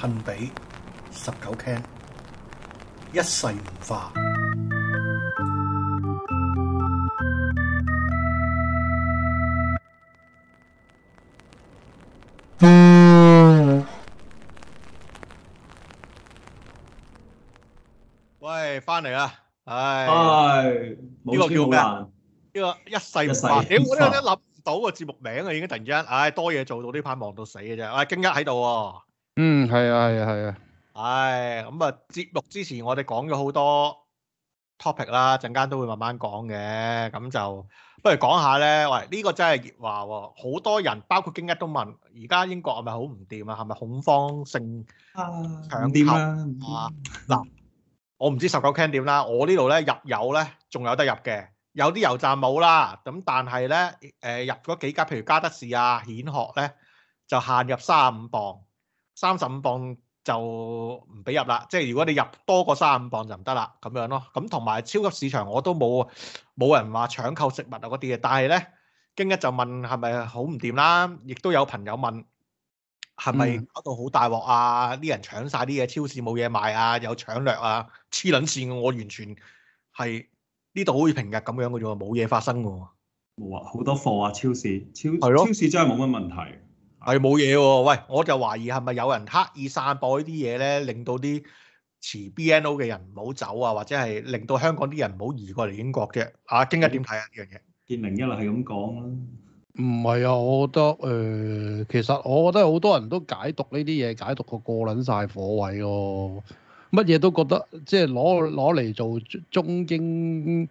幸比 19Ken，一世唔化。喂，翻嚟啦！唉，呢個叫咩？呢個一世唔化。屌，我都有啲諗唔到個節目名啊！已經突然間，唉，多嘢做到呢排，忙到死嘅啫。唉，京一喺度。嗯，係啊，係啊，係啊。唉、哎，咁啊，節目之前我哋講咗好多 topic 啦，陣間都會慢慢講嘅。咁就不如講下咧，喂，呢、這個真係熱話喎，好多人包括京一都問，而家英國係咪好唔掂啊？係咪恐慌性搶購啊？嗱，我唔知十九 Ken 點啦，我呢度咧入油咧仲有得入嘅，有啲油站冇啦，咁但係咧，誒、呃，入嗰幾間，譬如加德士啊、蜆殼咧，就限入三十五磅。三十五磅就唔俾入啦，即係如果你入多過三十五磅就唔得啦，咁樣咯。咁同埋超級市場我都冇冇人話搶購食物啊嗰啲嘅，但係呢，京一就問係咪好唔掂啦，亦都有朋友問係咪搞到好大鑊啊？啲、嗯、人搶晒啲嘢，超市冇嘢賣啊，有搶掠啊，黐撚線，我完全係呢度好似平日咁樣嘅啫，冇嘢發生喎。冇啊，好多貨啊，超市超對咯 超市真係冇乜問題。係冇嘢喎，喂！我就懷疑係咪有人刻意散播呢啲嘢咧，令到啲持 BNO 嘅人唔好走啊，或者係令到香港啲人唔好移過嚟英國嘅？啊，經一京一點睇啊？呢、嗯、樣嘢？建明一路係咁講咯。唔係啊，我覺得誒、呃，其實我覺得好多人都解讀呢啲嘢，解讀個過撚晒火位咯、啊，乜嘢都覺得即係攞攞嚟做中英，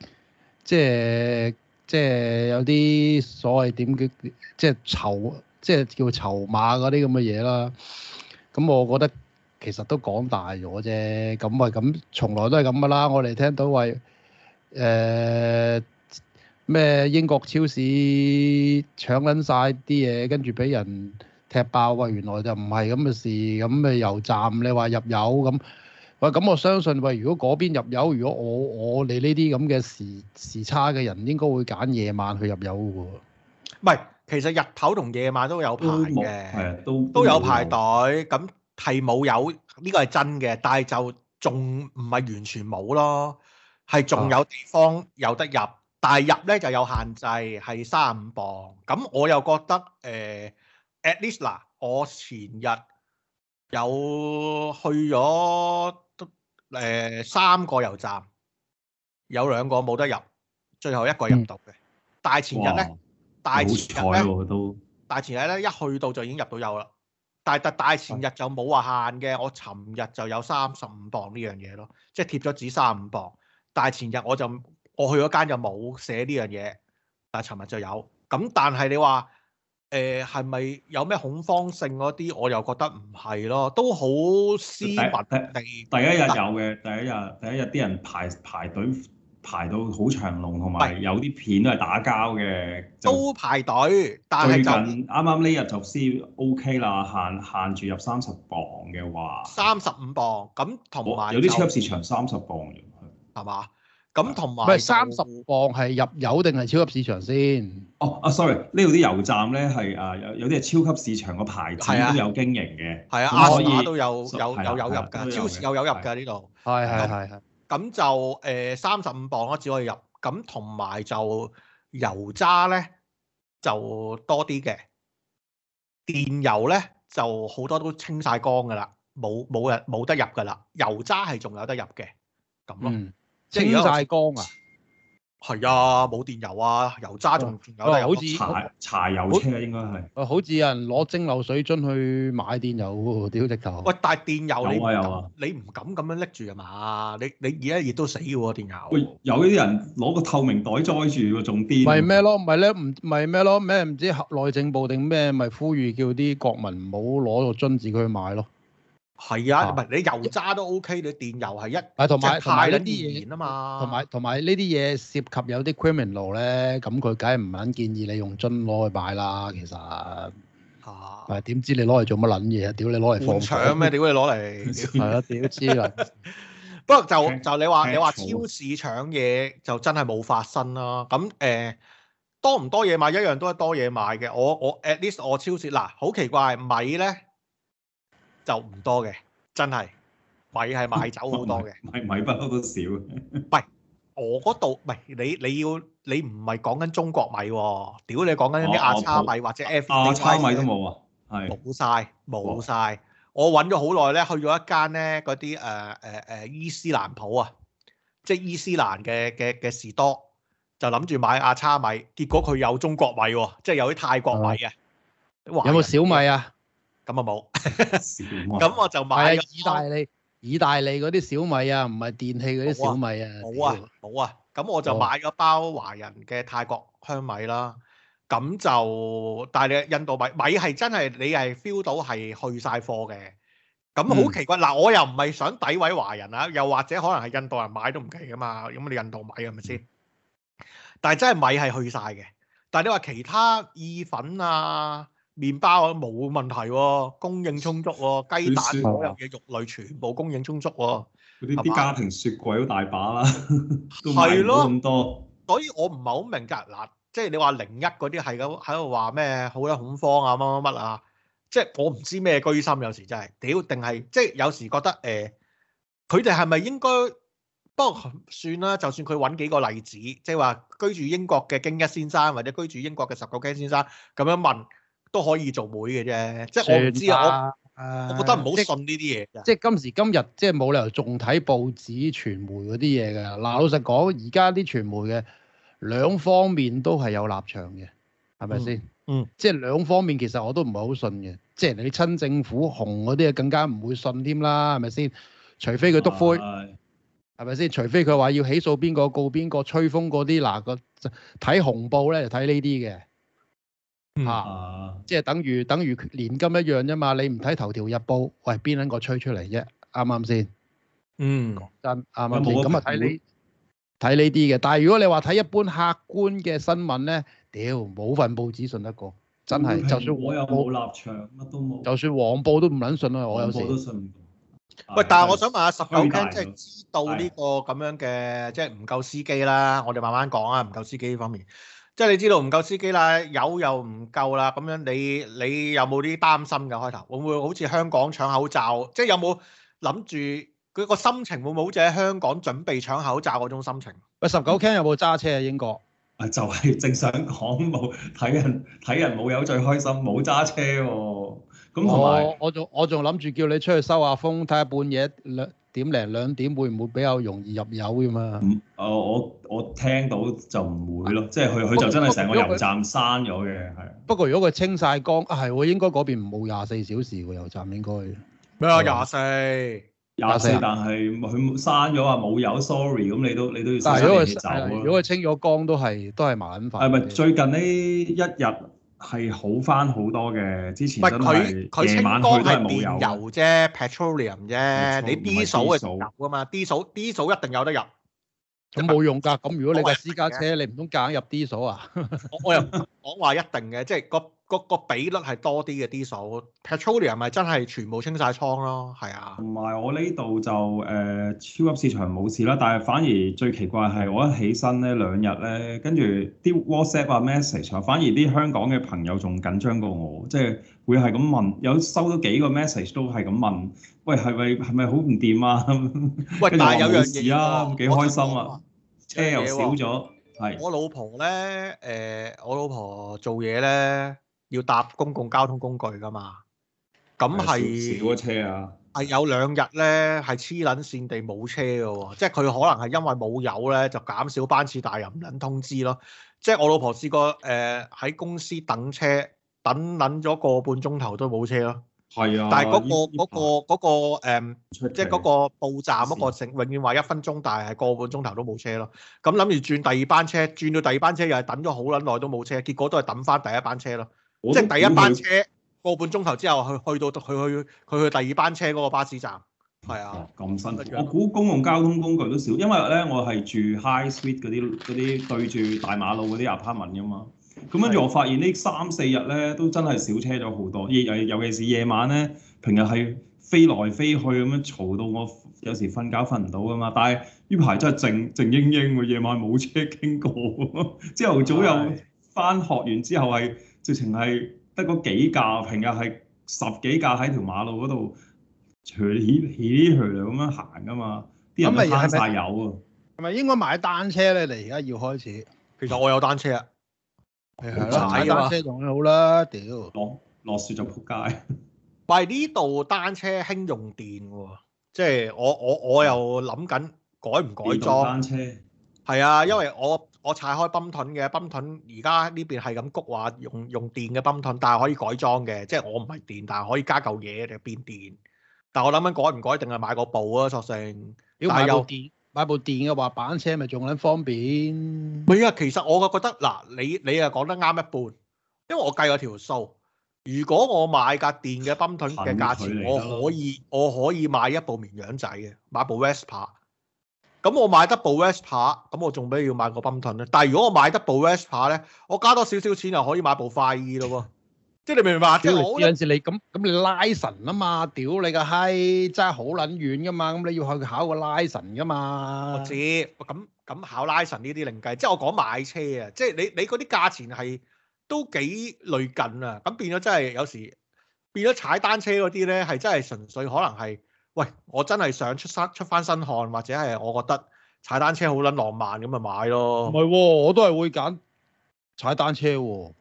即係即係有啲所謂點嘅，即係醜。即係叫籌碼嗰啲咁嘅嘢啦，咁我覺得其實都講大咗啫。咁咪咁，從來都係咁噶啦。我哋聽到話誒咩英國超市搶緊晒啲嘢，跟住俾人踢爆啊！原來就唔係咁嘅事，咁咪油站你話入油咁。喂，咁我相信喂，如果嗰邊入油，如果我我你呢啲咁嘅時時差嘅人，應該會揀夜晚去入油噶喎。唔其實日頭同夜晚都有排嘅，都都有排隊。咁係冇有呢、呢個係真嘅，但係就仲唔係完全冇咯，係仲有地方有得入，但係入呢就有限制，係三五磅。咁我又覺得誒、呃、at least 嗱、呃，我前日有去咗誒、呃、三個油站，有兩個冇得入，最後一個入到嘅。嗯、但係前日呢。大前日，都大前日咧，一去到就已經入到油啦。但係大前日就冇話限嘅，我尋日就有三十五磅呢樣嘢咯，即係貼咗紙三十五磅。大前日我就我去嗰間就冇寫呢樣嘢，但係尋日就有。咁但係你話誒係咪有咩恐慌性嗰啲？我又覺得唔係咯，都好私密，第一日有嘅，第一日，第一日啲人排排隊。排到好長龍，同埋有啲片都係打交嘅，都排隊。但係啱啱呢日就先 OK 啦，限限住入三十磅嘅話，三十五磅咁，同埋有啲、就係、超級市場三十磅嘅，係嘛？咁同埋唔係三十五磅係入油定係超級市場先？哦，啊，sorry，呢度啲油站咧係誒有有啲係超級市場個牌子都有經營嘅，係啊，阿、啊、馬都有、啊啊、都有、啊啊、都有，有有入㗎，超市有有入㗎呢度，係係係。咁就誒三十五磅咯，只可以入。咁同埋就油渣咧就多啲嘅，電油咧就好多都清晒光噶啦，冇冇入冇得入噶啦，油渣係仲有得入嘅，咁咯，嗯、清晒光啊！係啊，冇電油啊，油渣仲有，但係好似柴柴油車應該係，啊，好似有人攞蒸餾水樽去買電油喎，屌你個頭！喂，但係電油你、啊、你唔敢咁、啊、樣拎住啊嘛？你你而家亦都死喎、啊、電油。喂，有啲人攞個透明袋載住喎，仲癲。唔係咩咯？唔係咧唔係咩咯？咩唔知內政部定咩咪呼籲叫啲國民唔好攞個樽自己去買咯。係啊，唔係、啊、你油渣都 OK，你電油係一即係晒一啲嘢啊嘛。同埋同埋呢啲嘢涉及有啲 criminal 咧，咁佢梗係唔肯建議你用樽攞去買啦。其實啊，係點、啊啊、知你攞嚟做乜撚嘢啊？屌你攞嚟放搶咩？屌你攞嚟係啊，屌知啦。 不過就就你話 你話超市搶嘢就真係冇發生啦、啊。咁誒、呃、多唔多嘢買一樣都係多嘢買嘅。我我 at least 我，我超市嗱好、啊、奇怪米咧。不不就唔多嘅，真係米係買走好多嘅，米買 米不嬲都少。喂， 我嗰度，唔係你你要你唔係講緊中國米喎，屌你講緊啲亞叉米或者 F 啲亞、啊啊、差米都冇啊，係冇晒，冇晒哇。我揾咗好耐咧，去咗一間咧嗰啲誒誒誒伊斯蘭鋪啊，即係伊斯蘭嘅嘅嘅士多，就諗住買亞叉米，結果佢有中國米喎，即係有啲泰國米嘅。嗯、哇有冇人家 小米啊？咁啊冇，咁 我就買個意大利、意大利嗰啲小米啊，唔係電器嗰啲小米啊。冇啊冇啊，咁、啊啊、我就買咗包華人嘅泰國香米啦。咁就但係你印度米米係真係你係 feel 到係去晒貨嘅。咁好奇怪嗱、嗯，我又唔係想詆毀華人啊，又或者可能係印度人買都唔奇㗎嘛。咁你印度是是、嗯、米係咪先？但係真係米係去晒嘅。但係你話其他意粉啊？麵包啊，冇問題喎、啊，供應充足喎、啊。雞蛋所有嘅肉類全部供應充足喎、啊。嗰啲啲家庭雪櫃都大把啦，吧 都買唔到咁多。所以我唔係好明㗎嗱，即係你話零一嗰啲係咁喺度話咩好有恐慌啊乜乜乜啊？即係我唔知咩居心，有時真係屌定係即係有時覺得誒，佢哋係咪應該不過算啦？就算佢揾幾個例子，即係話居住英國嘅京一先生或者居住英國嘅十九 K 先生咁樣問。都可以做媒嘅啫，即係我唔知啊了！我我覺得唔好信呢啲嘢嘅。即係今時今日，即係冇理由仲睇報紙、傳媒嗰啲嘢嘅。嗱、嗯，老實講，而家啲傳媒嘅兩方面都係有立場嘅，係咪先？嗯。即係兩方面，其實我都唔係好信嘅。即係你親政府紅嗰啲，更加唔會信添啦，係咪先？除非佢督灰，係咪先？除非佢話要起訴邊個告邊個吹風嗰啲，嗱、個睇紅報咧就睇呢啲嘅。吓、啊，即係等於等於年金一樣啫嘛，你唔睇頭條日報，喂邊撚個吹出嚟啫？啱啱先？嗯，真啱啱先？咁啊睇你睇呢啲嘅，但係如果你話睇一般客觀嘅新聞咧，屌冇份報紙信得過，真係。均就算我有冇立場，乜都冇。就算黃報都唔撚信啦、啊，我有時。都信唔到。喂，但係我想問下 19Ken 即係知道呢個咁樣嘅，即係唔夠司機啦。我哋慢慢講啊，唔夠司機呢方面。即係你知道唔夠司機啦，油又唔夠啦，咁樣你你有冇啲擔心㗎？開頭會唔會好似香港搶口罩？即係有冇諗住嗰個心情會唔會好似喺香港準備搶口罩嗰種心情？喂，十九 K 有冇揸車啊？英國啊，就係正想講冇睇人睇人冇油最開心，冇揸車喎、啊。咁同埋我我仲我仲諗住叫你出去收下風，睇下半夜兩點零兩點會唔會比較容易入油嘅嘛？哦，我我聽到就唔會咯，的即係佢佢就真係成個油站閂咗嘅。係。不過如果佢清晒缸，啊係，應該嗰邊冇廿四小時喎，油站應該。咩啊？廿四廿四，但係佢閂咗話冇油，sorry，咁你都你都，你都要收你嘢走咯，如果佢、啊、清咗缸，都係都係麻撚煩。係咪最近呢一日？係好翻好多嘅，之前佢係夜晚去都係電油啫，petroleum 啫，錯你 D 鎖嘅油啊嘛，D 鎖 D 鎖一定有得入，咁冇用㗎，咁如果你係私家車，你唔通夾硬入 D 鎖啊？我又講話一定嘅， 即係個。個比率係多啲嘅啲數，petroleum 係咪真係全部清晒倉咯？係啊。同埋我呢度就誒、呃、超級市場冇事啦，但係反而最奇怪係我一起身咧兩日咧，跟住啲 WhatsApp 啊 message 啊，反而啲香港嘅朋友仲緊張過我，即係會係咁問，有收到幾個 message 都係咁問，喂，係咪係咪好唔掂啊？喂， 但係有樣嘢啊，幾開心啊，車又少咗，係、啊。我老婆咧誒、呃，我老婆做嘢咧。要搭公共交通工具噶嘛？咁係少咗車啊！係有兩日咧，係黐撚線地冇車噶喎，即係佢可能係因為冇油咧，就減少班次，但係又唔捻通知咯。即係我老婆試過誒喺公司等車，等撚咗個半鐘頭都冇車咯。係啊，但係嗰個嗰個嗰個誒，即係嗰個報站嗰個成永遠話一分鐘，但係係個半鐘頭都冇車咯。咁諗住轉第二班車，轉到第二班車又係等咗好撚耐都冇車，結果都係等翻第一班車咯。即係第一班車個半鐘頭之後去去到去去去去，去，去，去第二班車嗰個巴士站，係啊，咁辛苦。我估公共交通工具都少，因為咧我係住 high street 嗰啲嗰啲對住大馬路嗰啲 apartment 㗎嘛。咁跟住我發現呢三四日咧都真係少車咗好多，夜尤其是夜晚咧，平日係飛來飛去咁樣嘈到我有時瞓覺瞓唔到㗎嘛。但係呢排真係靜靜應應喎，夜晚冇車經過，朝 頭早又返學完之後係。直情係得嗰幾架，平日係十幾架喺條馬路嗰度，隨起起嚟咁樣行噶嘛。啲人攤曬油喎，啊。係咪應該買單車咧？你而家要開始。其實我有單車啊。係係啦，踩單車仲好啦，屌。落雪就仆街。唔係呢度單車興用電喎，即係我我我又諗緊改唔改裝。電動單車。係啊，因為我。我踩開奔盾嘅，奔盾、um，而家呢邊係咁谷話用用電嘅奔盾，但係可以改裝嘅，即係我唔係電，但係可以加嚿嘢嚟變電。但係我諗緊改唔改，定係買個部啊索性？妖買部電，又買部電嘅滑板車咪仲撚方便。唔係啊，其實我覺得嗱，你你係講得啱一半，因為我計咗條數，如果我買架電嘅奔盾嘅價錢，我可以我可以買一部綿羊仔嘅，買部 Vespa。咁我買得部 West 帕，咁我仲咩要買個奔騰咧？但係如果我買得部 West 帕咧，我加多少少錢就可以買部快 E 咯喎，即係你明唔明白？即係有陣時你咁咁我你拉神啊嘛，屌你個閪，哎，真係好撚遠噶嘛，咁你要去考個拉神噶嘛，嗯？我知，咁咁考拉神呢啲另計，即係我講買車啊，即係你你嗰啲價錢係都幾累近啊，咁變咗真係有時變咗踩單車嗰啲咧，係真係純粹可能係。喂，我真係想出身出翻身汗，或者係我覺得踩單車好撚浪漫咁咪買咯。唔係、哦、我都係會揀踩單車喎、哦，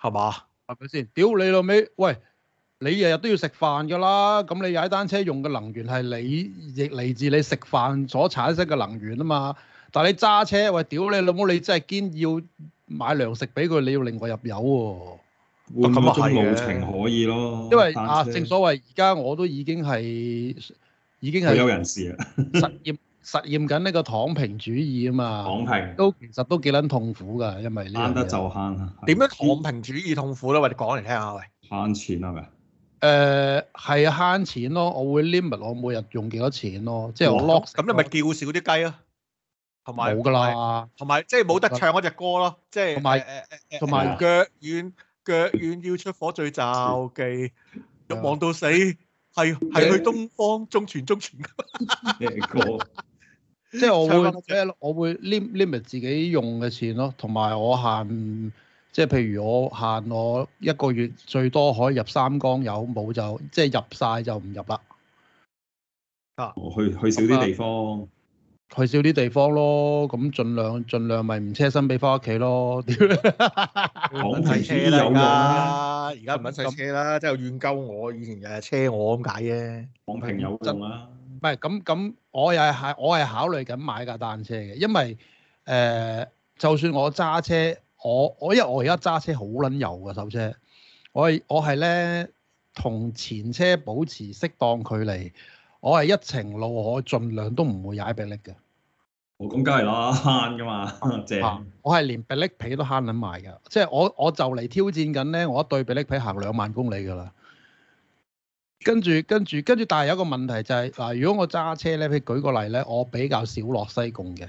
係嘛吧？係咪先？屌你老味，喂，你日日都要食飯㗎啦，咁你踩單車用嘅能源係你亦嚟自你食飯所產生嘅能源啊嘛。但係你揸車，喂，屌你老母，你真係堅要買糧食俾佢，你要另外入油喎、哦。咁冇情可以咯，因為啊，是正所謂而家我都已經係已經係退休人士啊，實驗實驗緊呢個躺平主義啊嘛，躺平都其實都幾撚痛苦㗎，因為慳得就慳啊，點樣躺平主義痛苦咧？或者講嚟聽下喂，慳錢係咪？誒係慳錢咯，我會 limit 我每日用幾多錢咯，即係我 lock 咁你咪叫少啲雞啊，同埋冇㗎啦，同埋即係冇得唱嗰隻歌咯，即係同埋同埋腳軟。腳軟要出火，最罩忌入望到死，係係去東方中傳中傳嘅 即係我會 我會，會 limit 自己用嘅錢咯，同埋我限即係譬如我限我一個月最多可以入三缸油，冇就即係入晒就唔入啦。啊，去去少啲地方。去少啲地方咯，咁儘量儘量咪唔車身俾翻屋企咯。屌，揾細有啦而家，唔使使車啦，即係怨鳩我，以前日日車我咁解啫。廣平有用啦，啊，唔係咁咁，我又係我係考慮緊買架單車嘅，因為誒，呃，就算我揸車，我我因為我而家揸車好撚油嘅手車，我係我係咧同前車保持適當距離。我係一程路，我儘量都唔會踩迫力嘅、啊。我講梗係啦，慳㗎嘛，我係連迫力皮都慳撚埋㗎，即係我我就嚟挑戰緊咧，我一對迫力皮行兩萬公里㗎啦。跟住跟住跟住，但係有一個問題就係、是、嗱，如果我揸車咧，譬如舉個例咧，我比較少落西貢嘅。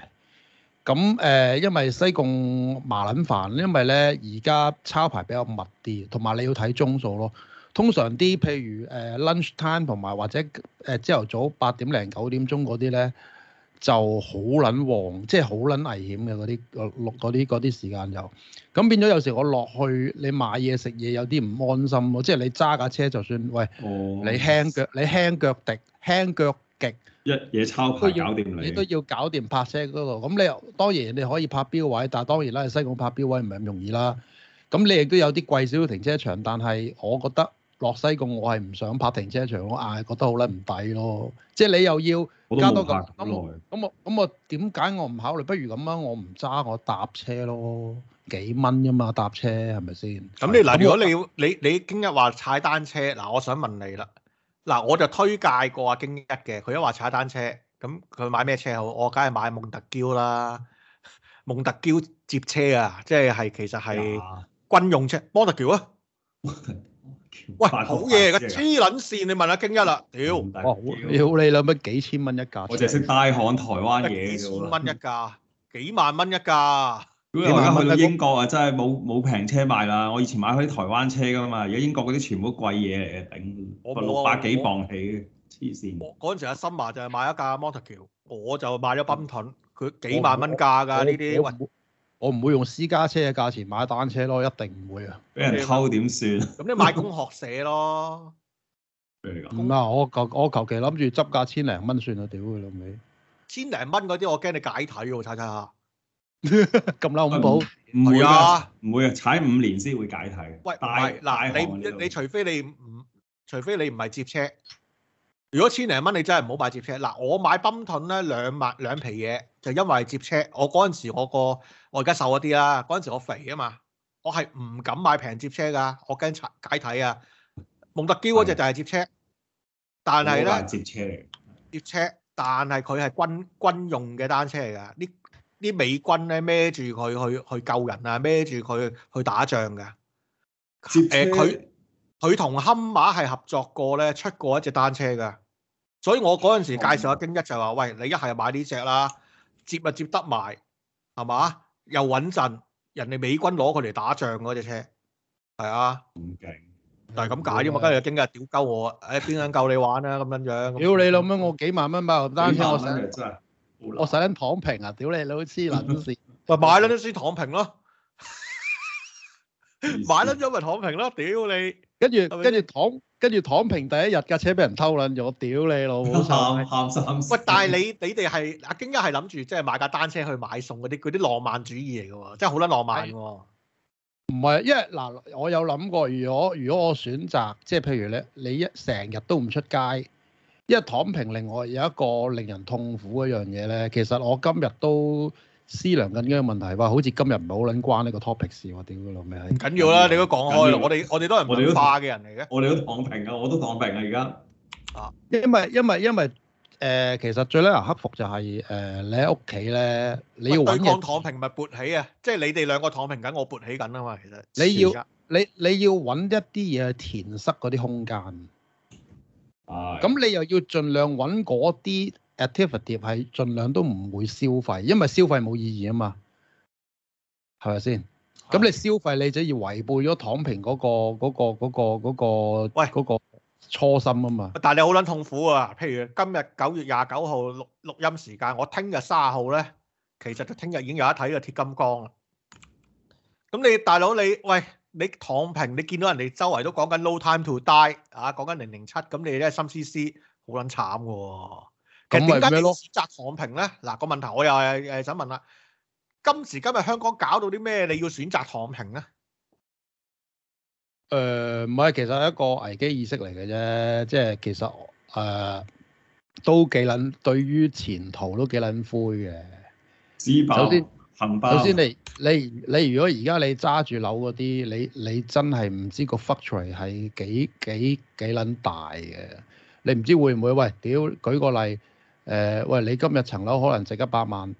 咁誒、呃，因為西貢麻撚煩，因為咧而家抄牌比較密啲，同埋你要睇鐘數咯。通常啲譬如誒 lunchtime 同埋或者誒朝頭早八點零九點鐘嗰啲咧，就好撚旺，即係好撚危險嘅嗰啲個嗰啲嗰啲時間就咁變咗有時我落去你買嘢食嘢有啲唔安心咯，即係你揸架車就算喂、哦你，你輕腳你輕腳滴輕腳極一嘢抄牌，搞掂你，你都，都要搞掂泊車嗰度、那個。咁你又當然你可以泊錶位，但係當然啦，你西貢泊錶位唔係咁容易啦。咁你亦都有啲貴少少停車場，但係我覺得。落西貢我係唔想泊停車場，我硬係覺得好撚唔抵咯。即係你又要加多咁咁耐，咁我咁我點解我唔考慮？不如咁樣，我唔揸我搭車咯，幾蚊啫嘛搭車係咪先？咁你嗱，如果你你你京一話踩單車，嗱，我想問你啦。嗱，我就推介過阿、啊、京一嘅，佢一話踩單車，咁佢買咩車好？我梗係買夢特嬌啦，夢特嬌接車啊，即係係其實係軍用車，夢特嬌啊。喂，好嘢，個黐撚線，你問下京一啦，屌，屌你兩蚊幾千蚊一架，我淨係識大行台灣嘢啫。幾千蚊一架，幾萬蚊一架。你去到英國啊，真係冇冇平車賣啦！我以前買嗰啲台灣車噶嘛，而家英國嗰啲全部都貴嘢嚟嘅，頂。我六百幾磅起，嘅黐線。嗰陣時阿森華就係買一架摩托橋我就買咗賓盾，佢幾萬蚊價㗎呢啲。我唔會用私家車嘅價錢買單車咯，一定唔會啊！俾人偷點算？咁你買工學社咯？唔係， 我我求其諗住執價千零蚊算啦，屌佢老尾！千零蚊嗰啲我驚你解體喎，踩踩下咁撚恐怖唔會啊？唔會 啊！唔會唔會踩五年先會解體。喂，不不不大行、啊！你你，裡你，你除非你唔除非你唔係接車，如果千零蚊你真係唔好買接車。嗱， 我買奔盾咧兩萬兩皮嘢，就因為係、就是、接車。我嗰陣時我、那個。我而家瘦咗啲啦，嗰陣時我肥啊嘛，我係唔敢買平接車㗎，我驚拆解體啊。蒙特嬌嗰隻就係接車，但係呢接車，接車，但係佢係軍軍用嘅單車嚟㗎，啲啲美軍呢孭住佢去去救人啊，孭住佢去打仗㗎。誒車，佢佢同堪馬係合作過呢，出過一隻單車㗎，所以我嗰陣時介紹阿京一就話：喂，你一係買呢隻啦，接啊接得埋，係咪？又穩陣，人哋美軍攞佢嚟打仗嗰隻車，係啊，咁勁，但係咁解啫嘛。今日又驚今日屌鳩我，誒邊間夠你玩啊？咁樣樣，屌你老母！我幾萬蚊買台單車，我想真係，我想躺平啊！屌你老黐撚線，就買啦啲書躺平咯，買咗就咪躺平咯，屌你！跟住跟住躺跟住躺平第一日架車俾人偷撚咗！我屌你老母，喊 喂，但係你你哋係阿京一係諗住即係買架單車去買餸嗰啲嗰啲浪漫主義嚟㗎喎，即係好得浪漫。唔係，因為嗱，我有諗過，如果如果我選擇即係譬如咧，你一成日都唔出街，因為躺平，另外有一個令人痛苦嗰樣嘢咧，其實我今日都。思量緊嘅問題，哇！好似今日唔係好撚關呢個 topic 事喎，屌佢老咩？唔、嗯、緊要啦！你們都講開啦，我哋我哋都係唔化嘅人嚟嘅，我哋都躺平啊！我都躺平啊！而家啊，因為因為因為誒，其實最叻難克服就係、是、誒、呃，你喺屋企咧，你要揾嘢。躺平咪撥起啊！即、就、係、是、你哋兩個躺平緊，我撥起緊啊嘛！其實你要你你要揾一啲嘢去填塞嗰啲空間啊！咁你又要盡量揾嗰啲。啊啊 Activity 係盡量都唔會消費，因為消費冇意義啊嘛，係咪先？咁你消費你就要違背咗躺平嗰個嗰個嗰個嗰個喂嗰個初心啊嘛。但係你好撚痛苦啊！譬如今日九月廿九號錄錄音時間，我聽日卅號咧，其實就聽日已經有得睇個鐵金剛啦。咁你大佬你喂你躺平，你見到人哋周圍都講緊 No Time to Die 啊，講緊零零七，咁你咧心思思好撚慘嘅喎。咁其實點解你選擇躺平咧？嗱個問題我又誒誒想問啦，今時今日香港搞到啲咩？你要選擇躺平咧？誒唔係，其實係一個危機意識嚟嘅啫，即係其實誒、呃、都幾撚，對於前途都幾撚灰嘅。首先飽，行包首先你你你，你如果而家你揸住樓嗰啲，你你真係唔知個 factor 係幾幾幾撚大嘅，你唔知會唔會喂屌？舉個例。誒、呃、喂！你今日層樓可能值一百萬，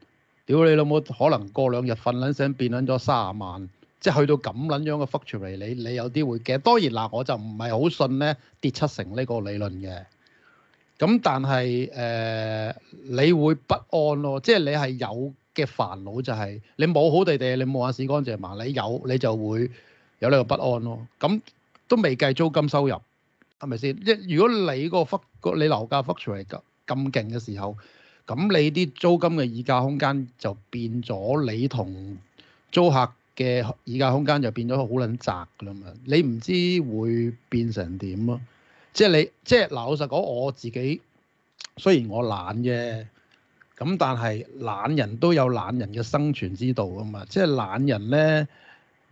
屌你老母！可能過兩日瞓撚醒變撚咗卅萬，即係去到咁撚樣嘅 flux 嚟，你你有啲會嘅。當然嗱，我就唔係好信咧，跌七成呢個理論嘅。咁但係誒、呃，你會不安咯。即係你係有嘅煩惱就係你冇好地地，你冇眼屎乾淨埋，你有你就會有呢個不安咯。咁都未計租金收入，係咪先？一如果你個 flux 個你樓價 flux 嚟㗎。咁勁嘅時候，咁你啲租金嘅議價空間就變咗，你同租客嘅議價空間就變咗好撚窄㗎啦嘛！你唔知會變成點咯？即係你，即係老實講，我自己雖然我懶嘅，咁但係懶人都有懶人嘅生存之道吖嘛。即係懶人呢，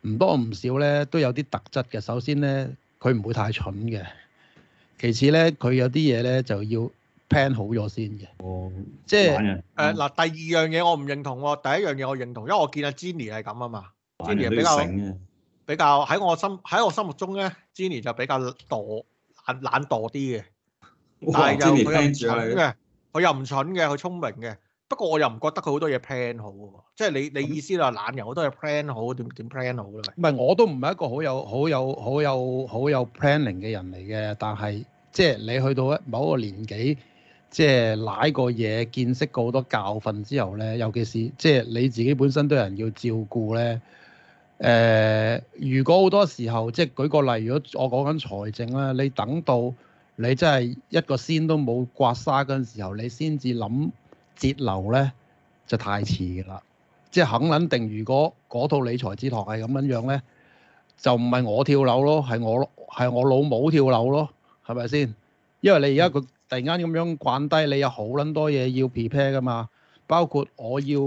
唔多唔少呢都有啲特質嘅。首先呢，佢唔會太蠢嘅；其次呢，佢有啲嘢呢就要，plan 好咗先嘅，哦，即係誒嗱，第二樣嘢我唔認同喎，第一樣嘢我認同，因為我見阿 Jenny 係咁啊嘛，Jenny 比較比較喺我心喺我心目中咧，Jenny 就比較惰懶惰啲嘅，但係又唔蠢嘅，佢又唔蠢嘅，佢聰明嘅，不過我又唔覺得佢好多嘢 plan 好喎，即係你你意思就係懶人好多嘢 plan 好，點點 plan 好啦？唔係我都唔係一個好有好有好有好有 planning 嘅人嚟嘅，但係即係你去到某一個年紀。即係揦過嘢，見識過好多教訓之後咧，尤其是即係你自己本身都有人要照顧咧。誒、呃，如果好多時候，即係舉個例，如果我講緊財政啦，你等到你真係一個仙都冇刮沙嗰陣時候，你先至諗節流咧，就太遲㗎啦。即係肯諗定，定，如果嗰套理財之堂係咁樣樣咧，就唔係我跳樓咯，係我係我老母跳樓咯，係咪先？因為你而家個。突然間咁樣慣低，你有好撚多嘢要 prepare 噶嘛？包括我要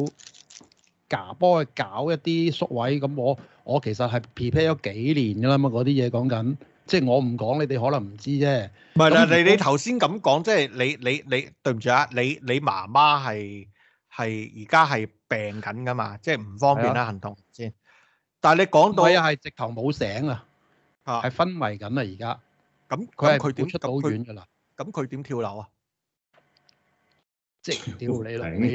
夾波去搞一啲宿位，咁我我其實係 prepare 咗幾年噶啦嘛，嗰啲嘢講緊，即係我唔講，你哋可能唔知啫。唔係啦，你你頭先咁講，即係你你你對唔住啊！你你媽媽係係而家係病緊噶嘛？即係唔方便啦，行動先。但係你講到，佢又係直頭冇醒啊，係昏迷緊啊！而家咁佢係冇出到院噶啦。咁佢點跳樓啊？即係屌你啦！你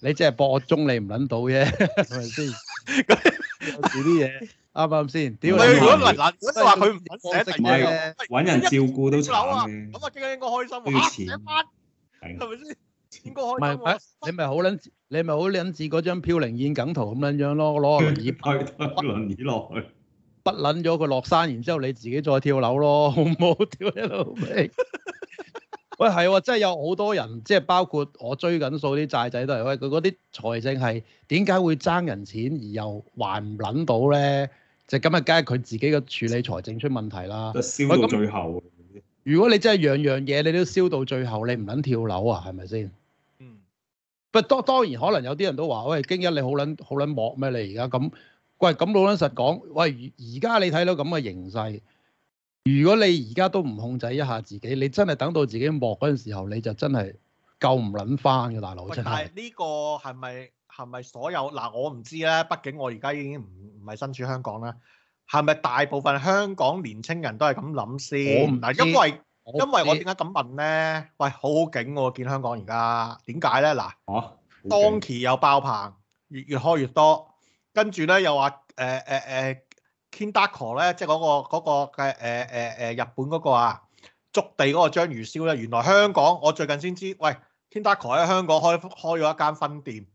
你即係博我鐘你唔撚到啫，係咪先？做啲嘢啱唔啱先？屌你！如果難，如果話佢唔揾食啫，揾人照顧都慘。咁啊，應該應該開心喎！揾錢，係咪先？應該開唔係？你咪好撚，你咪好撚似嗰張飄零燕梗圖咁樣樣咯，攞個輪椅，擺個輪椅落去。不捻咗佢落山，然之後你自己再跳樓咯，好唔好跳樓？ 喂，係喎、哦，真係有好多人，即係包括我追緊數啲債仔都係，喂佢嗰啲財政係點解會爭人錢而又還唔捻到咧？就咁日梗係佢自己嘅處理財政出問題啦。燒到最後。如果你真係樣樣嘢你都燒到最後，你唔捻跳樓啊？係咪先？嗯。不，當當然可能有啲人都話，喂，京一你好捻好捻搏咩？你而家咁。喂，咁老捻實講，喂，而家你睇到咁嘅形勢，如果你而家都唔控制一下自己，你真係等到自己落嗰陣時候，你就真係救唔捻翻嘅，大佬。真，喂，但係呢個係咪係咪所有嗱？我唔知咧，畢竟我而家已經唔唔係身處香港啦。係咪大部分香港年青人都係咁諗先？我唔知，因為因為我點解咁問咧？喂，好勁喎，見香港而家點解咧？嗱，啊，當期有爆棚，越越開越多。跟住咧又話誒誒誒 Gindaco 咧，即係嗰個嗰個嘅誒誒誒日本嗰個啊，築地嗰個章魚燒咧，原來香港我最近先知，喂 Gindaco 喺香港開開咗一間分店。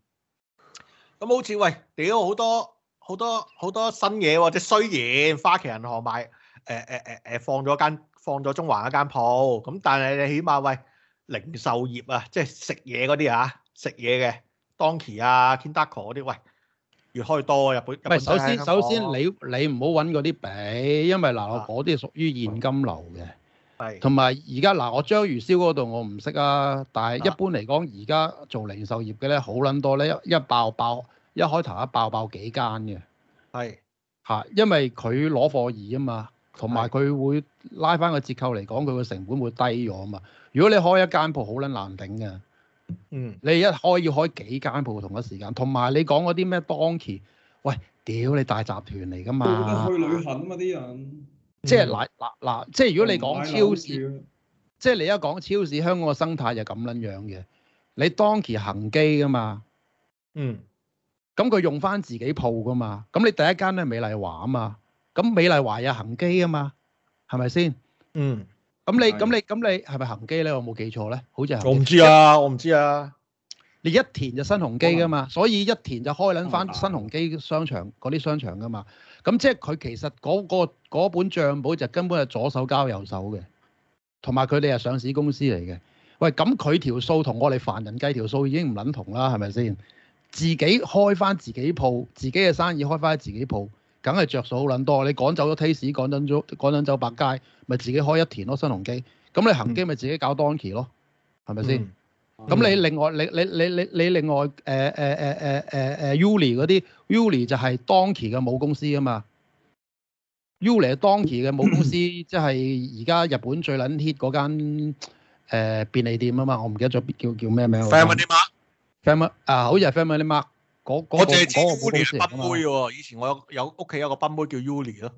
咁好似喂屌好多好多好多新嘢喎，即係雖然花旗銀行賣誒誒誒誒放咗間放咗中環一間鋪，咁但係你起碼喂零售業啊，即係食嘢嗰啲啊，食嘢嘅 Donkey 啊、Gindaco 嗰啲喂。越開越多日本。唔係，首先、那個、首先你你唔好揾嗰啲比，因為嗱，嗰啲係屬於現金流嘅。係、啊。同埋而家嗱，我章魚燒嗰度我唔識啊，但係一般嚟講，而家、啊、做零售業嘅咧，好撚多咧，一一爆爆一開頭一爆爆幾間嘅。係、啊。嚇是！因為佢攞貨易啊嘛，同埋佢會拉翻個折扣嚟講，佢個成本會低咗啊嘛。如果你開一間鋪，好撚難頂嘅。嗯，你一開要開幾間鋪同嘅時間，同埋你講嗰啲咩 Donkey 喂，屌你大集團嚟噶嘛？去，去旅行啊嘛啲人，嗯、即係嗱嗱嗱，即係如果你講超市，即係你一講超市，香港嘅生態就咁撚樣嘅。你 Donkey 恆基噶嘛？嗯，咁佢用翻自己鋪噶嘛？咁你第一間咧係美麗華啊嘛，咁美麗華有恆基啊嘛，係咪先？嗯。咁你咁你咁你係咪恆基咧？我冇記錯咧，好似係。我唔知啊，我唔知啊。你一田就新鴻基噶嘛，能所以一田就開撚翻新鴻基商場嗰啲商場噶嘛。咁即係佢其實嗰、嗰個嗰本帳簿就根本係左手交右手嘅，同埋佢哋係上市公司嚟嘅。喂，咁佢條數同我哋凡人計條數已經唔撚同啦，係咪先？自己開翻自己鋪，自己嘅生意開翻自己鋪。梗係着數好撚多，你趕走咗 Taste，趕走咗，趕走百佳，咪自己開一田咯，新鴻基。咁你恆基咪自己搞 Donkey 咯，係咪先？咁、嗯、你另外，你你你你你另外，誒誒誒誒誒 Uni 嗰啲，Uni 就係 Donkey 嘅母公司啊嘛。Uni Donkey 嘅母公司即係而家日本最撚 hit 嗰間誒便利店啊嘛，我唔記得咗叫叫咩名。FamilyMart。Family 啊，ah，好似係 FamilyMart。我借淨係知、那個、Uly 奔妹，以前我有有屋企有個奔妹叫 Yuli 咯。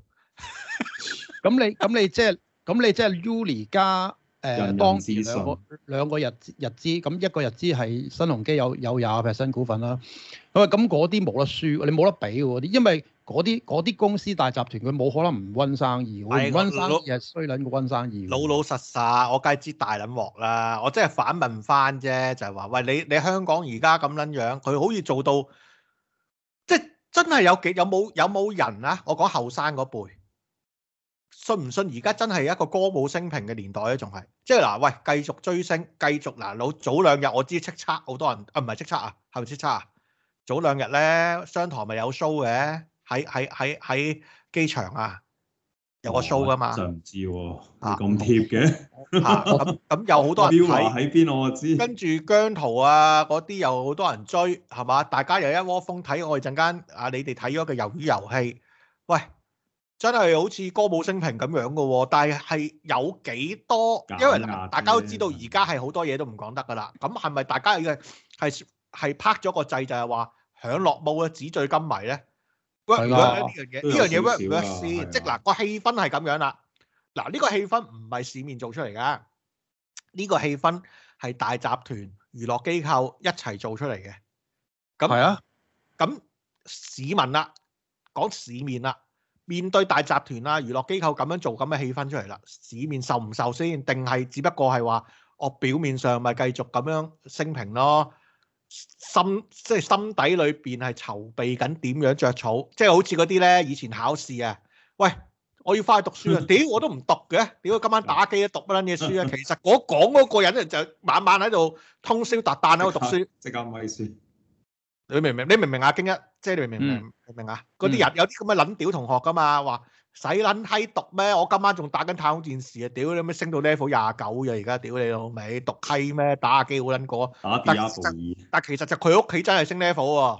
咁 你咁你即係咁你即係 Yuli 加。誒、呃，當時兩個兩個日日資，咁一個日資係新鴻基有有廿 percent 股份啦。咁啊，咁嗰啲冇得輸，你冇得俾喎啲，因為嗰啲啲公司大集團，佢冇可能唔温生意。温、哎、呀生意衰撚嘅温生意。老老實實，我梗係知大撚鑊啦。我即係反問翻啫，就係、是、話：喂，你你香港而家咁撚樣，佢好似做到，即係真係有幾有冇有冇人啊？我講後生嗰輩。信唔信？而家真係一個歌舞升平嘅年代咧，仲係即係嗱，喂，繼續追星，繼續嗱，老早兩日我知叱咤，好多人啊，唔係叱咤啊，係咪叱咤？啊？早、啊啊、兩日咧商台咪有 show 嘅，喺喺喺喺機場啊，嗯嗯嗯、有個 show 噶嘛。就唔知喎，咁貼嘅。咁咁有好多人喺邊？ 我，我知。跟住姜濤啊嗰啲又好多人追，係嘛？大家又一窩蜂睇我陣間啊！你哋睇咗個魷魚遊戲，喂。真係好似歌舞升平咁樣嘅喎，但係有幾多？因為大家都知道而家係好多嘢都唔講得嘅啦。咁係咪大家係係係拍咗個掣，就係話享樂冇嘅紙醉金迷咧？work 唔 work 呢樣嘢？呢是的樣嘢 work 唔 work 先？即嗱個氣氛係咁樣啦。嗱呢個氣氛唔係市面做出嚟嘅，呢個氣氛係大集團娛樂機構一齊做出嚟嘅。咁係啊，咁市民啦，講市面啦。面對大集團啊，娛樂機構咁樣做咁嘅氣氛出嚟啦，市面受唔受先？定係只不過係話我表面上咪繼續咁樣升平咯，心即係心底裏邊係籌備緊點樣着草，即係好似嗰啲咧以前考試啊，喂，我要翻去讀書啊，屌、 哎、我都唔讀嘅，屌、哎、解今晚打機都讀乜撚嘢書啊，其實我講嗰個人咧就晚晚喺度通宵達旦喺度讀書，你講唔係意思。你明唔明？你明唔明啊？京一、嗯，即係你明唔明？明唔明啊？嗰啲人有啲咁嘅撚屌同學㗎嘛？話使撚閪讀咩？我今晚仲打緊太空戰士啊！屌你有冇升到 level 廿九㗎？而家屌你老味讀閪咩？打下機好撚過啊！打 level 二但其實就佢屋企真係升 level 喎，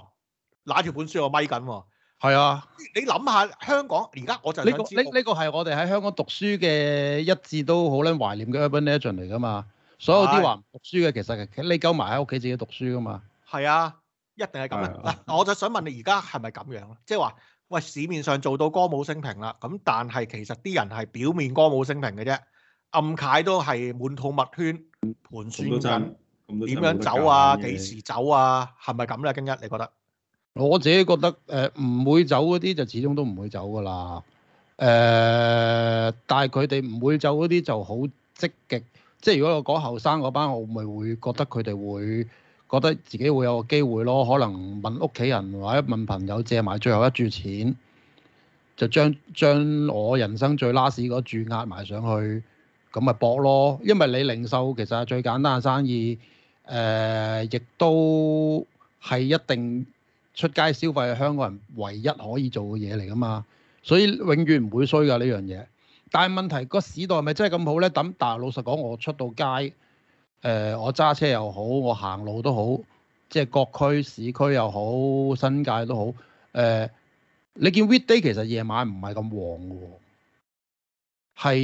拿住本書我咪緊喎。係啊，啊你諗下香港而家，我就呢個呢呢個係我哋喺香港讀書嘅一致都好撚懷念嘅 environment 嚟㗎嘛。所有啲話讀書嘅其實你鳩埋喺屋企自己讀書㗎嘛。係啊。一定係咁啦，嗱是，我就想問你而家係咪咁樣咯？即係話，喂，市面上做到歌舞升平啦，咁但係其實啲人係表面歌舞升平嘅啫，暗解都係滿肚蜜圈盤算緊點樣走啊，幾時走啊，係咪咁咧？京一，你覺得？我自己覺得誒唔、呃、會走嗰啲就始終都唔會走㗎啦。誒、呃，但係佢哋唔會走嗰啲就好積極。即係如果我講後生嗰班，我咪會覺得佢哋會。覺得自己會有個機會咯，可能問屋企人或者問朋友借埋最後一注錢，就將將我人生最 last 嗰注押埋上去，咁咪搏咯。因為你零售其實係最簡單嘅生意，誒、呃，亦都係一定出街消費嘅香港人唯一可以做嘅嘢嚟㗎嘛。所以永遠唔會衰㗎呢樣嘢。但係問題個市道係咪真係咁好呢？咁但係老實講，我出到街。誒、呃、我揸車又好，我行路都好，即係各區市區又好，新界都好。誒、呃，你見 Weekday 其實夜晚唔係咁旺嘅喎，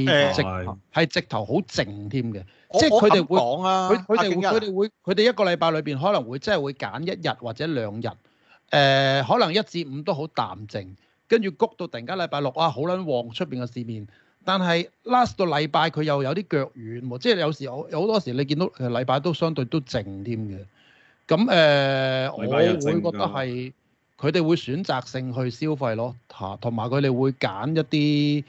係直係、呃、直頭好是靜添嘅，我即係佢哋會講佢佢哋佢哋會佢哋、啊、一個禮拜裏邊可能會即係會揀一日或者兩日，誒、呃、可能一至五都好淡靜，跟住谷到突然間禮拜六啊好撚旺出邊嘅市面。但係 last 個禮拜佢又有啲腳軟喎，即係有時有好多時你見到禮拜都相對都靜添嘅。咁誒，呃、我會覺得係佢哋會選擇性去消費咯，嚇，同埋佢哋會揀一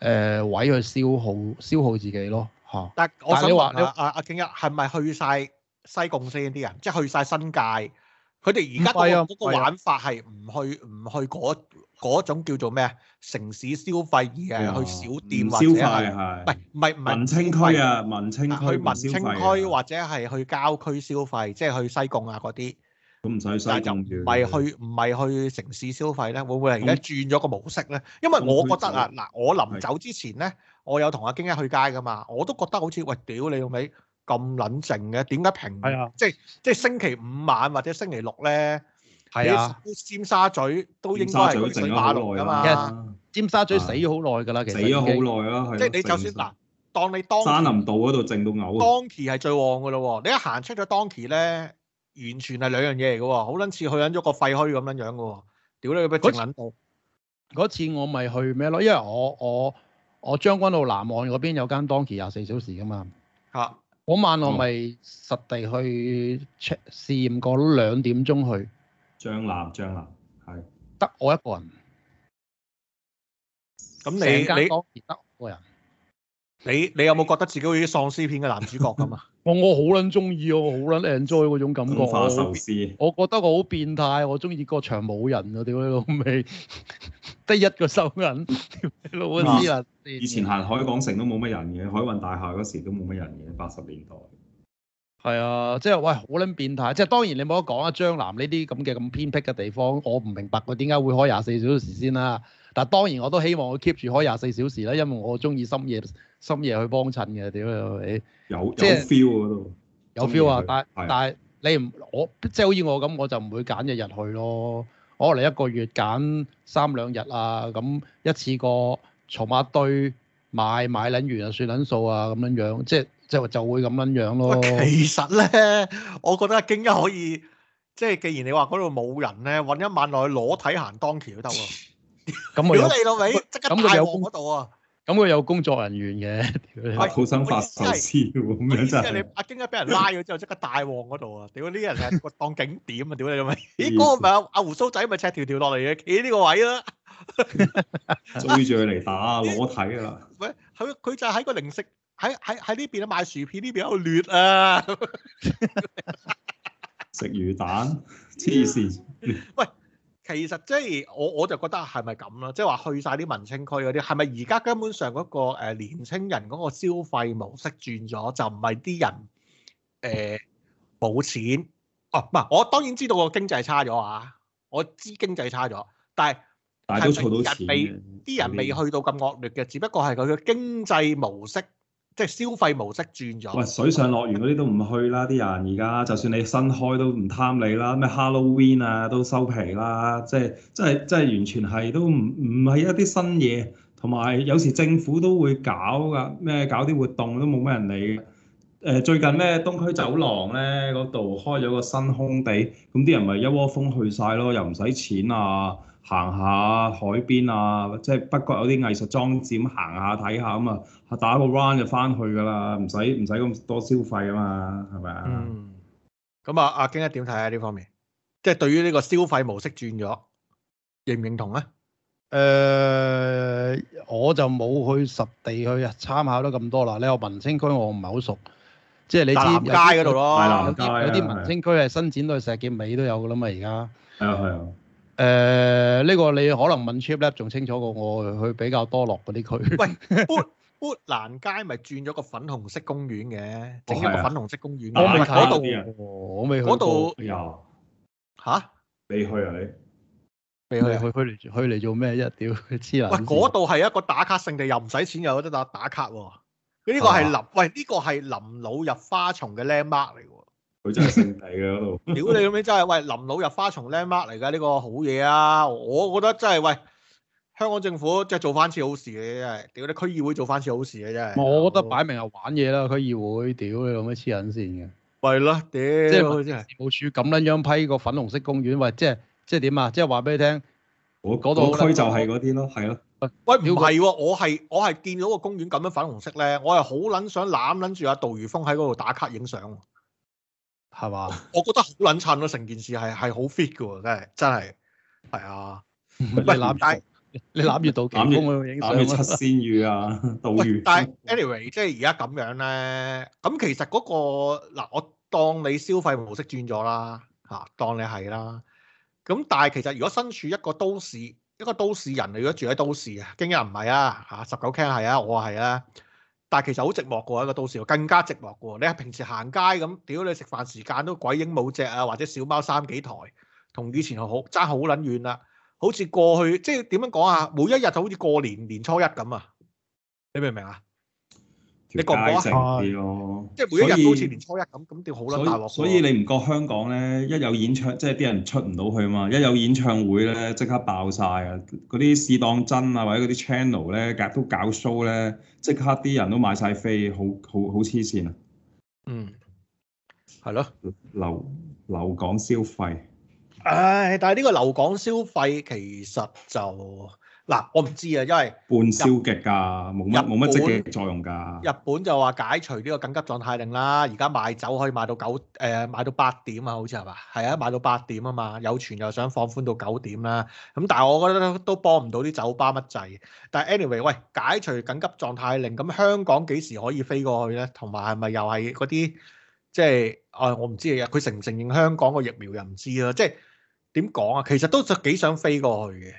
啲誒位去消耗消耗自己咯，嚇。但係我想問阿阿京一，係咪去晒西貢先啲人？即係去晒新界，佢哋而家嗰個玩法係唔去唔去嗰種叫做咩啊？城市消費而係去小店消費，或者係唔係唔係文青區啊？文青區，去文青區或者係去郊區消費，即係去西貢啊嗰啲，咁唔使去西貢，唔係去唔係去城市消費咧？會唔會係而家轉咗個模式咧？因為我覺得啊，嗱，我臨走之前咧，我有同阿京一去街㗎嘛，我都覺得好似喂，屌你老味咁撚靜嘅，點解平？係啊，即係即係星期五晚或者星期六咧。係啊，啊，尖沙咀都應該係剩咗好耐噶嘛。尖沙咀死咗好耐噶啦，其實死咗好耐啦。即係你就算嗱，當你當山林道嗰度剩到嘔 d 期 n 係最旺噶咯。你一行出咗 d 期 n 咧，完全係兩樣嘢嚟噶喎，好撚似去緊一個廢墟咁樣樣噶喎。屌你次，嗰次嗰次我咪去咩咯？因為我我我將軍澳南岸嗰邊有間 d 期廿四小時噶嘛。嚇、啊！嗰晚我咪實地去 check 試驗過兩點鐘去。張臘張臘，係得我一個人。咁你你得個人？你你有冇覺得自己好似喪屍片嘅男主角咁啊？ 我我好撚中意，我好撚 enjoy 嗰種感覺。化喪屍。我覺得我好變態，我中意個場冇人啊！屌你老味，得 一個收銀，老屎啊！ 以前行海港城都冇乜人嘅，海運大廈嗰時都冇乜人嘅，八十年代。係啊，即係喂，好捻變態即係當然你冇得講啊，張南呢啲咁嘅咁偏僻嘅地方，我唔明白佢點解會開廿四小時先啦、啊。但係當然我都希望佢 keep 住開廿四小時啦，因為我中意深夜深夜去幫襯嘅，點樣？有有 feel 啊有 feel 啊！但係是、啊、但係你唔我即係好似我咁，我就唔會揀日日去咯。我可能一個月揀三兩日啊，咁一次過坐埋一堆買買捻完就算數啊，算捻數啊，咁樣樣即係。即係就會咁樣樣咯。其實咧，我覺得阿京一可以，即係既然你話嗰度冇人咧，揾一晚落去裸體行當橋都得喎。咁我屌你老味， 即刻大旺嗰度啊！咁佢 有工作人員嘅，好生發壽司咁樣真係。阿京一俾人拉咗之後，即刻大旺嗰度啊！屌呢啲人係當景點啊！屌你老味，咦、嗰個？嗰個咪阿鬍鬚仔咪赤條條落嚟嘅？企呢個位啦？ 追住佢嚟打裸體噶啦！喂，佢 佢笑笑 就喺個零食。喺喺喺呢邊啊！賣薯片呢邊喺度劣啊！食 魚蛋，黐線！喂，其實即、就、係、是、我我就覺得係咪咁咯？即係話去晒啲文青區嗰啲，係咪而家根本上嗰個年輕人嗰個消費模式轉咗，就唔係啲人誒冇、呃、錢哦？唔、啊、係，我當然知道個經濟差咗啊！我知經濟差咗，但係係咪人未啲人未去到咁惡劣嘅？只不過係佢嘅經濟模式。即係消費模式轉咗，喂！水上樂園嗰啲都唔去啦，啲人而家就算你新開都唔貪你啦，咩 Halloween 啊都收皮啦，即係即係即係完全係都唔唔係一啲新嘢，同埋有，有時政府都會搞噶，咩搞啲活動都冇咩人理。誒，最近咩東區走廊咧嗰度開咗個新空地，咁啲人咪一窩蜂去晒咯，又唔使錢啊！行下海邊啊，即係北角有啲藝術裝置咁行下睇下咁啊，打個彎就翻去㗎啦，唔使唔使咁多消費啊嘛，係咪、嗯嗯、啊？咁啊，阿京一點睇下呢方面，即係對於呢個消費模式轉咗，認唔認同咧、啊？誒、呃，我就冇去實地去參考得咁多啦。你話文青區我唔係好熟，即係你知大南街嗰度咯，嗰啲、啊、文青區係伸展到石硤尾都有㗎啦嘛，而家係啊係啊。誒呢個你可能問 Chief 咧，仲清楚過我，佢比較多落嗰啲區。喂，砵砵蘭街咪轉咗個粉紅色公園嘅，整一個粉紅色公園。我未睇嗰度，我未去嗰度。又嚇？未去啊你？未去啊？去去嚟做咩？一屌黐撚！喂，嗰度係一個打卡勝地，又唔使錢，又有得打打卡喎。呢個係林喂，呢個係林老入花叢嘅 landmark 嚟㗎。佢真係聖地嘅嗰度，屌你咁樣真係，喂臨老入花叢 Landmark 嚟㗎？呢個好嘢啊！我覺得真係，喂香港政府真係做翻次好事嘅，真係，屌你區議會做翻次好事嘅真係。唔，我覺得擺明係玩嘢啦，區議會，屌你咁樣黐撚線嘅。係咯，屌，即係即係事務處咁撚樣批個粉紅色公園，喂，即係即係點啊？即係話俾你聽，我嗰度區就係嗰啲咯，係咯。喂，唔係喎，我係我係見到個公園咁樣粉紅色咧，我係好撚想攬撚住阿杜如風喺嗰度打卡影相。係嘛？我覺得好撚襯咯，成件事係係好 fit 嘅喎，真係真係，係啊！唔係攬帶，你攬住到魚，七仙魚啊，島但係 anyway，即係而家咁樣咧，咁其實嗰、嗰個嗱，我當你消費模式轉咗啦，嚇，當你係啦。咁但係其實如果身處一個都市，一個都市人，如果住喺都市啊，驚人唔係啊，嚇，十九 K 係啊，我係啊。但係其實好寂寞㗎喎，到時候更加寂寞㗎喎。你係平時行街咁，屌你食飯時間都鬼影冇隻啊，或者小貓三幾台，同以前係好爭好撚遠啦。好似過去即係點樣講啊？每一日就好似過年年初一咁啊！你明唔明啊？你覺得啊，即係每一日好似年初一咁，咁點好啦？大落數。所以你唔覺香港咧一有演唱，即係啲人出唔到去嘛？一有演唱會咧，即刻爆晒啊！嗰啲試當真啊，或者嗰啲 channel 咧，夾都搞 show 咧，即刻啲人都買晒飛，好好好黐線啊！嗯，係咯，留留港消費。唉，但係呢個留港消費其實就～嗱，我唔知啊，因為半消極㗎，冇乜冇乜積極作用㗎。日本就話解除呢個緊急狀態令啦，而家賣酒可以賣到九誒、呃，賣到八點啊，好似係嘛？係啊，賣到八點啊嘛，有傳又想放寬到九點啦、啊。咁但係我覺得都幫唔到啲酒吧乜滯。但係 anyway，喂，解除緊急狀態令，咁香港幾時可以飛過去咧？同埋係咪又係嗰啲即係啊、哎？我唔知嘅，佢承唔承認香港個疫苗又唔知啦。即係點講啊？其實都幾想飛過去嘅。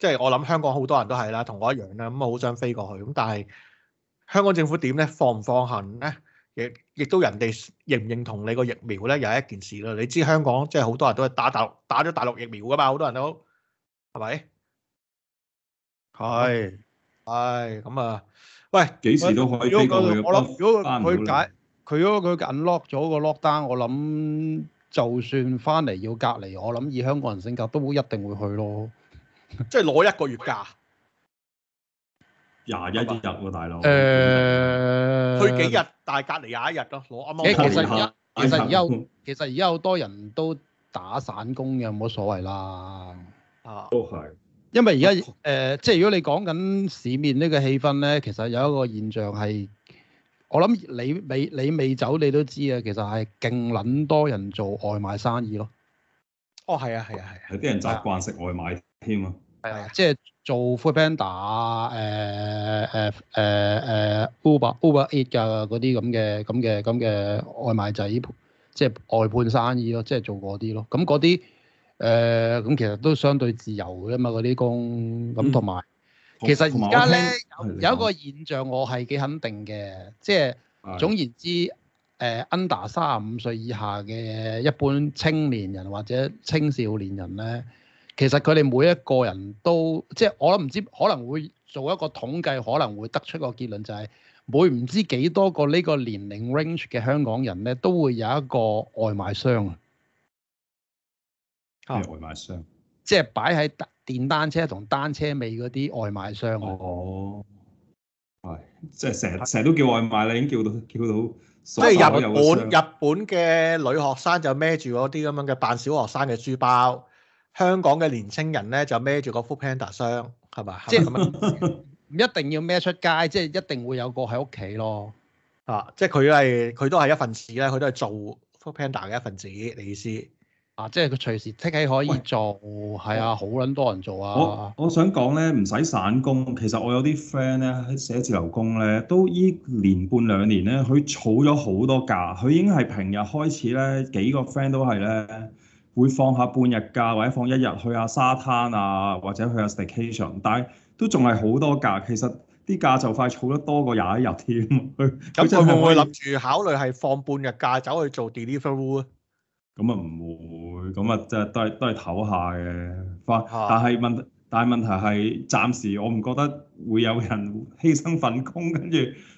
即係我諗香港好多人都係啦，同我一樣啦，咁我好想飛過去，咁但係香港政府點咧？放唔放行咧？亦亦都人哋認唔認同你個疫苗咧？又係一件事咯。你知香港即係好多人都係打大陸打咗大陸疫苗噶嘛，好多人都係咪？係係咁啊！喂，幾時都可以飛過去咯？翻唔去咯？如果佢解佢嗰個佢 unlock 咗個 lockdown，我諗就算翻嚟要隔離，我諗以香港人性格都一定會去咯。即係攞一個月假，廿一日入喎大佬。誒、呃，去幾日？但係隔離廿一日咯，攞啱啱。誒，其實而家、哎、呀其實而家好多人都打散工嘅，冇所謂啦。啊是，都係。因為而家誒，即係如果你講緊市面呢個氣氛咧，其實有一個現象係，我諗你未你，你，你未走你都知啊，其實係勁撚多人做外賣生意咯。哦，係啊，係啊，係啊。有啲人習慣食外賣。添啊，係啊，即係做 Food Panda 啊、呃，誒誒誒誒 Uber Uber Eats 噶嗰啲咁嘅咁嘅咁嘅外賣仔，即係外判生意咯，即係做嗰啲咯。咁嗰啲誒，咁、呃、其實都相對自由噶嘛，嗰啲工。咁同埋，其實而家咧有一個現象，我係幾肯定嘅，即係的總言之，誒、呃、under 三十五歲以下嘅一般青年人或者青少年人咧。其實佢哋每一個人都，即係我都唔知可能會做一個統計，可能會得出個結論，就係，就係每唔知幾多個呢個年齡 range 嘅香港人咧，都會有一個外賣箱啊！外賣箱，哦、即係擺喺電單車同單車尾嗰啲外賣箱哦，係、哦，哎、即係成日成日都叫外賣啦，是已經叫到叫到。叫到即係日本日本嘅女學生就孭住嗰啲咁樣嘅扮小學生嘅書包。香港嘅年青人咧就孭住個 foodpanda 箱，係咪？即係是唔 一定要孭出街，即係一定會有個喺屋企咯。啊，即係佢係佢都係一份子，咧，佢都係做 foodpanda 嘅一份子，你意思啊？即係佢隨時即係可以做，係喂啊，好撚多人做啊！我，我想講咧，唔使散工，其實我有啲 friend 咧喺寫字樓工咧，都依年半兩年咧，佢儲咗好多假，佢已經係平日開始咧，幾個 friend 都係咧。會放下半日假或者放一日去下沙灘啊，或者去下 staycation，但係都仲係好多假。其實啲假就快儲得多過廿一日添。咁佢會唔會諗住考慮係放半日假走去做 delivery 啊？咁啊唔會，咁啊即係都係都係唞下嘅翻。但係問，但係問題係暫時我唔覺得會有人犧牲份工，跟住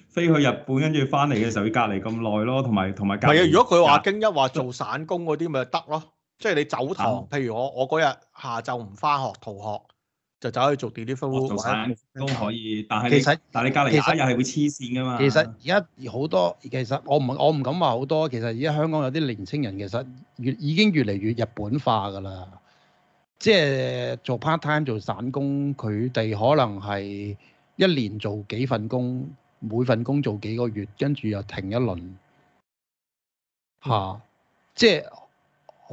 飛去日本，跟住翻嚟嘅時候要隔離咁耐咯。同埋同埋隔係啊！如果佢話京一話做散工嗰啲，咪得咯。即係你走堂，譬如我我嗰日下晝唔翻學，逃學就走去做 delivery 做散工都可以。但係其實但係你加埋，其實又係會黐線噶嘛。其實而家好多，其實我唔我唔敢話好多。其實而家香港有啲年青人，其實越已經越嚟越日本化噶啦。即係做 part time 做散工，佢哋可能係一年做幾份工，每份工做幾個月，跟住又停一輪吓、啊，即係。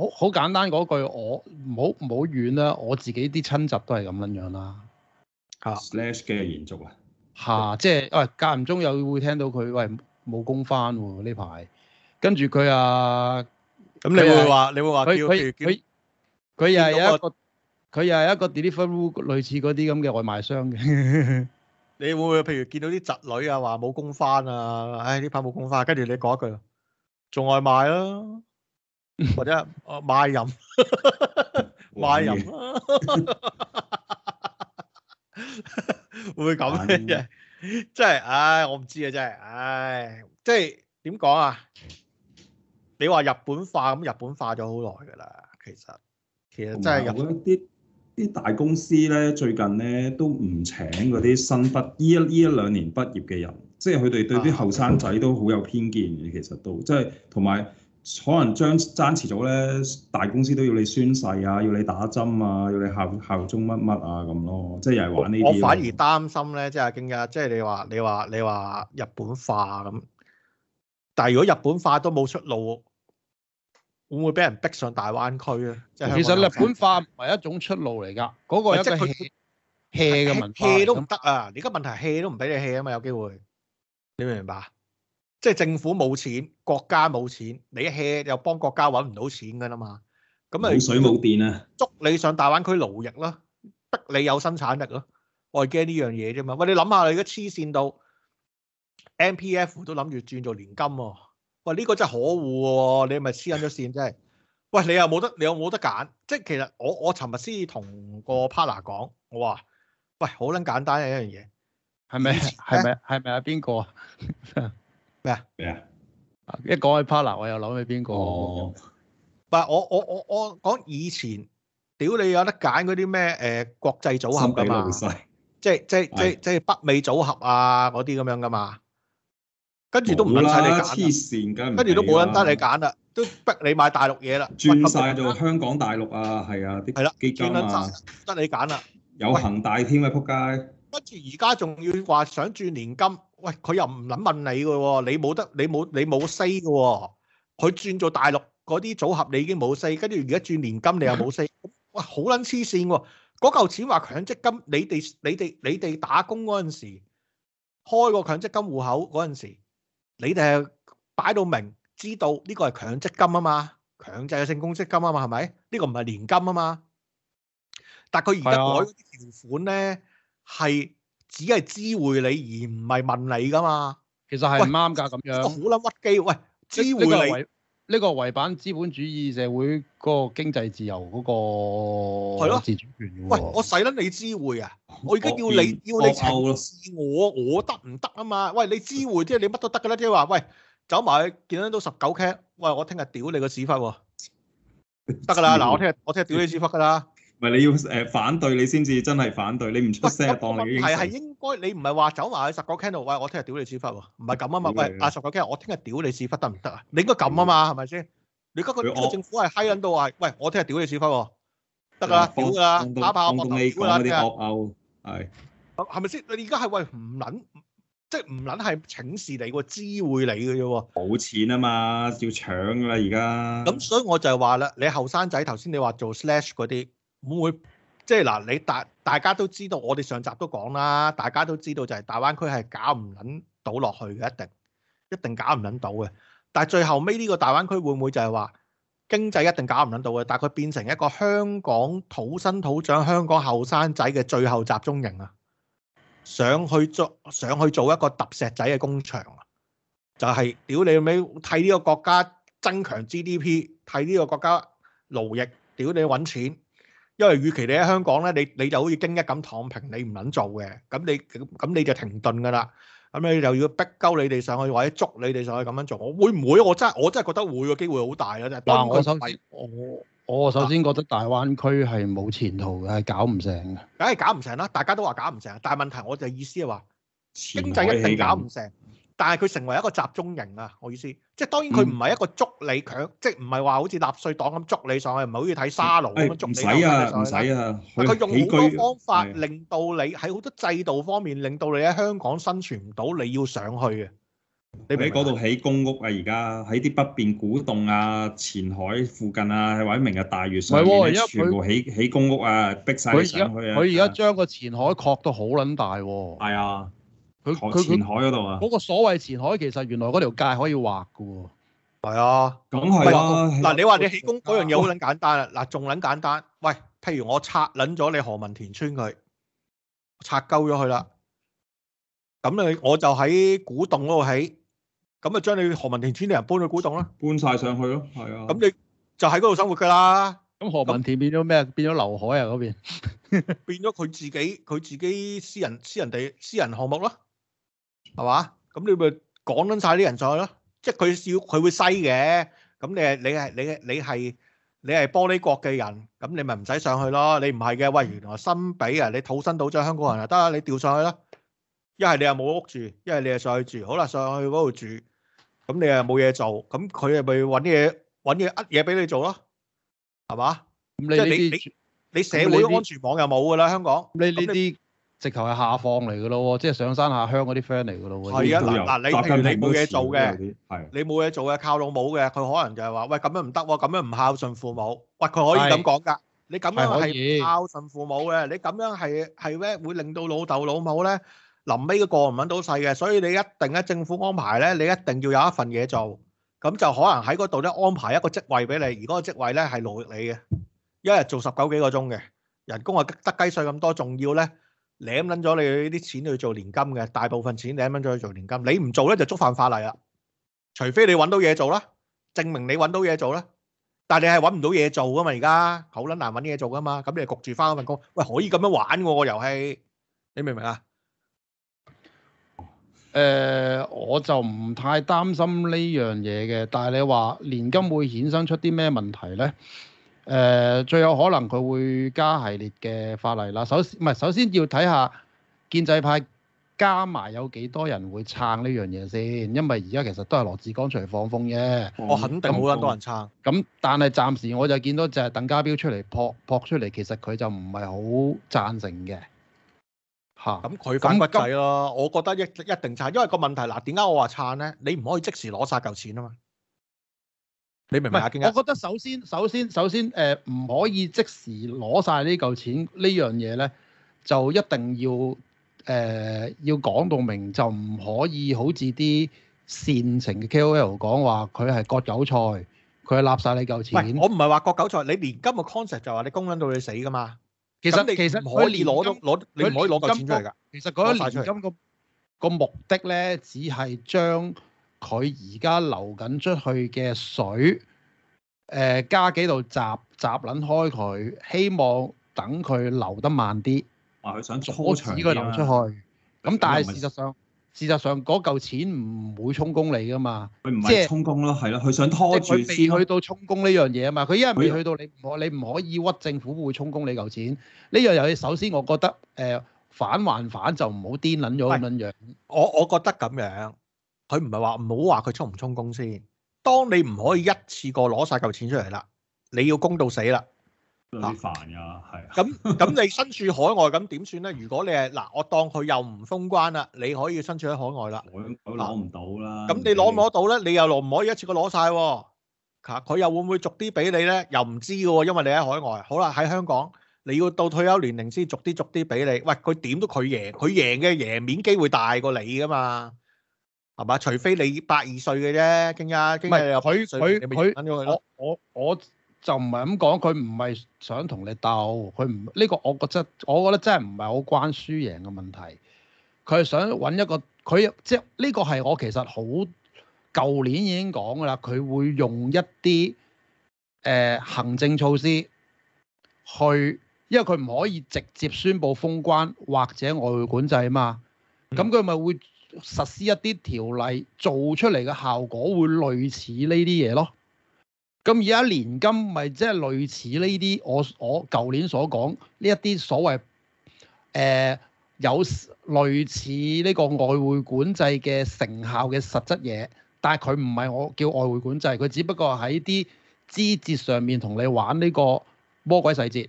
好好簡單嗰句，我唔好唔好遠啦，我自己啲親侄都係咁樣樣啦。嚇、啊，嘅延續 啊，嚇，即係喂間唔中有會聽到佢，喂冇工返喎呢排，跟住佢啊，咁你會話你會話叫如，佢佢又係一個佢又係一個 delivery 類似嗰啲咁嘅外賣商嘅 。你會唔會譬如見到啲侄女啊話冇工返啊？唉呢排冇工返，跟住你講一句做外賣啦、啊。或者啊買淫買淫啊會咁嘅即，真係唉、哎，我唔知啊，真係唉、哎，即係點講啊？你話日本化咁，日本化咗好耐噶啦，其實其實真係日本啲啲大公司咧，最近咧，都唔請嗰啲新畢依一呢一兩年畢業嘅人，即係佢哋對啲後生仔都好有偏見嘅，其實都即係同埋。可能將爭持咗咧，大公司都要你宣誓啊，要你打針啊，要你效效忠乜乜啊咁咯，即係又係玩呢啲。我反而擔心咧，即係阿京啊，即係你話你話你話日本化咁，但係如果日本化都冇出路，會唔會俾人逼上大灣區啊？其實日本化唔係一種出路嚟㗎，嗰、嗰個一個氣即氣嘅、啊、問題，氣都唔得啊！而家問題係氣都唔俾你氣啊嘛，有機會，你明唔明白？即係政府冇錢，國家冇錢，你一 hea 又幫國家搵唔到錢噶啦嘛，咁啊冇水冇電啊，捉你上大灣區勞役咯，得你有生產力咯，我係驚呢樣嘢啫嘛。喂，你諗下你而家黐線到，MPF 都諗住轉做年金喎，喂呢個真係可惡喎，你咪黐緊咗線真係。喂，你又冇得，你又冇得揀，即係其實我我尋日先同個 partner 講，我話喂好撚簡單嘅一樣嘢，係咪係咪係咪啊邊個啊？ 咩啊？咩啊？一講起 partner，我又諗起邊個？唔係、哦、我我我我講以前，屌你有得揀嗰啲咩？誒、呃，國際組合噶嘛？即係即係的即係即係北美組合啊，嗰啲咁樣噶嘛？跟住都唔使你揀，跟住都冇人得你揀啦、啊，都逼你買大陸嘢啦，轉晒做香港大陸啊，係啊啲基金啊，得你揀啦。有恒大添啊，仆街對！跟住而家仲要話想轉年金。喂，佢又唔諗問你嘅喎、哦，你冇得，你冇，你冇 say 嘅喎。佢轉做大陸嗰啲組合，你已經冇 say，跟住而家轉年金，你又冇 say。哇，好撚黐線喎！嗰嚿錢話強積金，你哋你哋你哋打工嗰陣時開個強積金戶口嗰陣時，你哋係擺到明知道呢個係強積金啊嘛，強制性公積金啊嘛，係咪？呢、呢個唔係年金啊嘛。但佢而家改條款咧，係。只係知會你而唔係問你噶嘛，其實係唔啱噶咁樣。好撚屈機，喂，知會你呢個違反、這個、資本主義社會嗰個經濟自由嗰、那個。係咯、啊。自主權喂，我使得你知會啊，我而家要你要你承認我，我得唔得啊可可嘛？喂，你知會即係你乜都得㗎啦，即係話，喂，走埋去見到十九 K，喂，我聽日屌你個屎忽喎，得㗎啦，嗱回，我聽日我聽日屌你屎忽㗎啦。唔係你要誒反對你先至真係反對，你唔出聲當你係係應該。你唔係話走埋去十個 channel，喂，我聽日屌你屎忽喎，唔係咁啊嘛。喂，阿十個 channel，我聽日屌你屎忽得唔得啊？你應該咁啊嘛，係咪先？你而家個政府係嗨緊都話，喂，我聽日屌你屎忽喎，得㗎啦，屌㗎啦，打爆我唔會啦嘅。係係咪先？你而家係喂唔撚，即係唔撚係請示你喎，知會你嘅啫喎。冇錢啊嘛，要搶㗎啦而家。咁所以我就話啦，你後生仔頭先你話做 slash 嗰啲。會唔會即係嗱，你大大家都知道，我哋上集都講啦，大家都知道就係大灣區係搞唔捻倒落去嘅，一定一定搞唔捻倒嘅。但係最後尾呢個大灣區會唔會就係話經濟一定搞唔捻到嘅？但係佢變成一個香港土生土長香港後生仔嘅最後集中營啊！上去做，上去做一個揼石仔嘅工場啊！就係屌你尾替呢個國家增強 GDP，替呢個國家勞役，屌你揾錢。因為與其你喺香港咧，你你就好似京一咁躺平，你唔撚做嘅，咁你咁咁你就停頓噶啦，咁你就要逼鳩你哋上去，或者捉你哋上去咁樣做，會唔會？我真係我真係覺得會個機會好大啦，即係。嗱，我首先我我首先覺得大灣區係冇前途嘅，係搞唔成嘅。梗係搞唔成啦，大家都話搞唔成，但係問題我就意思係話經濟一定搞唔成。但係佢成為一個集中營啊，我意思，即係當然佢唔係一個捉你強，嗯、即係唔係話好似納粹黨咁捉你上去，唔係好似睇沙龍咁捉，唔使啊，唔使啊。佢用好多方法居令到你喺好的多制度方面令到你喺香港生存唔到，你要上去嘅。你唔使講到起公屋啊，而家喺啲北邊古洞啊、前海附近啊，或者明日大嶼上面咧，全部起他起公屋啊，逼曬上去啊。佢而家佢而家將個前海擴到好撚大喎。係啊。佢佢前海嗰度啊？嗰個所謂前海其實原來嗰條界可以劃㗎喎。係啊，咁係啊。嗱，你話你起工嗰樣嘢好撚簡單啊！嗱，仲撚簡單。喂，譬如我拆撚咗你何文田村佢，拆鳩咗佢啦。咁你我就喺古洞嗰度起，咁啊將你何文田村嘅人搬去古洞啦，搬晒上去咯，係啊。咁你就喺嗰度生活㗎啦。咁何文田變咗咩啊？變咗樓海啊嗰邊？變咗佢自己，佢自己私人私人地私人項目咯。係嘛？咁你咪趕撚曬啲人上去咯。即係佢少，佢會篩嘅。咁你係你係你你係你係玻璃國嘅人，咁你咪唔使上去咯。你唔係嘅，喂，原來新比嘅，你土生土長香港人啊，得啦，你調上去咯。一係你又冇屋住，一係你又上去住。好啦，上去嗰度住，咁你又冇嘢做，咁佢係咪要揾嘢揾嘢呃嘢俾你做咯？係嘛？即係你你你社會安全網又冇㗎啦，香港。呢呢啲。直頭係下放嚟嘅咯喎，即係上山下鄉嗰啲 friend 嚟嘅咯喎。係啊，嗱嗱，你其實你冇嘢做嘅，你冇嘢做嘅，靠老母嘅，佢可能就係話：喂，咁樣唔得喎，咁樣唔孝順父母。喂，佢可以咁講㗎。你咁樣係孝順父母嘅，你咁樣係係咩？會令到老豆老母咧臨尾嗰個唔穩到世嘅。所以你一定咧，政府安排咧，你一定要有一份嘢做。咁就可能喺嗰度咧安排一個職位俾你，而嗰個職位咧係勞力你嘅，一日做十九幾個鐘嘅，人工係得雞碎咁多，仲要咧。舐撚咗你呢啲錢去做年金嘅，大部分錢舐撚咗去做年金。你唔做咧就觸犯法例啦，除非你揾到嘢做啦，證明你揾到嘢做啦。但係你係揾唔到嘢做噶嘛，而家好撚難揾嘢做噶嘛。咁你焗住翻嗰份工，喂，可以咁樣玩喎，個遊戲你明唔明啊？誒，我就唔太擔心呢樣嘢嘅，但係你話年金會衍生出啲咩問題咧？誒、呃、最有可能佢會加系列嘅法例啦。首先唔係，首先要睇下建制派加埋有幾多人會撐呢樣嘢先，因為而家其實都係羅致光出嚟放風啫。嗯、我肯定冇咁多人撐。咁、嗯、但係暫時我就見到就係鄧家彪出嚟撲撲出嚟，其實佢就唔係好贊成嘅。嚇、嗯！咁佢反骨仔咯、啊，嗯、我覺得一一定撐，因為個問題嗱點解我話撐咧？你唔可以即時攞曬嚿錢啊嘛！你明唔明啊？我覺得首先，首先，首先，誒唔可以即時攞曬呢嚿錢呢樣嘢咧，就一定要誒要講到明，就唔可以好似啲煽情嘅 KOL 講話佢係割韭菜，佢係攬曬你嚿錢。唔係，我唔係話割韭菜，你年金嘅 concept 就係話你供緊到你死噶嘛。其實其實可以攞到攞，你唔可以攞嚿錢出嚟㗎。其實嗰年金個個目的咧，只係將。佢而家流緊出去嘅水，誒加幾度閘閘撚開佢，希望等佢流得慢啲。啊，佢想拖長，阻止佢流出去。咁但係事實上，事實上嗰嚿錢唔會充公你㗎嘛。佢唔係即係充公咯，係啦，佢想拖住先。佢未去到充公呢樣嘢啊嘛。佢因為未去到你唔可，你唔可以屈政府會充公你嚿錢。呢樣遊戲首先，我覺得誒反還反就唔好癲撚咗咁樣。我我覺得咁樣。佢唔係話唔好話佢充唔充公先？當你唔可以一次過攞晒嚿錢出嚟啦，你要供到死啦。麻煩噶，係。咁咁你身處海外咁點算咧？如果你係嗱，我當佢又唔封關啦，你可以身處喺海外啦。我攞唔到啦。咁你攞唔攞到咧？你又唔可以一次過攞晒。佢佢又會唔會逐啲俾你咧？又唔知噶，因為你喺海外。好啦，喺香港你要到退休年齡先逐啲逐啲俾你。喂，佢點都佢贏，佢贏嘅贏面機會大過你噶嘛？係嘛？除非你八二歲嘅啫，經一經一佢佢佢我我我就唔係咁講，佢唔係想同你鬥，佢唔呢個我覺得我覺得真係唔係好關輸贏嘅問題，佢係想揾一個佢即係呢個係我其實好舊年已經講㗎啦，佢會用一啲誒、呃、行政措施去，因為佢唔可以直接宣布封關或者外匯管制啊嘛，咁佢咪會。實施一啲條例做出嚟嘅效果會類似呢啲嘢咯。咁而家年金咪即係類似呢啲我我舊年所講呢一啲所謂誒、呃、有類似呢個外匯管制嘅成效嘅實質嘢，但係佢唔係我叫外匯管制，佢只不過喺啲枝節上面同你玩呢個魔鬼細節。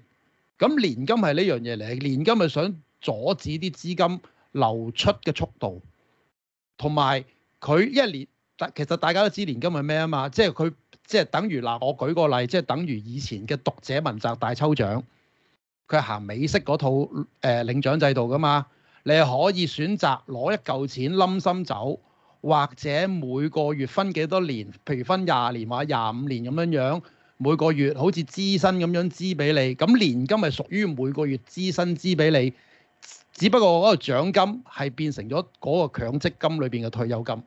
咁年金係呢樣嘢嚟，年金咪想阻止啲資金流出嘅速度。同埋佢一年，其實大家都知年金係咩啊嘛？即係佢即係等於嗱，我舉個例，即係等於以前嘅讀者文摘大抽獎，佢行美式嗰套誒領獎制度㗎嘛，你係可以選擇攞一嚿錢冧心走，或者每個月分幾多年，譬如分廿年或者廿五年咁樣樣，每個月好似資薪咁樣支俾你，咁年金係屬於每個月資薪支俾你。只不過嗰個獎金係變成咗嗰個強積金裏邊嘅退休金，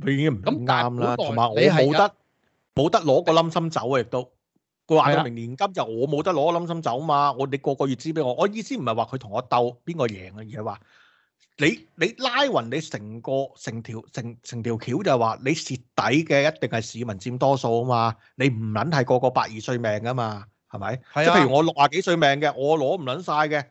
已經唔咁啱啦。同埋我冇得冇得攞個冧心走啊！亦都佢話明年金就我冇得攞個冧心走嘛。我，你個個月支俾我，我意思唔係話佢同我鬥邊個贏啊，而係話你你拉勻你成個成條成成條橋就係話你蝕底嘅一定係市民佔多數啊嘛。你唔撚係個個百二歲命㗎嘛，係咪？即係譬如我六廿幾歲命嘅，我攞唔撚晒嘅。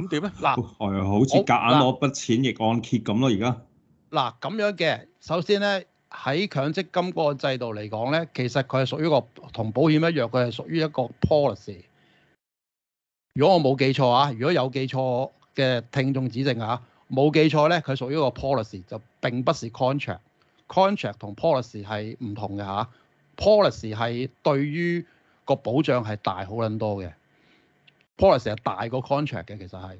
咁點咧？嗱、嗯，係好似夾硬攞筆錢，亦按揭咁咯。而家嗱咁樣嘅，首先咧喺強積金嗰個制度嚟講咧，其實佢係屬於個同保險一樣，佢係屬於一個 policy。如果我冇記錯啊，如果有記錯嘅聽眾指正啊，冇記錯咧，佢屬於一個 policy，就並不是 contract。contract pol 同、啊、policy 係唔同嘅吓，policy 係對於個保障係大好撚多嘅。policy 係大過 contract 嘅，其實係。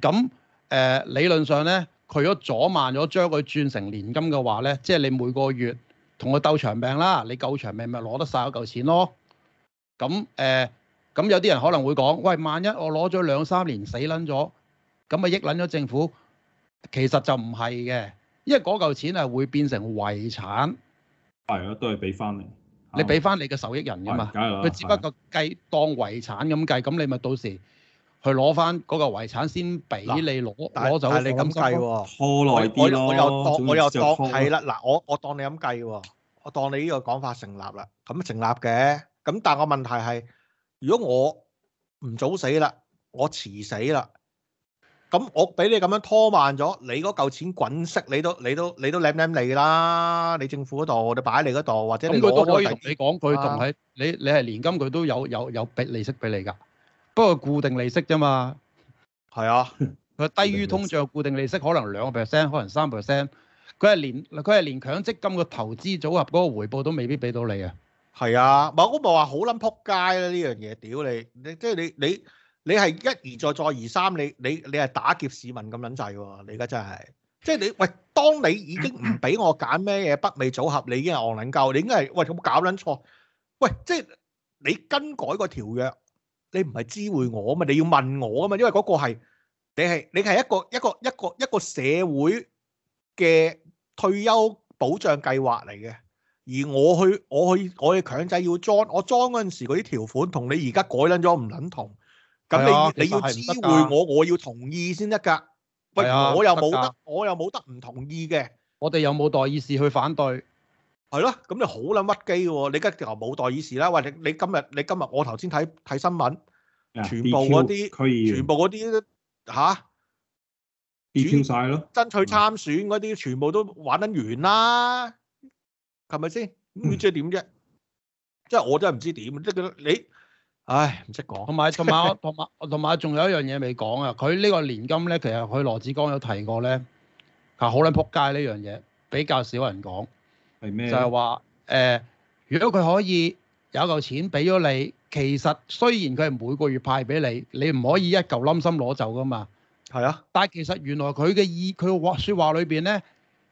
咁誒、呃、理論上咧，佢如果阻慢咗將佢轉成年金嘅話咧，即係你每個月同佢鬥長命啦，你夠長命咪攞得晒嗰嚿錢咯。咁誒，咁、呃、有啲人可能會講：喂，萬一我攞咗兩三年死撚咗，咁咪益撚咗政府？其實就唔係嘅，因為嗰嚿錢係會變成遺產，係咯、啊，都係俾翻你。你俾翻你嘅受益人㗎嘛？佢只不過計當遺產咁計，咁你咪到時去攞翻嗰個遺產先俾你攞。但係你咁計喎，拖耐啲咯。我我又當，我又當係啦。嗱，我我當你咁計喎，我當你呢個講法成立啦。咁成立嘅，咁但係個問題係，如果我唔早死啦，我遲死啦。咁我俾你咁樣拖慢咗，你嗰嚿錢滾息，你都你都你都舐舐你啦，你政府嗰度就擺喺你嗰度，或者你都可以同你講，佢同喺你你係年金，佢都有有有俾利息俾你㗎，不過固定利息啫嘛。係啊，佢低於通脹固定利息，可能兩個 percent，可能三 percent。佢係連佢係連強積金嘅投資組合嗰個回報都未必俾到你啊。係啊，某一部分好撚仆街啦，呢樣嘢屌你，你即係你你。你係一而再再而三，你你你係打劫市民咁撚滯喎！你而家真係，即係你喂，當你已經唔俾我揀咩嘢北美組合，你已經係戇撚鳩，你應該係喂咁搞撚錯，喂！即係你更改個條約，你唔係知會我啊嘛？你要問我啊嘛？因為嗰個係你係你係一個一個一個一個社會嘅退休保障計劃嚟嘅，而我去我去我去強制要 join，我 join 嗰陣時嗰啲條款同你而家改撚咗唔撚同。係啊，你要知會我，我要同意先得噶。係啊，我又冇得，我又冇得唔同意嘅。我哋又冇代議士去反對。係咯，咁你好撚屈機喎！你梗係冇代議士啦。喂，你你今日你今日我頭先睇睇新聞，全部嗰啲，全部嗰啲吓，變晒咯。爭取參選嗰啲全部都玩得完啦，係咪先？咁即係點啫？即係我真係唔知點，即係你。唉，唔識講。同埋， 同埋，同埋，同埋，仲有一樣嘢未講啊！佢呢個年金咧，其實佢羅志光有提過咧，啊好撚仆街呢樣嘢，比較少人講。係咩？就係話，誒、呃，如果佢可以有嚿錢俾咗你，其實雖然佢係每個月派俾你，你唔可以一嚿冧心攞走噶嘛。係啊。但係其實原來佢嘅意，佢話說話裏邊咧，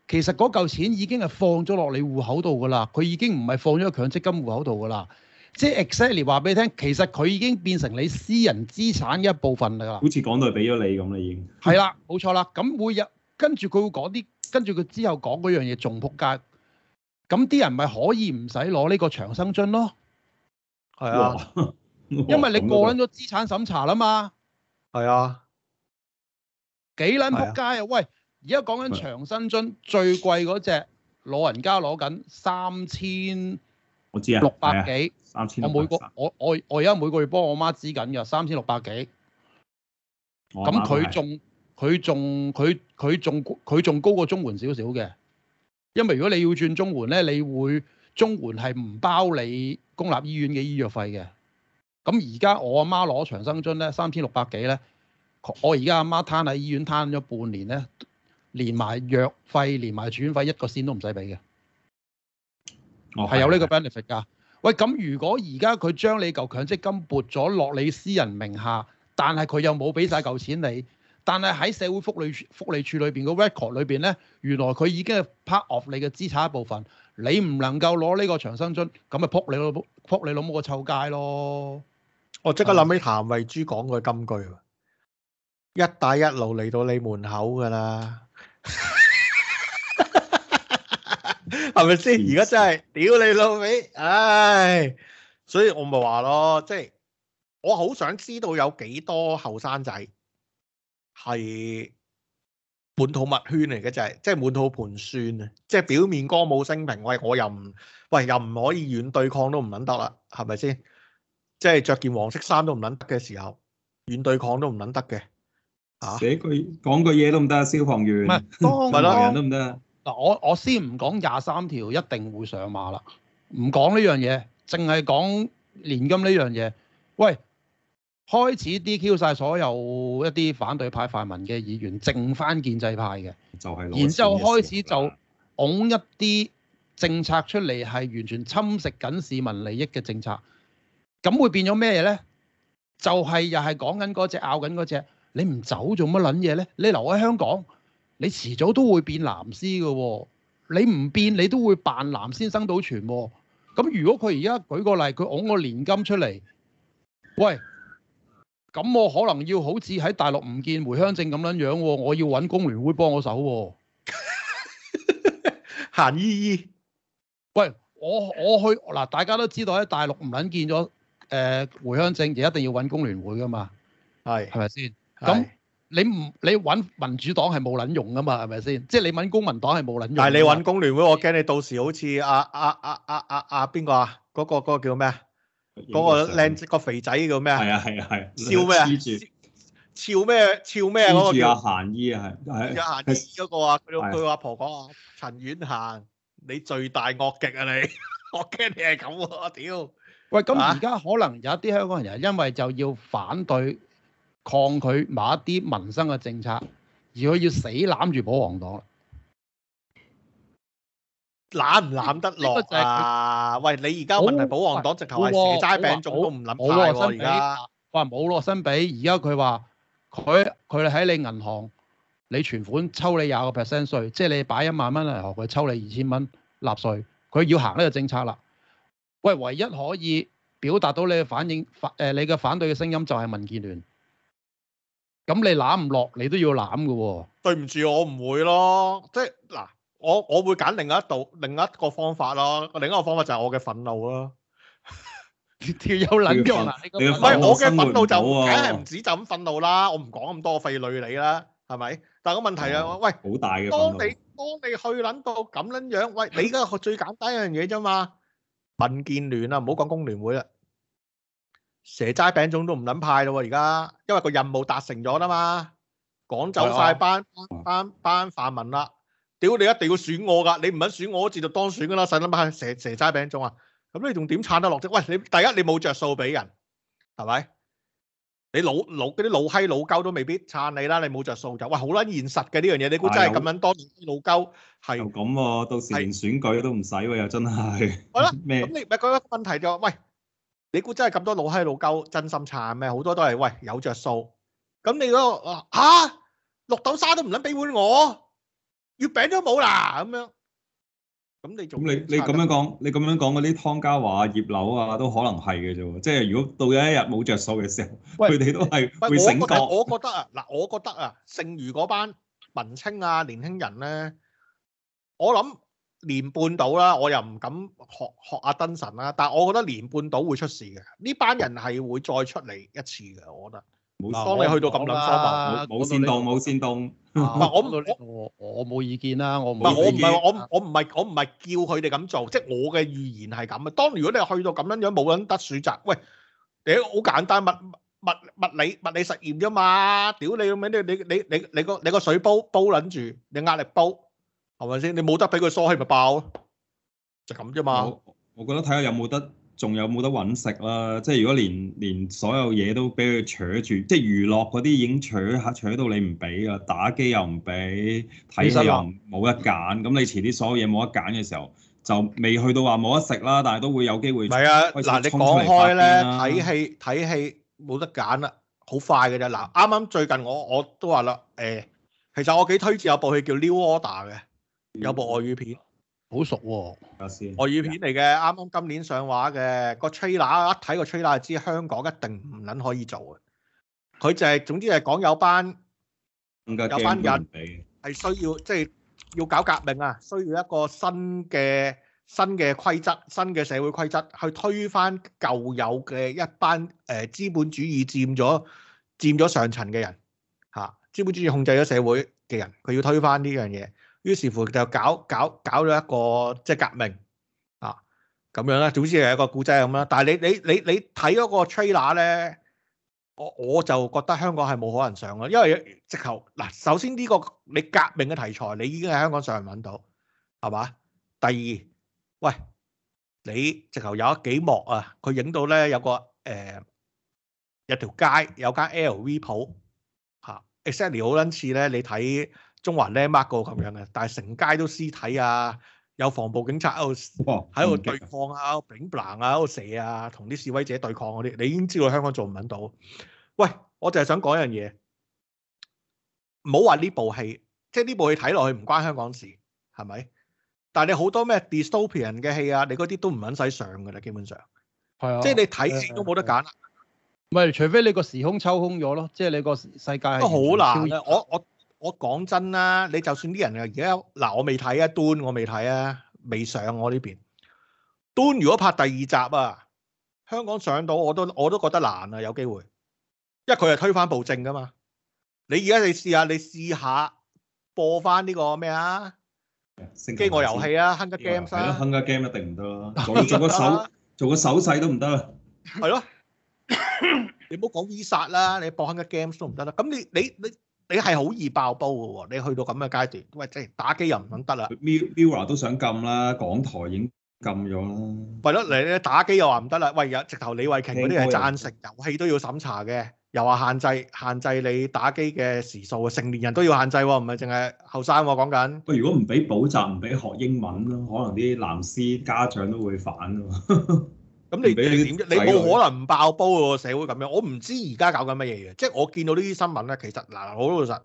其實嗰嚿錢已經係放咗落你戶口度噶啦，佢已經唔係放咗喺強積金戶口度噶啦。即係 exactly 話俾你聽，其實佢已經變成你私人資產嘅一部分㗎啦。好似講到係俾咗你咁啦，你已經係啦，冇錯啦。咁每日跟住佢會講啲，跟住佢之後講嗰樣嘢仲撲街。咁啲人咪可以唔使攞呢個長生津咯？係啊，因為你過撚咗資產審查啦嘛。係啊，幾撚撲街啊？啊喂，而家講緊長生津、啊、最貴嗰隻老人家攞緊三千我知啊，六百幾。三千，我每個我我我而家每個月幫我媽支緊嘅三千六百幾，咁佢仲佢仲佢佢仲佢仲高過綜援少少嘅，因為如果你要轉綜援咧，你會綜援係唔包你公立醫院嘅醫藥費嘅。咁而家我阿媽攞長生津咧三千六百幾咧，我而家阿媽攤喺醫院攤咗半年咧，連埋藥費連埋住院費一個先都唔使俾嘅，係 Okay. 有呢個 benefit 㗎。喂，咁如果而家佢將你嚿強積金撥咗落你私人名下，但係佢又冇俾晒嚿錢你，但係喺社會福利福利處裏邊個 record 裏邊呢，原來佢已經係 part of 你嘅資產一部分，你唔能夠攞呢個長生津，咁咪撲你老撲你老母個臭街咯！我即刻諗起譚慧珠講嘅金句：的一帶一路嚟到你門口㗎啦！ 係咪先？而家真係屌你老味，唉、哎！所以我咪話咯，即係我好想知道有幾多後生仔係本土物圈嚟嘅，就係即係滿肚盤算啊！即係表面歌舞升平，喂我又唔喂又唔可以軟對抗都唔捻得啦，係咪先？即係着件黃色衫都唔捻得嘅時候，軟對抗都唔捻得嘅。寫句講句嘢都唔得，消防員咪咯，是然人都唔得。嗱，我我先唔講廿三條一定會上馬啦，唔講呢樣嘢，淨係講年金呢樣嘢。喂，開始 DQ 晒所有一啲反對派泛民嘅議員，剩翻建制派嘅，就係。然之後開始就拱一啲政策出嚟，係完全侵蝕緊市民利益嘅政策。咁會變咗咩嘢呢？就係、是、又係講緊嗰隻，拗緊嗰隻。你唔走做乜撚嘢呢？你留喺香港？你遲早都會變藍絲嘅喎，你唔變你都會扮藍先生到全喎、哦。咁、嗯、如果佢而家舉個例，佢攪個年金出嚟，喂，咁我可能要好似喺大陸唔見回鄉證咁撚樣喎、哦，我要揾工聯會幫我手喎、哦，行依依。喂，我我去嗱，大家都知道喺大陸唔撚見咗誒、呃、回鄉證，就一定要揾工聯會㗎嘛，係係咪先？咁。你唔你揾民主黨係冇撚用噶嘛，係咪先？即係你揾公民黨係冇撚用。但係你揾工聯會，我驚你到時好似阿阿阿阿阿阿邊個啊？嗰個嗰個叫咩啊？嗰個靚個肥仔叫咩啊？係啊係啊係。笑咩啊？笑咩？笑咩啊？嗰個叫阿閒衣啊，係。阿閒衣嗰個啊，佢佢阿婆講話：陳婉嫻，你最大惡極啊！你，我驚你係咁我屌！喂，咁而家可能有一啲香港人因為就要反對。抗拒某一啲民生嘅政策，而佢要死攬住保皇黨，攬唔攬得落啊？喂，你而家問題保皇黨直頭係食齋病，仲說都唔諗曬喎！而家話冇落新比，而家佢話佢佢喺你銀行，你存款抽你廿個 percent 稅，即係你擺一萬蚊嚟學佢抽你二千蚊納稅，佢要行呢個政策啦。喂，唯一可以表達到你嘅反應反、呃、你嘅反對嘅聲音就係民建聯。咁你攬唔落，你都要攬㗎喎。對唔住，我唔會咯，即係嗱，我我會揀另一度，另一個方法咯。另一個方法就係我嘅憤怒咯。你有捻到嗱？唔係我嘅憤怒就梗係唔止就咁憤怒啦。我唔講咁多，我費累你啦，係咪？但係個問題啊，喂，好大嘅憤怒。當你當你去捻到咁樣樣，喂，你而家最簡單一樣嘢啫嘛。民建聯啊，唔好講工聯會啦。蛇齋餅粽都唔捻派咯，而家，因為個任務達成咗啦嘛，趕走晒班班班泛民啦，屌你一定要選我噶，你唔肯選我，我自然就當選噶啦，使乜乜蛇蛇齋餅粽啊？咁你仲點撐得落啫？喂，你第一你冇着數俾人，係咪？你老老嗰啲老閪老鳩都未必撐你啦，你冇着數就喂，好啦，現實嘅呢樣嘢，你估真係咁樣多老鳩係咁喎？到時連選舉都唔使喎，又真係。好啦，咩？咁你咪講個問題就喂。你估真係咁多老閪老鳩真心撐咩？好多都係喂有着數，咁你嗰啊，嚇綠豆沙都唔撚俾碗我，月餅都冇啦咁樣。咁你仲咁你你咁樣講，你咁樣講嗰啲湯家驊啊葉劉啊都可能係嘅啫喎，即係如果到咗一日冇着數嘅時候，佢哋喂都係會醒覺。我覺得啊嗱，我覺得啊，剩餘嗰班文青啊年輕人咧，我諗。年半島啦，我又唔敢學學阿、啊、登神啦，但係我覺得年半島會出事嘅，呢班人係會再出嚟一次嘅，我覺得。冇事當你去到咁諗啦，冇煽動，冇煽動。唔係我我我冇意見啦，我唔係我唔係我我唔係我唔係叫佢哋咁做，即、就、係、是、我嘅預言係咁啊。當如果你去到咁樣樣，冇人得選擇，喂，你好簡單物物物理物理實驗啫嘛，屌你咩，你你你你你個你個水煲煲撚住，你壓力煲。係咪先？你冇得俾佢梳氣咪爆咯，就咁啫嘛。我我覺得睇下有冇得，仲有冇得揾食啦。即係如果連連所有嘢都俾佢扯住，即係娛樂嗰啲已經扯嚇扯到你唔俾啊，打機又唔俾，睇戲又冇得揀。咁、嗯、你遲啲所有嘢冇得揀嘅時候，就未去到話冇得食啦，但係都會有機會。係啊，嗱，你講開咧，睇戲睇戲冇得揀啦，好快嘅啫。嗱，啱啱最近我我都話啦，誒，其實我幾推薦有部戲叫《New Order》嘅。有部外語片，好熟喎、哦。外語片嚟嘅，啱啱今年上畫嘅。個 trailer 一睇個 trailer 就知香港一定唔捻可以做嘅。佢就係、是，總之係講有班有班人係需要，即、就、係、是、要搞革命啊，需要一個新嘅新嘅規則，新嘅社會規則去推翻舊有嘅一班誒資本主義佔咗佔咗上層嘅人吓，資本主義控制咗社會嘅人，佢要推翻呢樣嘢。於是乎就搞搞搞咗一個即係革命啊咁樣啦，總之係一個古仔咁啦。但係你你你你睇嗰個 trailer 咧，我我就覺得香港係冇可能上咯，因為直頭嗱、啊，首先呢、呢個你革命嘅題材，你已經喺香港上揾到係嘛？第二，喂，你直頭有一幾幕啊？佢影到咧有個誒、呃、有條街有間 LV 鋪嚇 exactly 好撚似咧，你睇。中環呢 mark 個咁樣嘅，但係成街都屍體啊，有防暴警察喺度喺度對抗啊，柄 blank 啊，喺度、啊啊、射啊，同啲示威者對抗嗰啲，你已經知道香港做唔揾到。喂，我就係想講一樣嘢，唔好話呢部戲，即係呢部戲睇落去唔關香港事，係咪？但係你好多咩 dystopian 嘅戲啊，你嗰啲都唔揾使上㗎啦，基本上係啊，即係你睇線、啊啊啊、都冇得揀。唔係，除非你個時空抽空咗咯，即係你個世界都好難啊！我我。我我我我我我我講真啦，你就算啲人啊，而家嗱我未睇啊，端我未睇啊，未上我呢邊。端如果拍第二集啊，香港上到我都我都覺得難啊，有機會，因為佢係推翻暴政噶嘛。你而家你試下，你試下播翻呢個咩啊？饑餓遊戲啊，Hunger Games 啊，Hunger Games 一定唔得咯。做個手做個手勢都唔得啦，係咯，你唔好講 V 煞啦，你播 Hunger Games 都唔得啦。咁你你你。你係好易爆煲嘅喎，你去到咁嘅階段，喂，即係打機又唔肯得啦。Mirror 啊都想禁啦，港台已經禁咗啦。係咯，你打機又話唔得啦，喂，又直頭李慧瓊嗰啲係贊成遊戲都要審查嘅，又話限制限制你打機嘅時數啊，成年人都要限制喎，唔係淨係後生喎，講緊。喂，如果唔俾補習，唔俾學英文咯，可能啲藍絲家長都會反喎。 咁你你點啫？你冇可能唔爆煲個社會咁樣。我唔知而家搞緊乜嘢嘅，即係我見到呢啲新聞咧。其實嗱，好老實，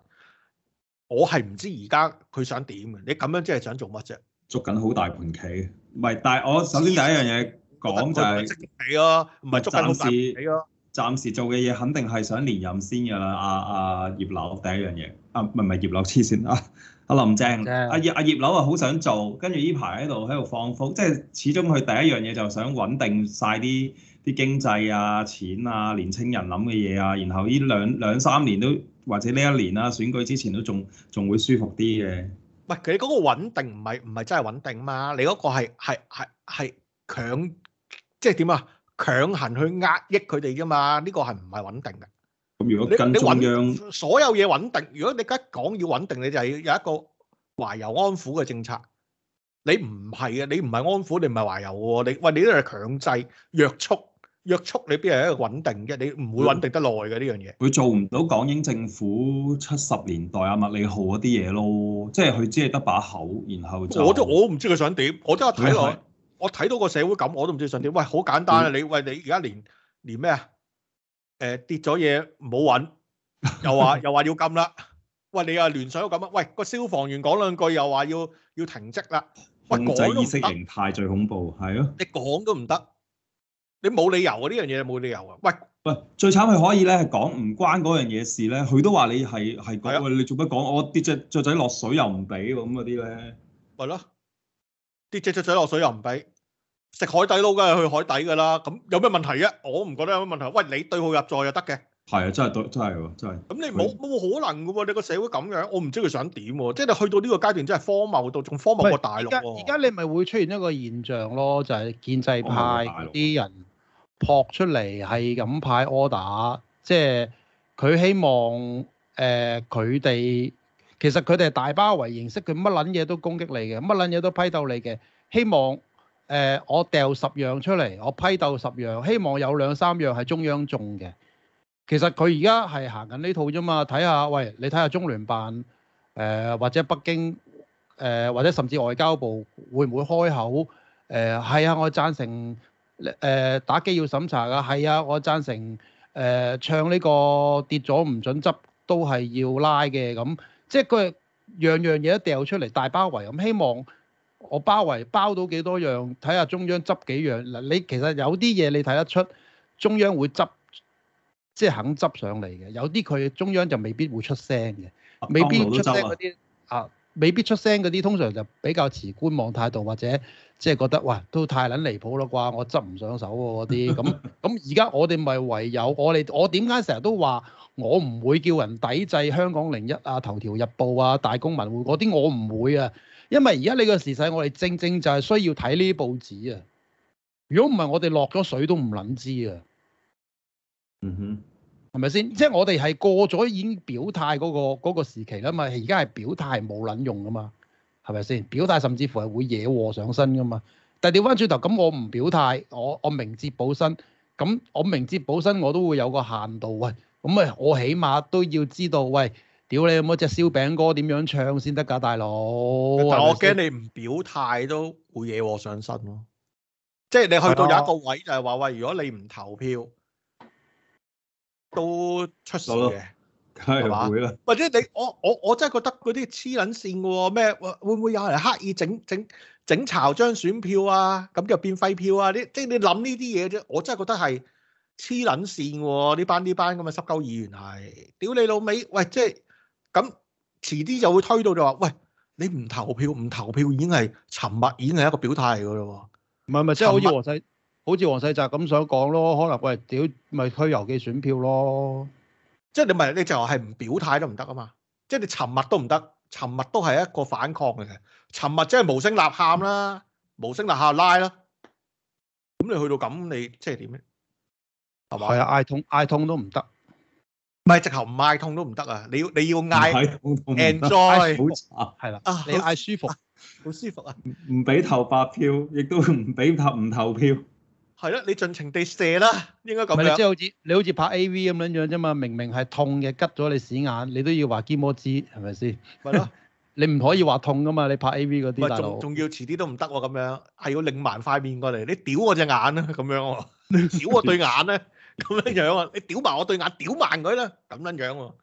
我係唔知而家佢想點嘅。你咁樣即係想做乜啫？捉緊好大盤棋，唔係。但係我首先第一樣嘢講就係、係，係咯、啊，唔係暫時，暫時做嘅嘢肯定係想連任先噶啦。阿、啊、阿、啊、葉劉第一樣嘢，啊唔係唔係葉劉黐線啊。阿林鄭，阿葉阿葉劉啊，好想做，跟住呢排喺度喺度放風，即係始終佢第一樣嘢就想穩定晒啲啲經濟啊、錢啊、年青人諗嘅嘢啊，然後呢兩兩三年都或者呢一年啦、啊，選舉之前都仲仲會舒服啲嘅。喂，佢嗰個穩定唔係唔係真係穩定嘛？你嗰個係係係係強，即係點啊？強行去壓抑佢哋㗎嘛？呢個係唔係穩定嘅？咁如果跟中央，所有嘢穩定。如果你而家講要穩定，你就係要有一個懷柔安撫嘅政策。你唔係啊，你唔係安撫，你唔係懷柔嘅。你喂，你都係強制約束，約束你必係一個穩定嘅。你唔會穩定得耐嘅呢樣嘢。佢做唔到港英政府七十年代啊麥理浩嗰啲嘢咯，即係佢只係得把口，然後就是、我都我唔知佢想點。我而家睇落，我睇、嗯、到個社會咁，我都唔知想點。喂，好簡單啊！你、嗯、喂，你而家連連咩啊？誒、呃，跌咗嘢唔好搵，又話又話要禁啦。喂，你又、啊、聯想咗咁啊？喂，個消防員講兩句又話要要停職啦。控制意識形態最恐怖，係啊喂的，你講都唔得的，你冇理由啊！呢樣嘢冇理由啊！喂喂，最慘係可以咧，講唔關嗰樣嘢事咧，佢都話你係係講，你做乜講？我跌隻雀仔落水又唔俾咁嗰啲咧，係咯？跌隻雀仔落水又唔俾。食海底撈梗係去海底噶啦，咁有咩問題啊？我唔覺得有咩問題。喂，你對號入座就得嘅。係他啊，真係對，真係喎，真係。咁你冇冇可能嘅喎？你個社會咁樣，我唔知佢想點喎、啊。即係你去到呢個階段，真係荒謬到仲荒謬過大陸、啊。而家你咪會出現一個現象咯，就係、是、建制派啲人撲出嚟係咁派 order，即係佢希望誒，佢、呃、哋其實佢哋係大包圍形式，佢乜撚嘢都攻擊你嘅，乜撚嘢都批鬥你嘅，希望。誒、呃，我掉十樣出嚟，我批鬥十樣，希望有兩三樣係中央種嘅。其實佢而家係行緊呢套啫嘛，睇下，喂，你睇下中聯辦，誒、呃、或者北京，誒、呃、或者甚至外交部會唔會開口？誒、呃、係啊，我贊成誒、呃、打機要審查噶，係啊，我贊成誒、呃、唱呢、這個跌咗唔准執，都係要拉嘅咁，即係佢樣樣嘢都掉出嚟，大包圍咁，希望。我包圍包到幾多樣，睇下中央執幾樣嗱。你其實有啲嘢你睇得出，中央會執，即係肯執上嚟嘅。有啲佢中央就未必會出聲嘅，未必出聲嗰啲啊，啊，啊，未必出聲嗰啲通常就比較持觀望態度，或者即係覺得哇，都太撚離譜啦啩，我執唔上手嗰啲。咁咁而家我哋咪唯有我哋，我點解成日都話我唔會叫人抵制香港零一啊、頭條日報啊、大公文匯嗰啲，我唔會啊。因為而家呢個時勢，我哋正正就係需要睇呢啲報紙啊！如果唔係，我哋落咗水都唔撚知啊！嗯哼，係咪先？即係我哋係過咗已經表態嗰個嗰個時期啦嘛，而家係表態冇撚用噶嘛，係咪先？表態甚至乎係會惹禍上身噶嘛。但係調翻轉頭，咁我唔表態，我我明哲保身，咁我明哲保身，我都會有個限度喂。咁啊，我起碼都要知道喂。屌，你有冇隻燒餅歌點樣唱先得噶，大佬！但我驚你唔表態都會惹禍上身咯。即係你去到有一個位就係話喂，如果你唔投票都出事嘅，係嘛？或者吧了你我我我真係覺得嗰啲黐捻線嘅，咩會唔會有人刻意整整整炒張選票啊？咁就變廢票啊？你即係你諗呢啲嘢啫，我真係覺得係黐捻線嘅。呢班呢班咁嘅濕鳩議員係，屌你老味。喂，即係。咁遲啲就會推到就話，喂，你唔投票唔投票已經係沉默，已經係一個表態嚟嘅咯喎。唔係咪即係好似黃世，沉默好似黃世澤咁想講咯。可能喂屌，咪推郵寄選票咯。即係你咪你就係、是、唔表態都唔得啊嘛。即、就、係、是、你沉默都唔得，沉默都係一個反抗嚟嘅。沉默即係無聲吶喊啦，無聲吶喊拉啦。咁你去到咁，你即係點咧？係嘛？係啊，嗌痛，嗌痛都唔得。唔係直頭唔嗌痛都唔得啊！你要你要嗌 enjoy，好慘係啦，啊你嗌舒服，好舒服啊！唔唔俾投白票，亦都唔俾投唔投票，係啦，你盡情地射啦，應該咁樣。即係好似你好似拍 AV 咁樣樣啫嘛，明明係痛嘅，拮咗你屎眼，你都要話基摩知係咪先？係咯，你唔可以話痛噶嘛，你拍 AV 嗰啲，仲仲要遲啲都唔得喎，咁樣係要擰埋塊面過嚟，你屌我隻眼啊咁樣喎，屌我對眼咧！咁樣 樣啊！你屌埋我對眼，屌埋佢啦！咁樣樣、啊、喎，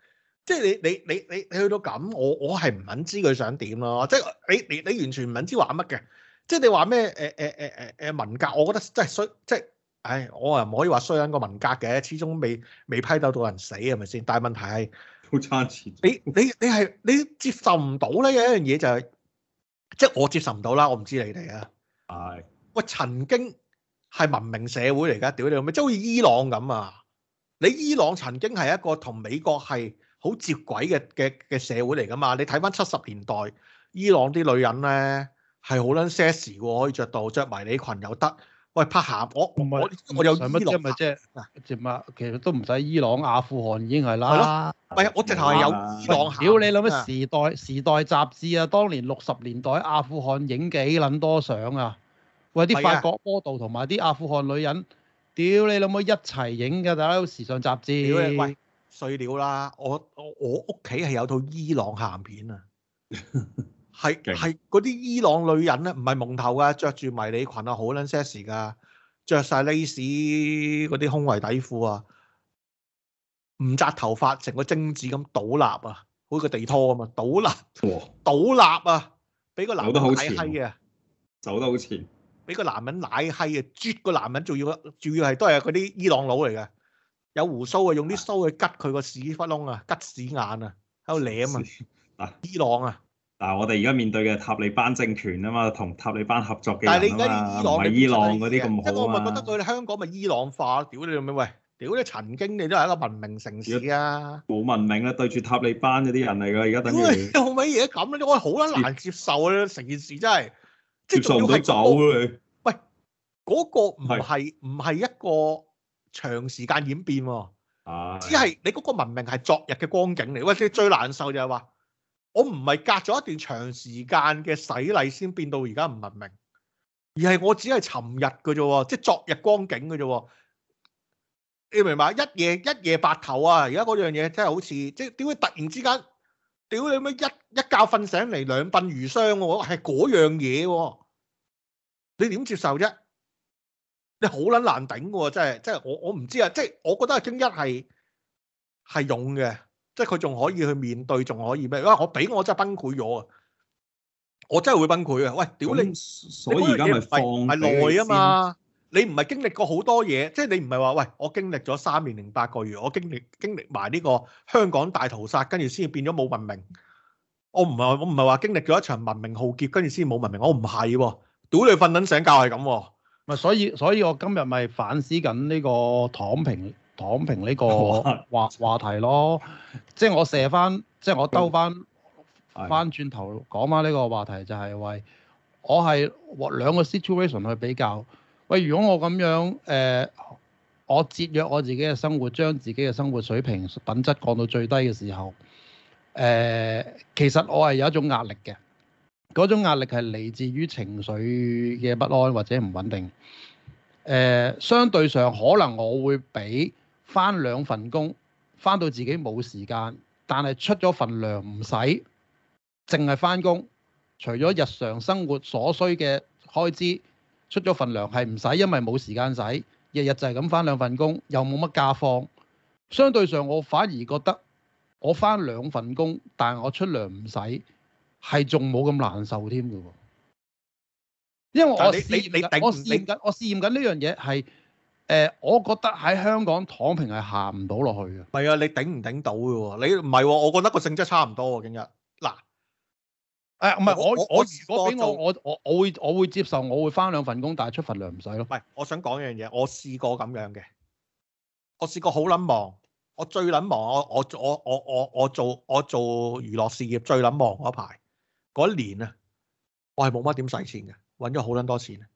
即係你你你你你去到咁，我我係唔肯知佢想點咯，即係你你你完全唔肯知話乜嘅，即係你話咩？誒誒誒誒誒文革，我覺得真係衰，即係，唉，我又唔可以話衰緊個文革嘅，始終未未批鬥到人死係咪先？但係問題係好差錢，你你你係你接受唔到咧？有一樣嘢就係、是，即係我接受唔到啦，我唔知你哋啊。係我曾經。係文明社會嚟噶，屌你老味！即係好似伊朗咁啊！你伊朗曾經係一個同美國係好接軌嘅嘅嘅社會嚟噶嘛？你睇翻七十年代伊朗啲女人咧係好撚 sexy 可以着到着迷你裙又得。喂，拍下我唔我，我，我有伊朗。乜啫？咪即係嗱，其實都唔使伊朗，阿富汗已經係啦。係啊，我直頭係有伊朗。屌、啊、你諗乜、啊、時代時代雜誌啊？當年六十年代阿富汗影幾撚多相啊？喂！啲法國波導同埋啲阿富汗女人，屌你老母一齊影嘅，大家有時尚雜誌。碎料啦！我我我屋企係有套伊朗鹹片啊，係係嗰啲伊朗女人咧，唔係蒙頭啊，着住迷你裙啊，好撚 sexy 噶，著曬 lace 啲胸圍底褲啊，唔紮頭髮，成個精子咁倒立啊，好似地拖咁嘛，倒立，倒立啊，俾個男走得好前嘅，走得好前。俾個男人奶閪啊！啜個男人仲要仲要係都係嗰啲伊朗佬嚟嘅，有胡鬚啊，用啲鬚去吉佢個屎窟窿啊，吉屎眼啊，喺度舐啊！嗱，伊朗啊！嗱，我哋而家面對嘅塔利班政權啊嘛，同塔利班合作嘅人啊嘛，唔係伊朗、啊、伊朗嗰啲，咁我咪覺得佢香港咪伊朗化？屌你咪喂！屌你曾經你都係一個文明城市啊！冇文明啊，對住塔利班嗰啲人嚟㗎，而家等住你。做乜嘢咁咧？我好難接受啊！成件事真係～即係仲要唔好、那個、走咯、啊、你？喂，嗰個唔係唔係一個長時間演變喎、啊，是的 只係你嗰個文明係昨日嘅光景嚟。喂，最難受就係話我唔係隔咗一段長時間嘅洗禮先變到而家唔文明，而係我只係尋日嘅啫喎，即係昨日光景嘅啫喎。你明唔明？一夜一夜白頭啊！而家嗰樣嘢真係好似即係點會突然之間？屌你咩一一覺瞓醒嚟兩鬢如霜喎，係嗰樣嘢喎，你點接受啫？你好撚難頂喎，真係真係我我唔知啊，即係我覺得京一係係勇嘅，即係佢仲可以去面對，仲可以咩？哇！我俾我真係崩潰咗啊，我真係會崩潰啊！喂，屌你，所以而家咪放係耐啊嘛。你唔係經歷過好多嘢，即係你唔係話喂，我經歷咗三年零八個月，我經歷經歷埋呢個香港大屠殺，跟住先至變咗冇文明。我唔係我唔係話經歷咗一場文明浩劫，跟住先冇文明。我唔係喎，屌你瞓緊醒覺係咁。咪所以所以我今日咪反思緊呢個躺平躺平呢個話 話題咯。即係我射翻，即係我兜翻翻轉頭講翻呢個話題，就係喂，我係兩個 situation 去比較。喂，如果我咁樣，誒、呃，我節約我自己嘅生活，將自己嘅生活水平品質降到最低嘅時候，誒、呃，其實我係有一種壓力嘅，嗰種壓力係嚟自於情緒嘅不安或者唔穩定。誒、呃，相對上可能我會俾翻兩份工，翻到自己冇時間，但係出咗份糧唔使，淨係翻工，除咗日常生活所需嘅開支。出咗份糧係唔使，因為冇時間使，日日就係咁翻兩份工，又冇乜假放。相對上，我反而覺得我翻兩份工，但係我出糧唔使，係仲冇咁難受添㗎喎。因為我試驗緊，我試驗緊，我試驗緊呢樣嘢係誒，我覺得喺香港躺平係行唔到落去嘅。係啊，你頂唔頂到㗎喎？你唔係喎？我覺得個性質差唔多喎，今日。唔係、哎、我我，我，我如果俾我做我我我會我會接受，我會翻兩份工，但係出份糧唔使咯。唔係，我想講一樣嘢，我試過咁樣嘅，我試過好撚忙，我最撚忙，我我我我我做我做娛樂事業最撚忙嗰排嗰一年啊，我係冇乜點使錢嘅，揾咗好撚多錢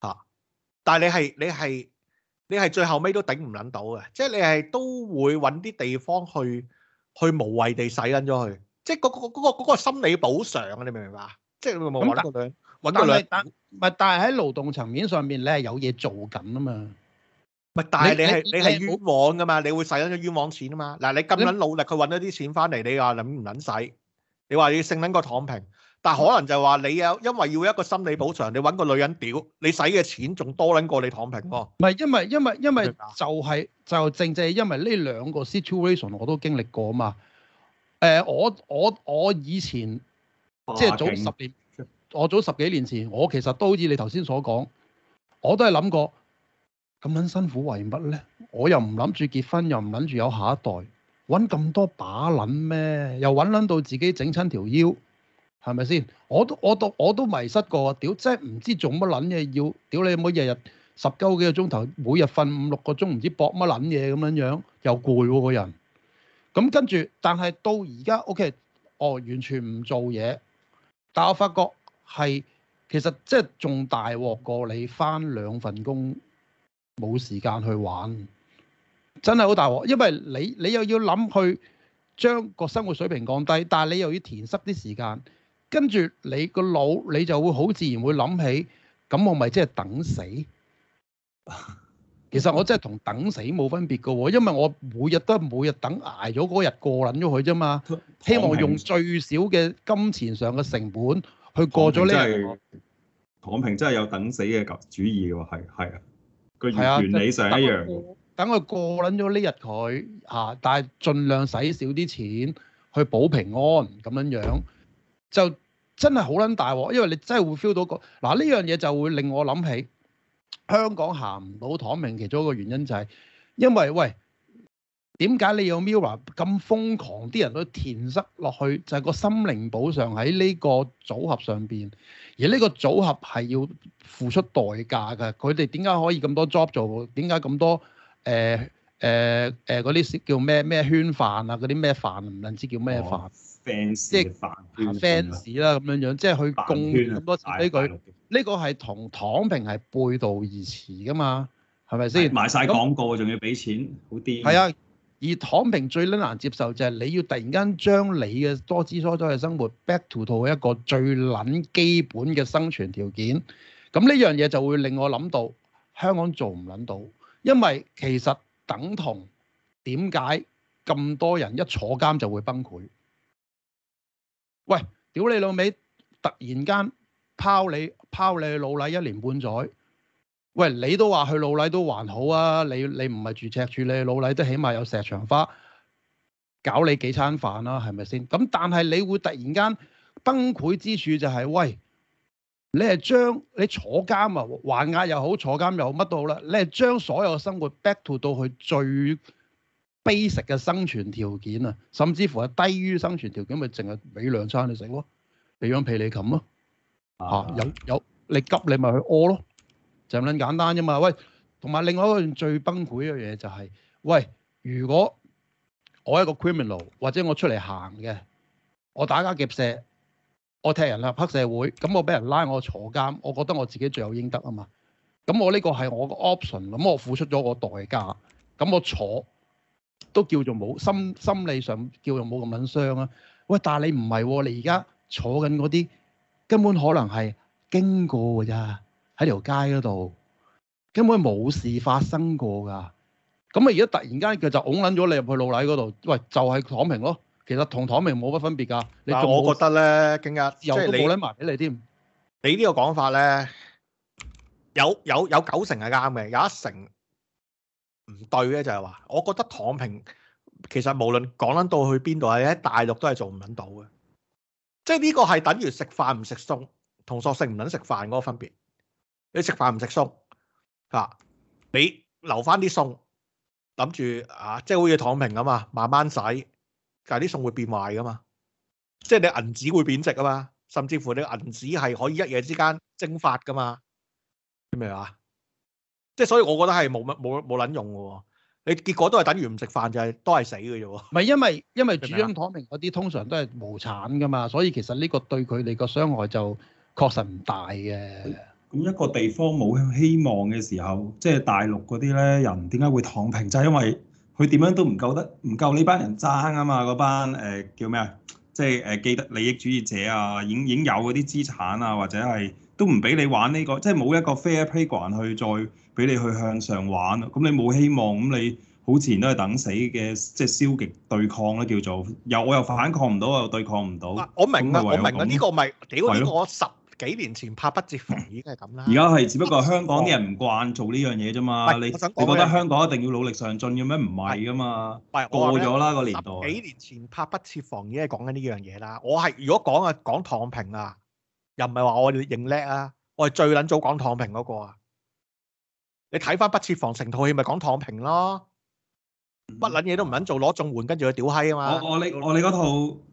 啊！但係你係你係你係最後尾都頂唔撚到嘅，即係你係都會揾啲地方去去無謂地使撚咗去。即係嗰個嗰個嗰個心理補償啊！你明唔明白？即係冇揾到女人，揾個女，但係但係喺勞動層面上面，你係有嘢做緊啊嘛！咪但係你係你係冤枉㗎嘛？你會使咗冤枉錢啊嘛！嗱，你咁撚努力，去揾咗啲錢翻嚟，你話諗唔撚使？你話要勝撚過躺平，但係可能就係話你有因為要一個心理補償，你揾個女人屌，你使嘅錢仲多撚過你躺平喎。唔係，因為因為因為，因為就係就正正因為呢兩個 situation 我都經歷過啊嘛。誒、呃、我我我以前即係早十年，我早十幾年前，我其實都好似你頭先所講，我都係諗過咁樣辛苦為乜呢？我又唔諗住結婚，又唔諗住有下一代，揾咁多把撚咩？又揾撚到自己整親條腰，係咪先？我都我都我都迷失過，屌，即係唔知做乜撚嘢要屌，你有冇日日十鳩幾個鐘頭，每日瞓五六個鐘，唔知搏乜撚嘢咁樣樣，又攰喎個人。咁、嗯、跟住，但係到而家，O.K.，哦，完全唔做嘢，但我發覺係其實即係仲大鑊過你返兩份工冇時間去玩，真係好大鑊，因為你你又要諗去將個生活水平降低，但係你又要填塞啲時間，跟住你個腦你就會好自然會諗起，咁我咪即係等死。 其實我真係同等死冇分別嘅喎，因為我每日都每日等捱咗嗰日過撚咗佢啫嘛，躺平希望用最少嘅金錢上嘅成本去過咗呢。真係躺平真係有等死嘅主意喎，係係啊，個原理上一樣。就係、等佢過撚咗呢日佢吓，但係盡量使少啲錢去保平安咁樣樣，就真係好撚大鑊，因為你真係會 feel 到個，嗱呢樣嘢就會令我諗起。香港行唔到躺平其中一個原因就係因為喂，點解你有 Mirror 咁瘋狂？啲人都填塞落去，就係、是、個心靈補償喺呢個組合上邊，而呢個組合係要付出代價嘅。佢哋點解可以咁多 job 做？點解咁多誒誒誒嗰啲叫咩咩圈飯啊？嗰啲咩飯唔知叫咩飯？哦 fans 即係 fans 啦，咁樣樣，即係去供咁多錢俾佢。呢個係同躺平係背道而馳噶嘛，係咪先？賣晒廣告仲那要俾錢，好癲。係啊，而躺平最撚難接受就係你要突然間將你嘅多姿多彩嘅生活 back to 到一個最撚基本嘅生存條件。咁呢樣嘢就會令我諗到香港做唔撚到，因為其實等同點解咁多人一坐監就會崩潰？喂，屌你老味，突然間拋你拋你去老禮一年半載，喂你都話去老禮都還好啊！你你唔係住赤柱，你去老禮都起碼有石牆花，搞你幾餐飯啦，係咪先？咁但係你會突然間崩潰之處就係、是，喂你係將你坐監啊，還押又好，坐監又好，乜都好啦，你係將所有嘅生活 back to 到去最。basic 嘅生存條件啊，甚至乎係低於生存條件，咪淨係俾兩餐你食咯，俾張被你冚咯。嚇、啊啊，有有你急你咪去屙咯，就咁撚簡單啫嘛。喂，同埋另外一個最崩潰嘅嘢就係、是，喂，如果我一個 criminal 或者我出嚟行嘅，我打家劫舍，我踢人啦黑社會，咁我俾人拉我，我坐監，我覺得我自己罪有應得啊嘛。咁我呢個係我個 option，咁我付出咗個代價，咁我坐。都叫做冇心心理上叫做冇咁捻傷啊！喂，但係你唔係，你而家坐緊嗰啲根本可能係經過噶咋，喺條街嗰度根本冇事發生過噶。咁啊，而家突然間佢就㧬捻咗你入去老奶嗰度，喂，就係躺平咯。其實同躺平冇乜分別噶。嗱，我覺得咧，更加又都冇捻埋俾你添。你呢個講法咧，有有有九成係啱嘅，有一成。唔對嘅就係話，我覺得躺平其實無論講捻到去邊度，喺大陸都係做唔捻到嘅，即係呢個係等於食飯唔食餸，同索性唔捻食飯嗰個分別。你食飯唔食餸啊？你留翻啲餸，諗住啊，即係好似躺平咁啊嘛，慢慢使，但係啲餸會變壞噶嘛，即係你銀紙會貶值啊嘛，甚至乎你銀紙係可以一夜之間蒸發噶嘛，明唔明啊？即係所以，我覺得係冇乜冇冇撚用嘅喎。你結果都係等於唔食飯，就係都係死嘅啫喎。唔係因為因為主張躺平嗰啲通常都係無產嘅嘛，係唔係？所以其實呢個對佢哋個傷害就確實唔大嘅。咁一個地方冇希望嘅時候，即係大陸嗰啲咧人點解會躺平？就係因為佢點樣都唔夠得，唔夠呢班人爭啊嘛。嗰班誒叫咩啊？即係誒既得利益主義者啊，已經，已經有嗰啲資產啊，或者係。都唔俾你玩呢個，即係冇一個 fair playground 去再俾你去向上玩啊！咁你冇希望，咁你好自然都係等死嘅，即係消極對抗啦。叫做。又我又反抗唔到，又對抗唔到。我明啊，我明啊，呢個咪幾好？了就是這個、我十幾年前拍不設防已經係咁啦。而家係只不過香港啲人唔慣做呢樣嘢啫嘛。嗯、你我想你覺得香港一定要努力上進嘅咩？唔係噶嘛，嗯、過咗啦個年代。幾年前拍不設防已經係講緊呢樣嘢啦。我係如果講啊講躺平啊，又唔係話我哋認叻啊！我係最捻早講躺平嗰個啊！你睇翻不設防成套戲咪講躺平咯，乜捻嘢都唔捻做，攞綜援跟住去屌閪啊嘛！我我你我你嗰套，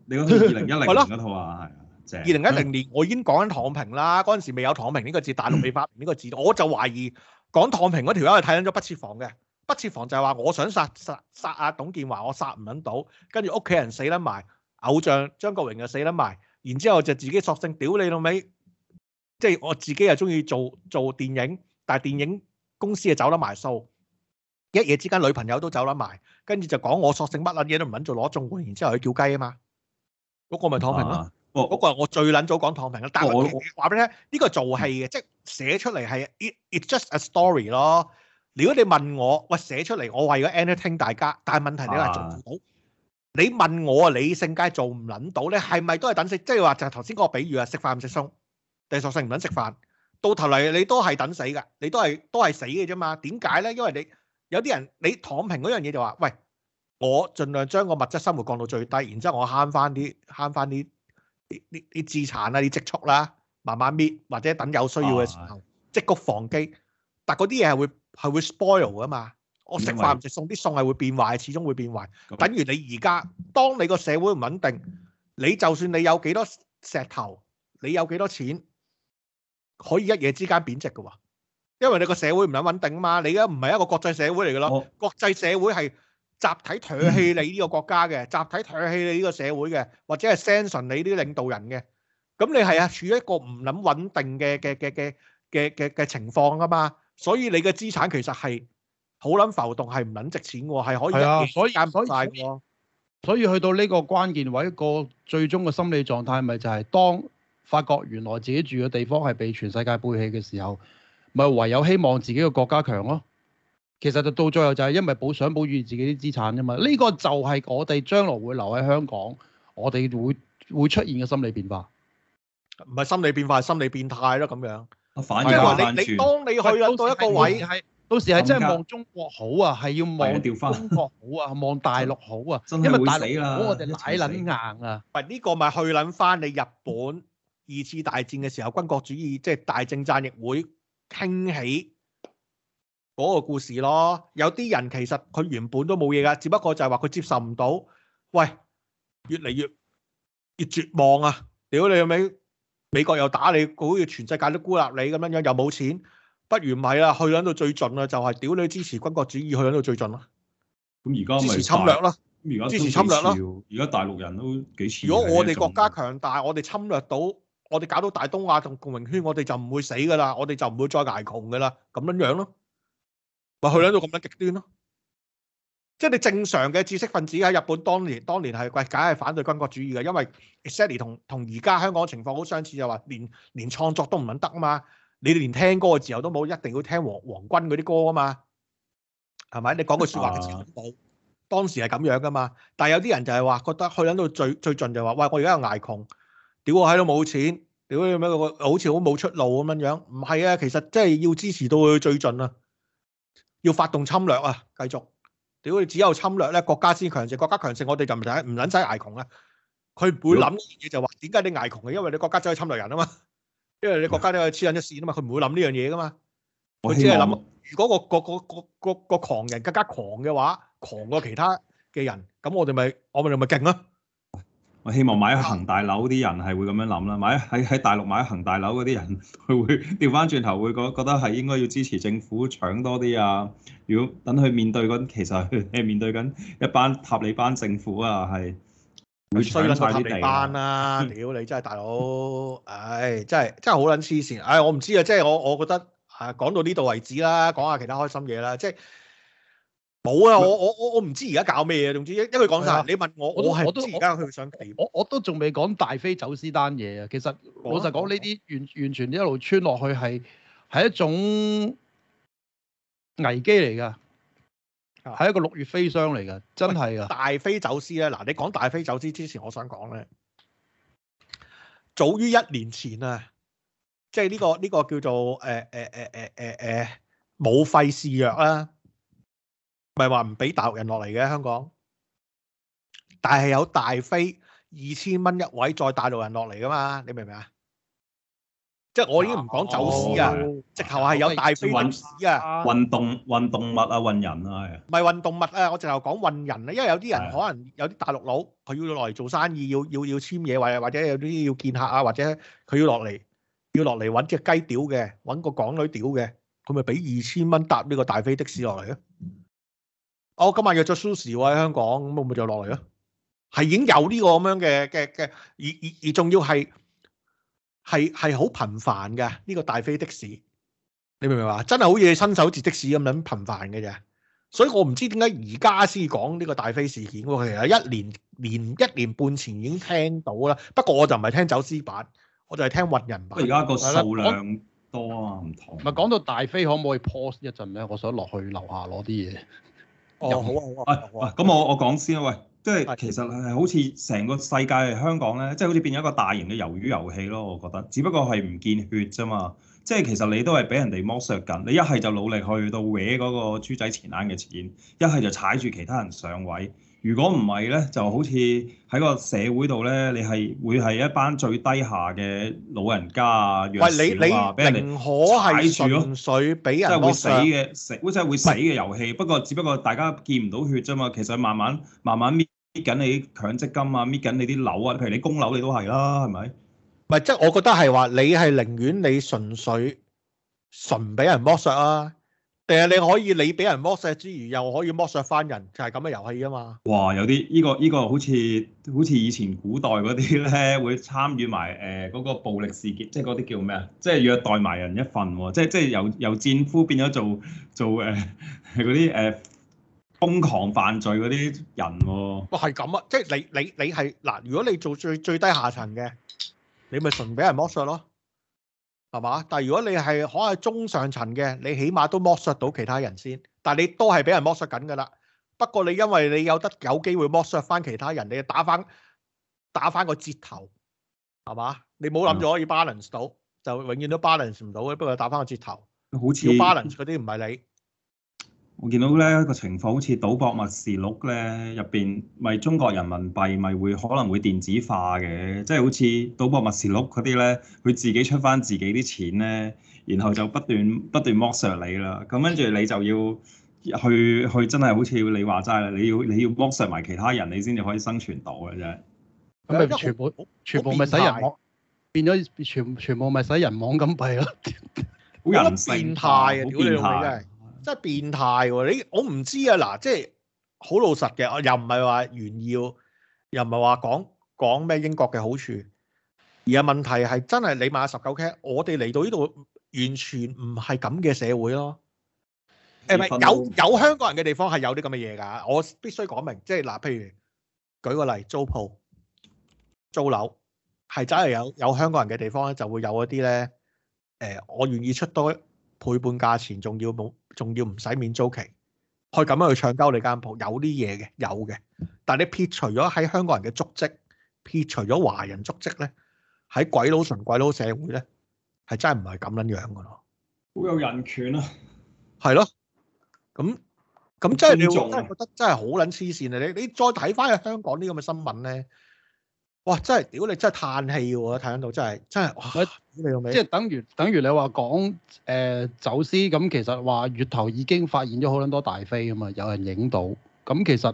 你嗰套二零一零嗰套啊，係二零一零年我已經講緊躺平啦，嗰陣時未有躺平呢個字，大陸未發呢個字，嗯、我就懷疑講躺平嗰條友係睇緊咗不設防嘅，不設防就係話我想殺殺殺阿董建華，我殺唔捻到，跟住屋企人死得埋，偶像張國榮又死得埋。然之後就自己索性屌你老味，即係我自己又中意做做電影，但係電影公司又走得埋數，一夜之間女朋友都走得埋，跟住就講我索性乜撚嘢都唔肯做攞綜援，然之後去叫雞啊嘛，嗰、那個咪躺平咯，嗰、啊啊、個我最撚早講躺平咯，但係我話俾你聽，呢、這個做戲嘅，我即係寫出嚟係 it it just a story 咯，如果你問我喂寫出嚟我為咗 entertain 大家，但係問題你話做唔到。啊。你問我啊，你性梗做唔捻到咧，係咪都係等死？即係話就係頭先嗰個比喻啊，食飯唔食鬆，定係索性唔捻食飯，到頭嚟你都係等死噶，你都係都係死嘅啫嘛？點解咧？因為你有啲人你躺平嗰樣嘢就話，喂，我盡量將個物質生活降到最低，然之後我慳翻啲慳翻啲啲啲資產啦、啊，啲積蓄啦，慢慢搣，或者等有需要嘅時候積穀防飢。但嗰啲嘢係會係會 spoil 噶嘛？我食飯唔食餸，啲餸係會變壞，始終會變壞。等於你而家，當你個社會唔穩定，你就算你有幾多石頭，你有幾多錢，可以一夜之間貶值嘅喎。因為你個社會唔撚穩定啊嘛，你而家唔係一個國際社會嚟嘅咯。國際社會係集體唾棄你呢個國家嘅，集體唾棄你呢個社會嘅，或者係 sanction 你啲領導人嘅。咁你係啊處於一個唔撚穩定嘅嘅嘅嘅嘅嘅嘅情況啊嘛，所以你嘅資產其實係，好撚浮動，係唔撚值錢㗎，係可以一跌減晒啲錢㗎。所以，所以去到呢個關鍵位，個最終嘅心理狀態咪就係當發覺原來自己住嘅地方係被全世界背棄嘅時候，咪唯有希望自己嘅國家強咯。其實就到最後就係因為保想保住自己啲資產啫嘛。呢個就係我哋將來會留喺香港，我哋會會出現嘅心理變化。唔係心理變化，係心理變態咯咁樣。係啊，即係話你你當你去到一個位。到時係真係望中國好啊，係要望中國好啊，望大陸好啊，因為大陸好我哋打撚硬啊。唔係呢個咪去撚翻你日本二次大戰嘅時候軍國主義，即係大政翼贊會興起嗰個故事咯。有啲人其實佢原本都冇嘢噶，只不過就係話佢接受唔到，喂，越嚟越越絕望啊！屌你老味，美國又打你，好似全世界都孤立你咁樣樣，又冇錢。不如咪啦，去到喺度最盡啦，就係、是、屌你支持軍國主義，去喺度最盡啦。咁而家咪支持侵略啦，支持侵略啦。而家大陸人都幾千。如果我哋國家強大，我哋侵略到，我哋搞到大東亞同共榮圈，我哋就唔會死㗎啦，我哋就唔會再挨窮㗎啦，咁樣樣咯。咪去到喺度咁樣極端咯。即係你正常嘅知識分子喺日本當年，當年係喂，梗係反對軍國主義嘅，因為 Shelly 同同而家香港情況好相似，就話、是、連連，連創作都唔肯得啊嘛。你哋連聽歌嘅自由都冇，一定要聽黃黃軍嗰啲歌啊嘛，係咪？你講句説話嘅自由都冇，當時係咁樣噶嘛。但係有啲人就係話覺得去到最最盡就話：喂，我而家有挨窮，屌我喺度冇錢，屌你乜個好似好冇出路咁樣樣。唔係啊，其實即係要支持到佢去最盡啊，要發動侵略啊，繼續。屌你只有侵略咧，國家先強盛，國家強盛，我哋就唔使唔撚使挨窮啊。佢會諗呢樣嘢就話：點解你挨窮嘅？因為你國家真係侵略人啊嘛。因為你國家都有黐緊一線啊嘛，佢唔會諗呢樣嘢噶嘛，佢只係諗如果個個個個個狂人更加狂嘅話，狂過其他嘅人，咁我哋咪我咪咪勁啊！我希望買恒大樓啲人係會咁樣諗啦，買喺喺大陸買恒大樓嗰啲人，佢會調翻轉頭會覺覺得係應該要支持政府搶多啲啊！如果等佢面對緊，其實係面對緊一班塔利班政府啊，係。你衰捻到黑你班啦、啊！屌、嗯、你真係大佬，唉、哎，真係真係好捻黐線！唉、哎，我唔知啊，即係我我覺得，啊，講到呢度為止啦，講下其他開心嘢啦，即係冇啊，我米 我我我唔知而家搞咩啊，總之一句講晒，講是你問我我係而家佢想點？我我都仲未講大飛走私單嘢啊，其實老實講呢啲完完全一路穿落去係係一種危機嚟噶。係一個六月飛霜嚟嘅，真係㗎！大飛走私咧，嗱，你講大飛走私之前，我想講咧，早於一年前啊，即係呢個呢個叫做誒誒誒誒誒誒，冇、呃呃呃呃、費試藥啦，咪話唔俾大陸人落嚟嘅香港，但係有大飛二千蚊一位再大陸人落嚟噶嘛，你明唔明啊？即係我已經唔講走私啊，哦、直頭係有大飛的士啊，運動運動物啊，運人啊，係唔係運動物啊？我直頭講運人啊，因為有啲人的可能有啲大陸佬，佢要落嚟做生意，要要要簽嘢或者或者有啲要見客啊，或者佢要落嚟要落嚟揾隻雞屌嘅，揾個港女屌嘅，佢咪俾二千蚊搭呢個大飛的士落嚟咧？我、嗯哦、今日約咗 Susie 喎喺香港，咁會唔會就落嚟啊？係已經有呢個咁樣嘅嘅嘅，而而而，仲要係。係係好頻繁嘅呢、這個大飛的士，你明唔明啊？真係好似新手接的士咁樣頻繁嘅啫，所以我唔知點解而家先講呢個大飛事件。其實一年、年一年半前已經聽到啦，不過我就唔係聽走私版，我就係聽運人版。而家個數量多啊，唔同。咪講不不到大飛可唔可以 post 一陣咧？我想落去樓下攞啲嘢。哦、 啊，好啊，好啊。咁、啊啊啊、我我講先啊，喂。即係其實係好似成個世界係香港咧，即係好似變咗一個大型嘅魷魚遊戲咯。我覺得，只不過係唔見血啫嘛。即係其實你都係俾人哋剝削緊，你一係就努力去到搲嗰個豬仔錢罌嘅錢，一係就踩住其他人上位。如果唔係咧，就好似喺個社會度咧，你係會係一班最低下嘅老人家啊，弱喂你啊，俾吧你人嚟踩住咯，純粹俾人即係會死嘅，即係會死嘅遊戲。 不過只不過大家見唔到血啫嘛。其實慢慢慢慢搣。搣緊你啲強積金啊，搣緊你啲樓啊，譬如你供樓你都係啦，係咪？唔係，即係我覺得係話你係寧願你純粹純俾人剝削啊，定係你可以你俾人剝削之餘又可以剝削翻人，就係咁嘅遊戲啊嘛。哇，有啲呢、呢個呢、呢個好似好似以前古代嗰啲咧會參與埋誒嗰個暴力事件，即係嗰啲叫咩啊？即係虐待埋人一份喎、啊，即係即係由由戰俘變咗做做誒嗰啲誒。 瘋狂犯罪嗰啲人喎、哦，哇係咁啊，即係你你你係嗱，如果你做最最低下層嘅，你咪純俾人剝削咯，係嘛？但係如果你係可能中上層嘅，你起碼都剝削到其他人先，但係你都係俾人剝削緊噶啦。不過你因為你有得有機會剝削翻其他人，你就打翻打翻個折頭，係嘛？你冇諗咗可以 balance 到，嗯、就永遠都 balance 唔到嘅。不過打翻個折頭，好似要 balance 嗰啲唔係你。我見到咧個情況好似賭博默示錄咧入邊，咪中國人民幣咪會可能會電子化嘅，即係好似賭博默示錄嗰啲咧，佢自己出翻自己啲錢咧，然後就不斷不斷剝削你啦。咁跟住你就要去去真係好似你話齋啦，你要你要剝削埋其他人，你先至可以生存到嘅啫。咁咪全部全部咪使人網變咗，全全部咪使人網咁弊咯。好 變態啊！真係～真係變態喎，啊！你我唔知啊，嗱，即係好老實嘅，我又唔係話炫耀，又唔係話講講咩英國嘅好處，而係問題係真係你買十九 k，我哋嚟到呢度完全唔係咁嘅社會咯。誒，唔係有有香港人嘅地方係有啲咁嘅嘢㗎，我必須講明，即係嗱，譬如舉個例，租鋪、租樓係真係有有香港人嘅地方咧，就會有一啲咧，誒、呃，我願意出多倍半價錢，仲要冇。仲要唔使免租期，可以咁樣去唱鳩你間鋪，有啲嘢嘅，有嘅。但係你撇除咗喺香港人嘅足跡，撇除咗華人足跡咧，喺鬼佬純鬼佬社會咧，係真係唔係咁樣樣嘅咯？好有人權啊！係咯，咁咁即係你真係覺得真係好撚黐線啊！你你再睇翻嘅香港呢咁嘅新聞咧～哇！真係屌你，真係嘆氣噶喎，睇到真係真係哇！即係等於等於你話講誒、呃、走私咁，其實話月頭已經發現咗好捻多大飛啊嘛，有人影到咁、嗯，其實誒、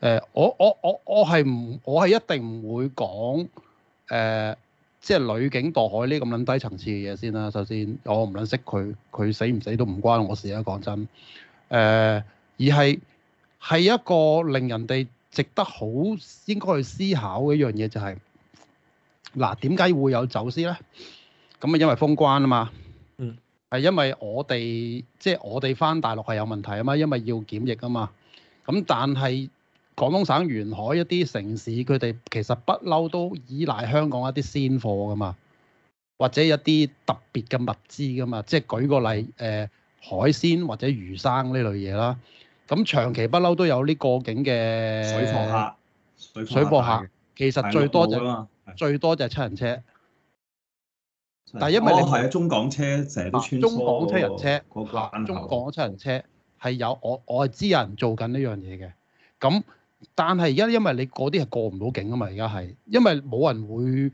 呃、我我我我係唔我係一定唔會講誒、呃，即係女警墮海呢咁捻低層次嘅嘢先啦。首先，我唔捻識佢，佢死唔死都唔關我事啊。講真，誒、呃、而係係一個令人哋。值得好應該去思考嘅一樣嘢就係、是，嗱，點解會有走私呢？咁啊，因為封關啊嘛，係、嗯、因為我哋即係我哋返大陸係有問題啊嘛，因為要檢疫啊嘛。咁但係廣東省沿海一啲城市，佢哋其實不嬲都依賴香港一啲鮮貨噶嘛，或者一啲特別嘅物資噶嘛。即係舉個例，誒、呃、海鮮或者魚生呢類嘢啦。咁長期不嬲都有呢過境嘅水貨客，水貨客、客其實最多就係、的最多就係七人車。的但係因為你係啊、哦、中港車成日都穿中港七人車，啊、中港七人車係有我我係知有人做緊呢樣嘢嘅。咁但係而家因為你嗰啲係過唔到境啊嘛，而家係因為冇人會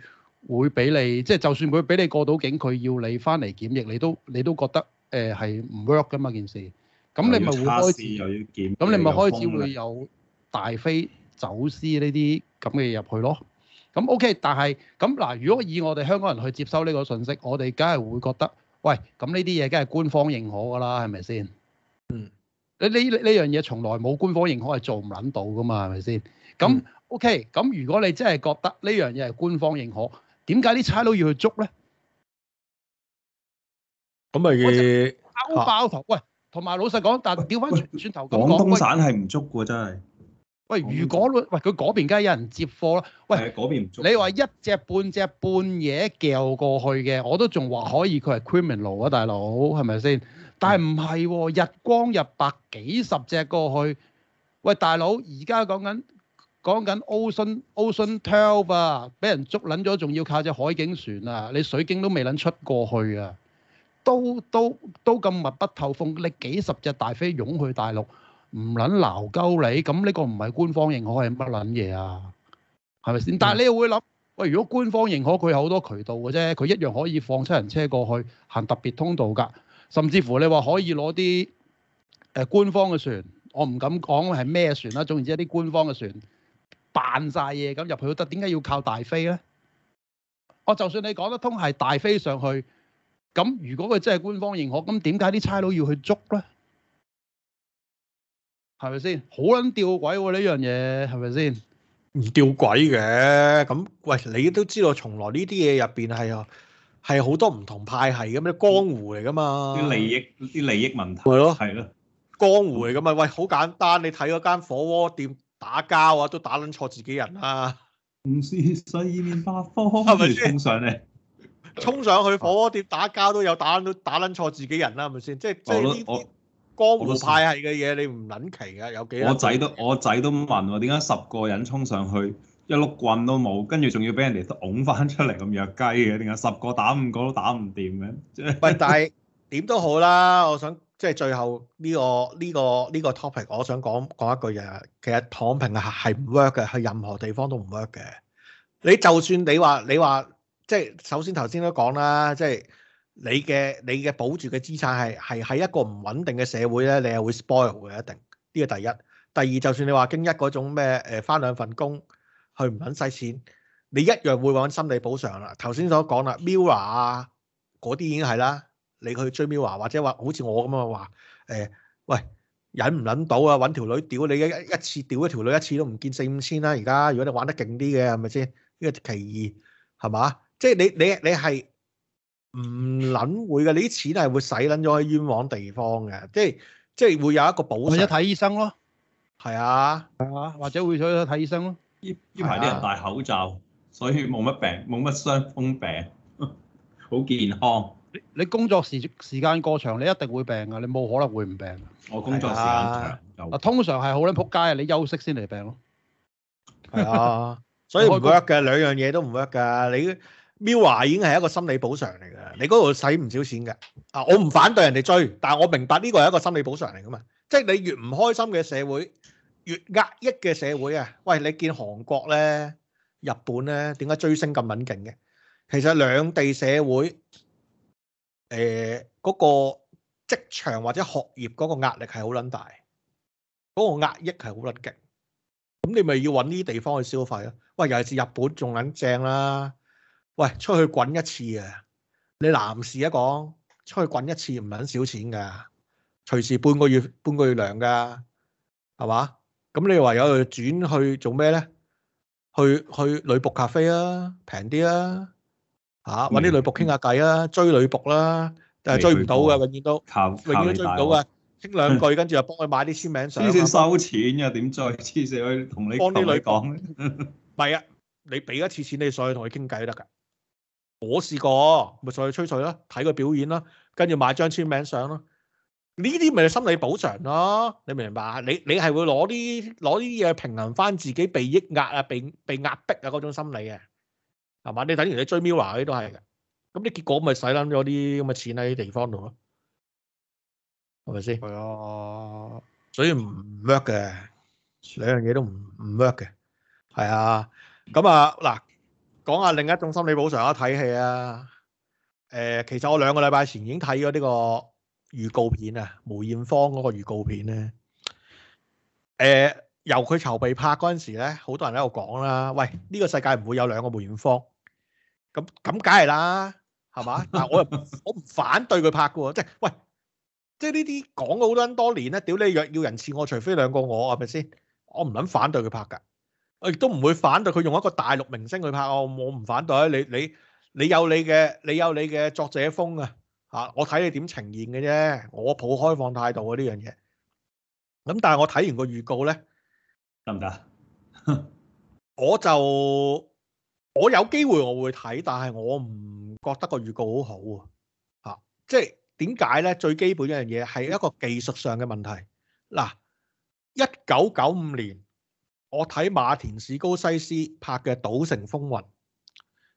會俾你，即、就、係、是、就算佢俾你過到境，佢要你翻嚟檢疫，你都你都覺得誒係唔 work 㗎嘛件事？咁你咪會開始，又要咁你咪開始會有大飛走私呢啲咁嘅嘢入去咯。咁 OK，但係咁嗱，如果以我哋香港人去接收呢個信息，我哋梗係會覺得，喂，咁呢啲嘢梗係官方認可㗎啦，係咪先？嗯，你呢呢樣嘢從來冇官方認可係做唔撚到㗎嘛，係咪先？咁、嗯、OK，咁如果你真係覺得呢樣嘢係官方認可，點解啲差佬要去捉咧？咁咪、就係啊、包包頭，喂！同埋老實講，但掉翻轉頭講，廣東省係唔足嘅真係。喂，如果喂佢嗰邊梗係有人接貨啦。喂，嗰邊唔足。你話一隻半隻半嘢叫過去嘅，我都仲話可以佢係 criminal 啊，大佬係咪先？但係唔係喎，日光日白，幾十隻過去。喂，大佬而家講緊講緊 Ocean Ocean Twelve 啊，俾人捉撚咗，仲要靠隻海警船啊，你水警都未撚出過去啊！都都都咁密不透風，你幾十隻大飛湧去大陸，唔撚鬧鳩你，咁呢個唔係官方認可係乜撚嘢啊？係咪先？嗯、但係你又會諗，喂，如果官方認可佢有好多渠道嘅啫，佢一樣可以放七人車過去，行特別通道㗎。甚至乎你話可以攞啲誒官方嘅船，我唔敢講係咩船啦。總言之，一啲官方嘅船扮晒嘢咁入去都得，點解要靠大飛咧？我就算你講得通係大飛上去。咁如果佢真係官方認可，咁點解啲差佬要去捉咧？係咪先？好撚吊詭喎、啊？呢樣嘢係咪先而吊詭嘅？咁喂，你都知道從來呢啲嘢入邊係係好多唔同派系嘅咩江湖嚟噶嘛？啲利益啲利益問題係咯係咯，吧的江湖嚟噶嘛？喂，好簡單，你睇嗰間火鍋店打交啊，都打撚錯自己人啦、啊！唔 是四面八方，係咪先？衝上去火鍋店打交都有打到打撚錯自己人啦，係咪先？即係即係呢啲江湖派系嘅嘢，你唔撚奇噶有幾？我仔都我仔都問我點解十個人衝上去一碌棍都冇，跟住仲要俾人哋擁返出嚟咁弱雞嘅？點解十個打五個都打唔掂嘅？ 喂，但係點都好啦，我想即係最後呢個呢個呢個 topic，我想講講一句嘢，其實躺平係係唔 work 嘅，去任何地方都唔 work 嘅。你就算你話你話。你即係首先頭先都講啦，即係你嘅你嘅保住嘅資產係係喺一個唔穩定嘅社會咧，你係會 spoil 嘅一定。呢個第一。第二，就算你話京一嗰種咩誒、呃，翻兩份工去唔撚使錢，你一樣會揾心理補償啦。頭先所講啦，MIRROR 嗰啲已經係啦，你去追 MIRROR 或者話好似我咁啊話誒，喂，忍唔忍到呀，揾條女屌你嘅一次屌一條女一次都唔見四五千啦。而家如果你玩得勁啲嘅係咪先？呢個其二係嘛？即係你你你係唔撚會嘅，你啲錢係會使撚咗喺冤枉地方嘅，即係即係會有一個保障。或者睇醫生咯，係啊，係嘛？或者會去睇醫生咯。依依排啲人戴口罩，所以冇乜病，冇乜傷風病，好健康。你你工作時時間過長，你一定會病㗎，你冇可能會唔病。我工作時間長又嗱，通常係好撚仆街啊！你休息先嚟病咯，係啊，所以唔屈㗎，兩樣嘢都唔屈㗎，你。Mirror 已經係一個心理補償嚟嘅，你嗰度使唔少錢嘅。啊，我唔反對人哋追，但係我明白呢個係一個心理補償嚟㗎嘛。即係你越唔開心嘅社會，越壓抑嘅社會啊。喂，你見韓國咧、日本咧，點解追星咁撚勁嘅？其實兩地社會，誒嗰個職場或者學業嗰個壓力係好撚大，嗰個壓抑係好撚勁。咁你咪要揾呢啲地方去消費咯。喂，尤其是日本仲撚正啦。喂，出去滾一次啊！你男士一講出去滾一次唔係很少錢噶，隨時半個月半個月糧噶，係嘛？咁你又有去轉去做咩咧？去去女僕咖啡啊，平啲啦，吓搵啲女僕傾下偈啊，追女僕啦，但係追唔到嘅，永遠都永遠都追唔到嘅，傾兩句跟住又幫佢買啲簽名上，先收錢又點再黐線去同你同你講？唔係啊，你俾一次錢你上去同佢傾偈得噶。我試過，咪再去吹水咯，睇個表演咯，跟住買張簽名相咯，呢啲咪係心理補償咯，你明唔明白？你你係會攞啲攞呢啲嘢平衡翻自己被抑壓啊，被被壓迫啊嗰種心理嘅，係嘛？你睇完你追 MIRROR 啊，呢都係嘅，咁你結果咪使諗咗啲咁嘅錢喺地方度咯，係咪先？係啊，所以唔 work 嘅，兩樣嘢都唔唔 work 嘅，係啊，咁啊嗱。講下另一種心理補償啦，睇戲啊！誒、啊呃，其實我兩個禮拜前已經睇咗呢個預告片啊，梅艷芳嗰個預告片咧。誒、呃，由佢籌備拍嗰陣時咧，好多人喺度講啦，喂，呢、這個世界唔會有兩個梅艷芳，咁咁梗係啦，係嘛？但係我又我唔反對佢拍噶， 即係喂，即係呢啲講咗好多人多年咧，屌你若要人似我，除非兩個我，係咪先？我唔諗反對佢拍噶。我亦都唔會反對佢用一個大陸明星去拍我，我唔反對你，你你有你嘅，你有你嘅作者風啊嚇！我睇你點呈現嘅啫，我抱開放態度啊呢樣嘢。咁但係我睇完個預告咧，得唔得？我就我有機會我會睇，但係我唔覺得個預告好好啊！嚇，即係點解咧？最基本一樣嘢係一個技術上嘅問題。嗱，一九九五年。我睇馬田史高西斯拍嘅《賭城風雲》，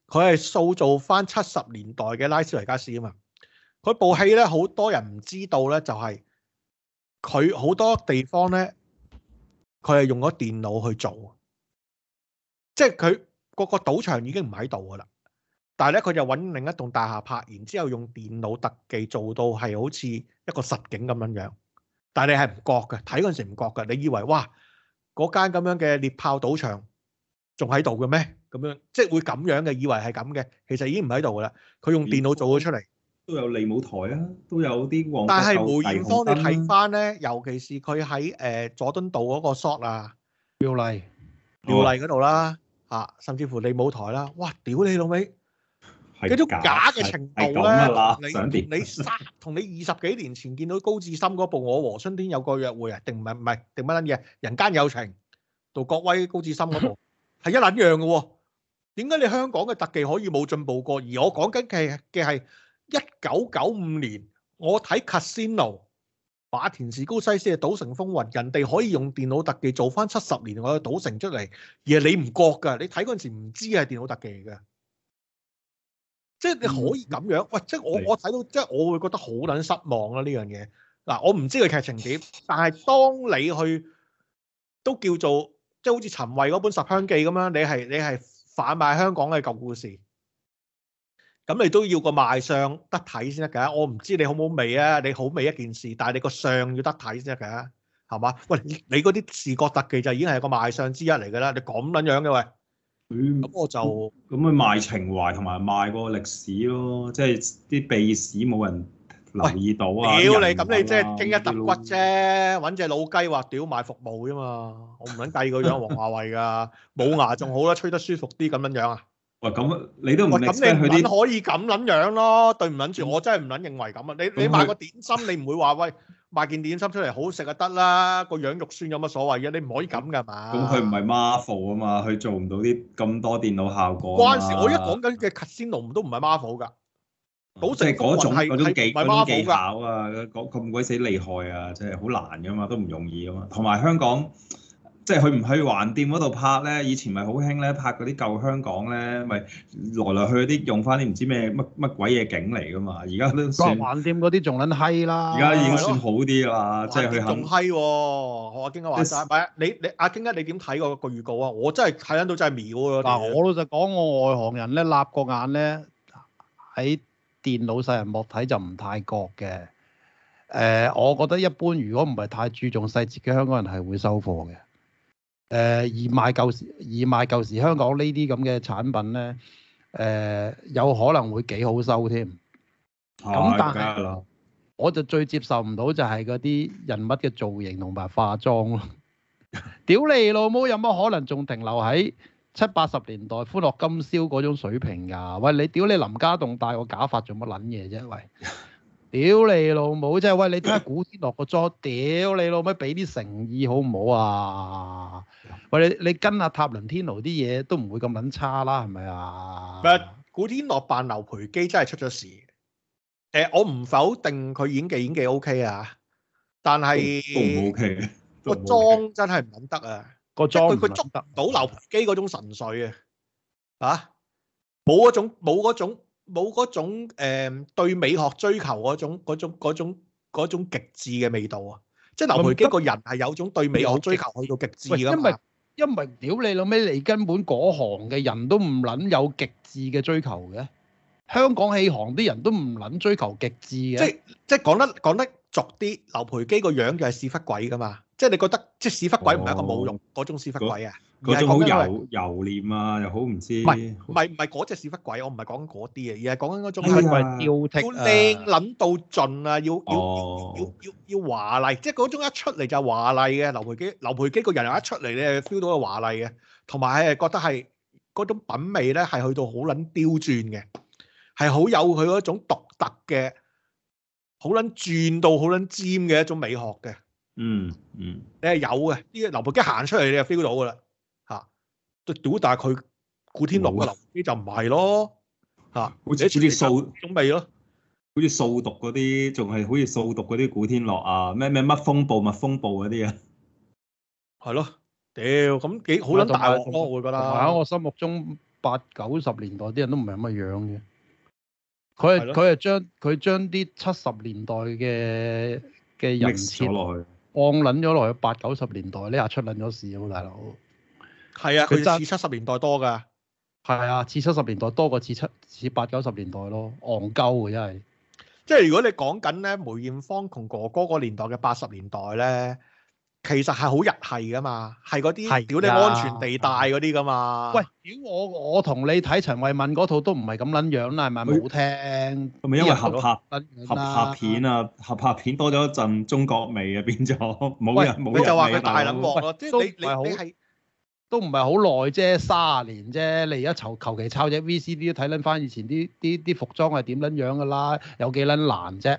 佢係塑造翻七十年代嘅拉斯維加斯啊嘛！佢部戲咧，好多人唔知道咧，就係佢好多地方咧，佢係用咗電腦去做，即係佢個個賭場已經唔喺度噶啦，但係咧佢就揾另一棟大廈拍，然之後用電腦特技做到係好似一個實景咁樣樣，但係你係唔覺嘅，睇嗰陣時唔覺嘅，你以為哇～嗰間咁樣嘅獵豹賭場仲喺度嘅咩？咁樣即係會咁樣嘅，以為係咁嘅，其實已經唔喺度噶啦。佢用電腦做咗出嚟，都有利舞台啊，都有啲黃金就係黃金。但係梅艷芳，你睇翻咧，尤其是佢喺誒佐敦道嗰個 shot 啊，吊麗吊麗嗰度啦，嚇，甚至乎利舞台啦，哇，屌你老尾！嗰種假嘅程度咧，你你殺同你二十幾年前見到高志森嗰部《我和春天有個約會》啊，定唔係唔係定乜撚嘢？《人間有情》，杜國威高志森嗰部係一撚樣嘅喎。點解你香港嘅特技可以冇進步過？而我講緊嘅嘅係一九九五年，我睇《卡仙奴》、《馬田士高西斯》嘅《賭城風雲》，人哋可以用電腦特技做翻七十年我嘅賭城出嚟，而係你唔覺㗎，你睇嗰陣時唔知係電腦特技嚟嘅。即係你可以咁樣，喂！即係我我睇到，即係我會覺得好撚失望啦呢樣嘢。嗱，我唔知佢劇情點，但係當你去都叫做即係好似陳慧嗰本《十香記》咁樣，你係你係販賣香港嘅舊故事，咁你都要個賣相得睇先得㗎。我唔知你好唔好味啊，你好味一件事，但係你個相要得睇先得㗎，係嘛？喂，你嗰啲視覺特技就已經係個賣相之一嚟㗎啦，你咁撚樣嘅喂。咁我就咁去賣情懷同埋賣個歷史咯，即係啲秘史冇人留意到啊！屌你，咁你即係傾一笪骨啫，搵隻老雞話屌賣服務啫嘛，我唔捻計個樣，黃華為噶，冇牙仲好啦，吹得舒服啲咁樣樣啊！喂，咁你都唔，咁你捻可以咁捻樣咯？對唔捻住，我真係唔捻認為咁啊！你你賣個點心，你唔會話喂。賣件點心出嚟好食就得啦，個樣肉酸有乜所謂啊？你唔可以咁噶嘛。咁佢唔係 Marvel 啊嘛，佢做唔到啲咁多電腦效果。關事，我一講緊嘅卡仙奴都唔係 Marvel 噶，保持功能係唔係 Marvel 噶？種種技巧啊，咁鬼死厲害啊！真係好難噶嘛，都唔容易啊嘛。同埋香港。即係佢唔去橫店嗰度拍咧，以前咪好興咧拍嗰啲舊香港咧，咪、就是、來來去啲用翻啲唔知咩乜乜鬼嘢景嚟㗎嘛。而家都橫店嗰啲仲撚閪啦，而家已經算好啲啦，橫店即係佢肯。仲閪喎，我阿京一話晒，你阿京，你阿京一你點睇我個預告啊？我真係睇緊到真係妙嗰，我老實講，我外行人咧，擸個眼咧喺電腦細人莫睇就唔太覺嘅。誒、呃，我覺得一般，如果唔係太注重細節嘅香港人係會收貨嘅。誒、呃，而賣舊時而賣舊時香港呢啲咁嘅產品咧，誒、呃，有可能會幾好收添。咁但係、哎、呀我就最接受唔到就係嗰啲人物嘅造型同埋化妝咯。 屌你老母，有乜可能仲停留喺七八十年代歡樂今宵嗰種水平噶？喂，你屌你林家棟戴個假髮做乜撚嘢啫？喂！屌你老母！真係喂，你睇下古天樂個妝，屌你老母，俾啲誠意好唔好啊？喂，你你跟阿塔倫天奴啲嘢都唔會咁撚差啦，係咪啊？咪古天樂扮劉培基真係出咗事。誒、呃，我唔否定佢演技演技 OK 啊，但係 OK 個妝真係唔撚得啊！個妝佢佢捉到劉培基嗰種神髓啊！啊，冇嗰種冇嗰種。冇嗰種，誒、呃、對美學追求嗰種嗰種嗰種嗰種極致嘅味道啊！即係劉培基個人係有種對美學追求去到極致㗎嘛？因為因為屌你老味，你根本嗰行嘅人都唔撚有極致嘅追求嘅，香港戲行啲人都唔撚追求極致嘅。即即係講得講得俗啲，劉培基個樣就係屎忽鬼㗎嘛～即係你覺得，即係屎忽鬼唔係一個冇用嗰種屎忽鬼啊！嗰種油油臉啊，又好唔知唔係唔係嗰隻屎忽鬼，我唔係講嗰啲嘢，而係講緊嗰種係咪雕剔？要靚諗到盡啊！要要要要要華麗，即係嗰種一出嚟就華麗嘅。劉培基劉培基個人一出嚟，你係 feel 到個華麗嘅，同埋係覺得係嗰種品味咧，係去到好撚刁鑽嘅，係好有佢嗰種獨特嘅，好撚轉到好撚尖嘅一種美學嘅。嗯嗯，嗯你係有嘅，呢啲劉培基行出嚟你就 feel 到噶啦，吓，屌！但係佢古天樂嘅劉培基就唔係咯，吓，啊、好似好似掃種味咯，好似掃毒嗰啲，仲係好似掃毒嗰啲古天樂啊，咩咩乜風暴、乜風暴嗰啲啊，係咯，屌，咁幾好捻大鑊咯，我會覺得，喺我心目中八九十年代啲人都唔係乜樣嘅，佢係佢係將佢將啲七十年代嘅嘅人設落去。戇撚咗落去八九十年代，呢下出撚咗事了啊！大佬，係啊，佢似七十年代多噶，係啊，似七十年代多過似七似八九十年代咯，戇鳩啊！真係，即係如果你講緊咧梅艷芳同哥哥個年代嘅八十年代咧。其實係好日系噶嘛，係嗰啲屌你安全地帶嗰啲噶嘛。喂，屌我我同你睇陳慧敏嗰套都唔係咁撚樣啦，係咪冇聽？係咪因為合拍、啊、合拍片啊？合拍片多咗一陣中國味啊，變咗冇人冇喂人味。你就話佢大撚波，即係喂以你你你，你是都唔係好耐啫，三十年啫。你而家抄求其抄隻 VCD 都睇撚翻以前啲啲啲服裝係點撚樣噶啦，有幾撚難啫？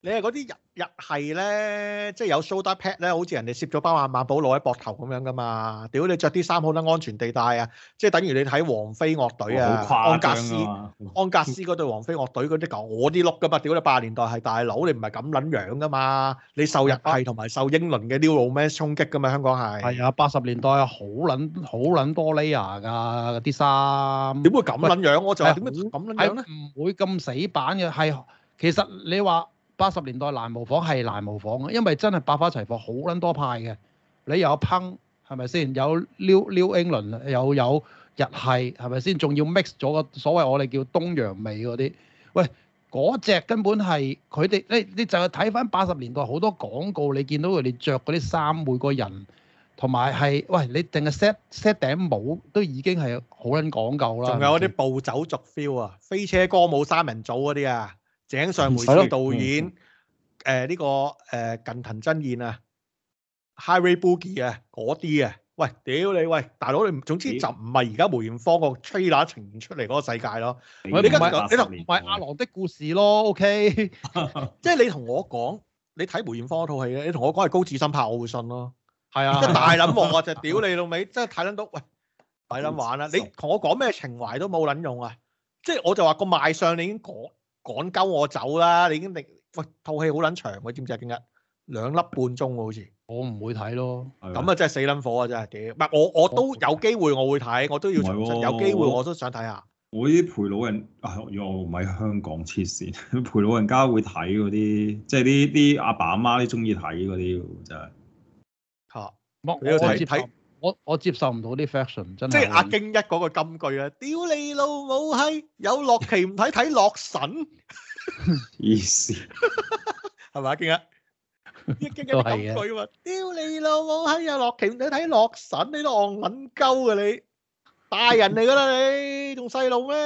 你係嗰啲日日係咧，即係有 shoulder pad 咧，好似人哋攝咗包阿萬寶路喺膊頭咁樣噶嘛？屌你着啲衫好撚安全地帶啊！即係等於你睇王菲樂隊啊，安格斯、嗯、安格斯嗰對王菲樂隊嗰啲狗，我啲碌噶嘛？屌你八十年代係大佬，你唔係咁捻樣噶嘛？你受日系同埋受英倫嘅 New Romance 衝擊噶嘛？香港係係啊，八十年代好捻好捻多 layer 噶啲衫，點會咁捻樣，這樣喂我就話點解咁捻樣咧？唔會咁死板嘅，係其實你話。八十年代難模仿係難模仿嘅，因為真係百花齊放，好撚多派嘅。你有烹係咪先？有 New, New England 又有，有日系係咪先？仲要 mix 咗個所謂我哋叫東洋味嗰啲。喂，嗰隻根本係佢哋你你就係睇翻八十年代好多廣告，你見到佢哋着嗰啲衫，每個人同埋係，喂你淨係 set set 頂帽都已經係好撚講究啦。仲有嗰啲暴走族 feel 啊，飛車歌舞三人組嗰啲啊！井上梅次導演，誒呢個誒近藤真彥啊，Harry Boogie 啊嗰啲啊，喂屌你喂大佬你總之就唔係而家梅艷芳個 trailer 呈出嚟嗰個世界咯，唔係你同埋阿郎的故事咯，OK，即係你同我講，你睇梅艷芳套戲咧，你同我講係高志森拍我會信咯，係啊，即係大捻望就屌你老味，即係睇捻到喂，大捻玩啦，你同我講咩情懷都冇捻用啊，即係我就話個賣相你已經講。趕鳩我走啦！你已經定喂套戲好撚長嘅，知唔知點解今日兩粒半鐘嘅好似、嗯？我唔會睇咯。咁啊，真係死撚火啊！真係，唔係我我都有機會我會睇，我都要、哦、有機會我都想睇下。我依啲陪老人又唔喺香港黐線，陪老人家會睇嗰啲，即係啲啲阿爸阿媽都中意睇嗰啲，真係嚇。佢要睇睇。我我接受唔到啲 fashion，真係即係阿京一嗰個金句啊！屌你老母閪，有洛奇唔睇睇洛神，意思係咪？京一，京一金句話：屌你老母閪啊！洛奇唔睇睇洛神，你都戇撚鳩㗎你，大人嚟㗎啦你，仲細路咩？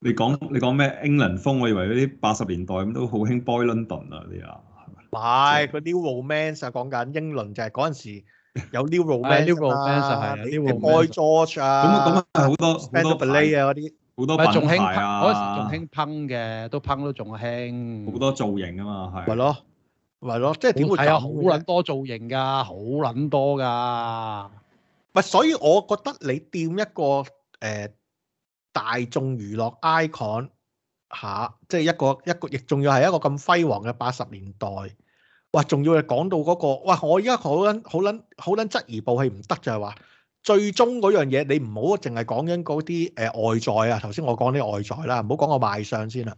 你講你講咩英倫風？我以為嗰啲八十年代咁都好興 Boy London 啊啲啊，係咪？唔係嗰啲 Romance 啊，講緊英倫就係嗰陣時，有 Nirvana 啊，就係 Boy George 啊，咁啊咁啊好多，Spandbury 啊嗰啲，好多品牌啊，仲興烹嘅，都烹都仲興，好多造型啊嘛，係咪咯？咪咯？即係點會係啊？好撚多造型㗎，好撚多㗎，咪所以我覺得你掂一個誒大眾娛樂 icon 下，即係一個一個，亦仲要係一個咁輝煌嘅八十年代。哇！仲要係講到嗰個哇！我依家好撚好撚好撚質疑部戲唔得就係話，最終嗰樣嘢你唔好淨係講緊嗰啲誒外在啊！頭先我講啲外在啦，唔好講個賣相先啦。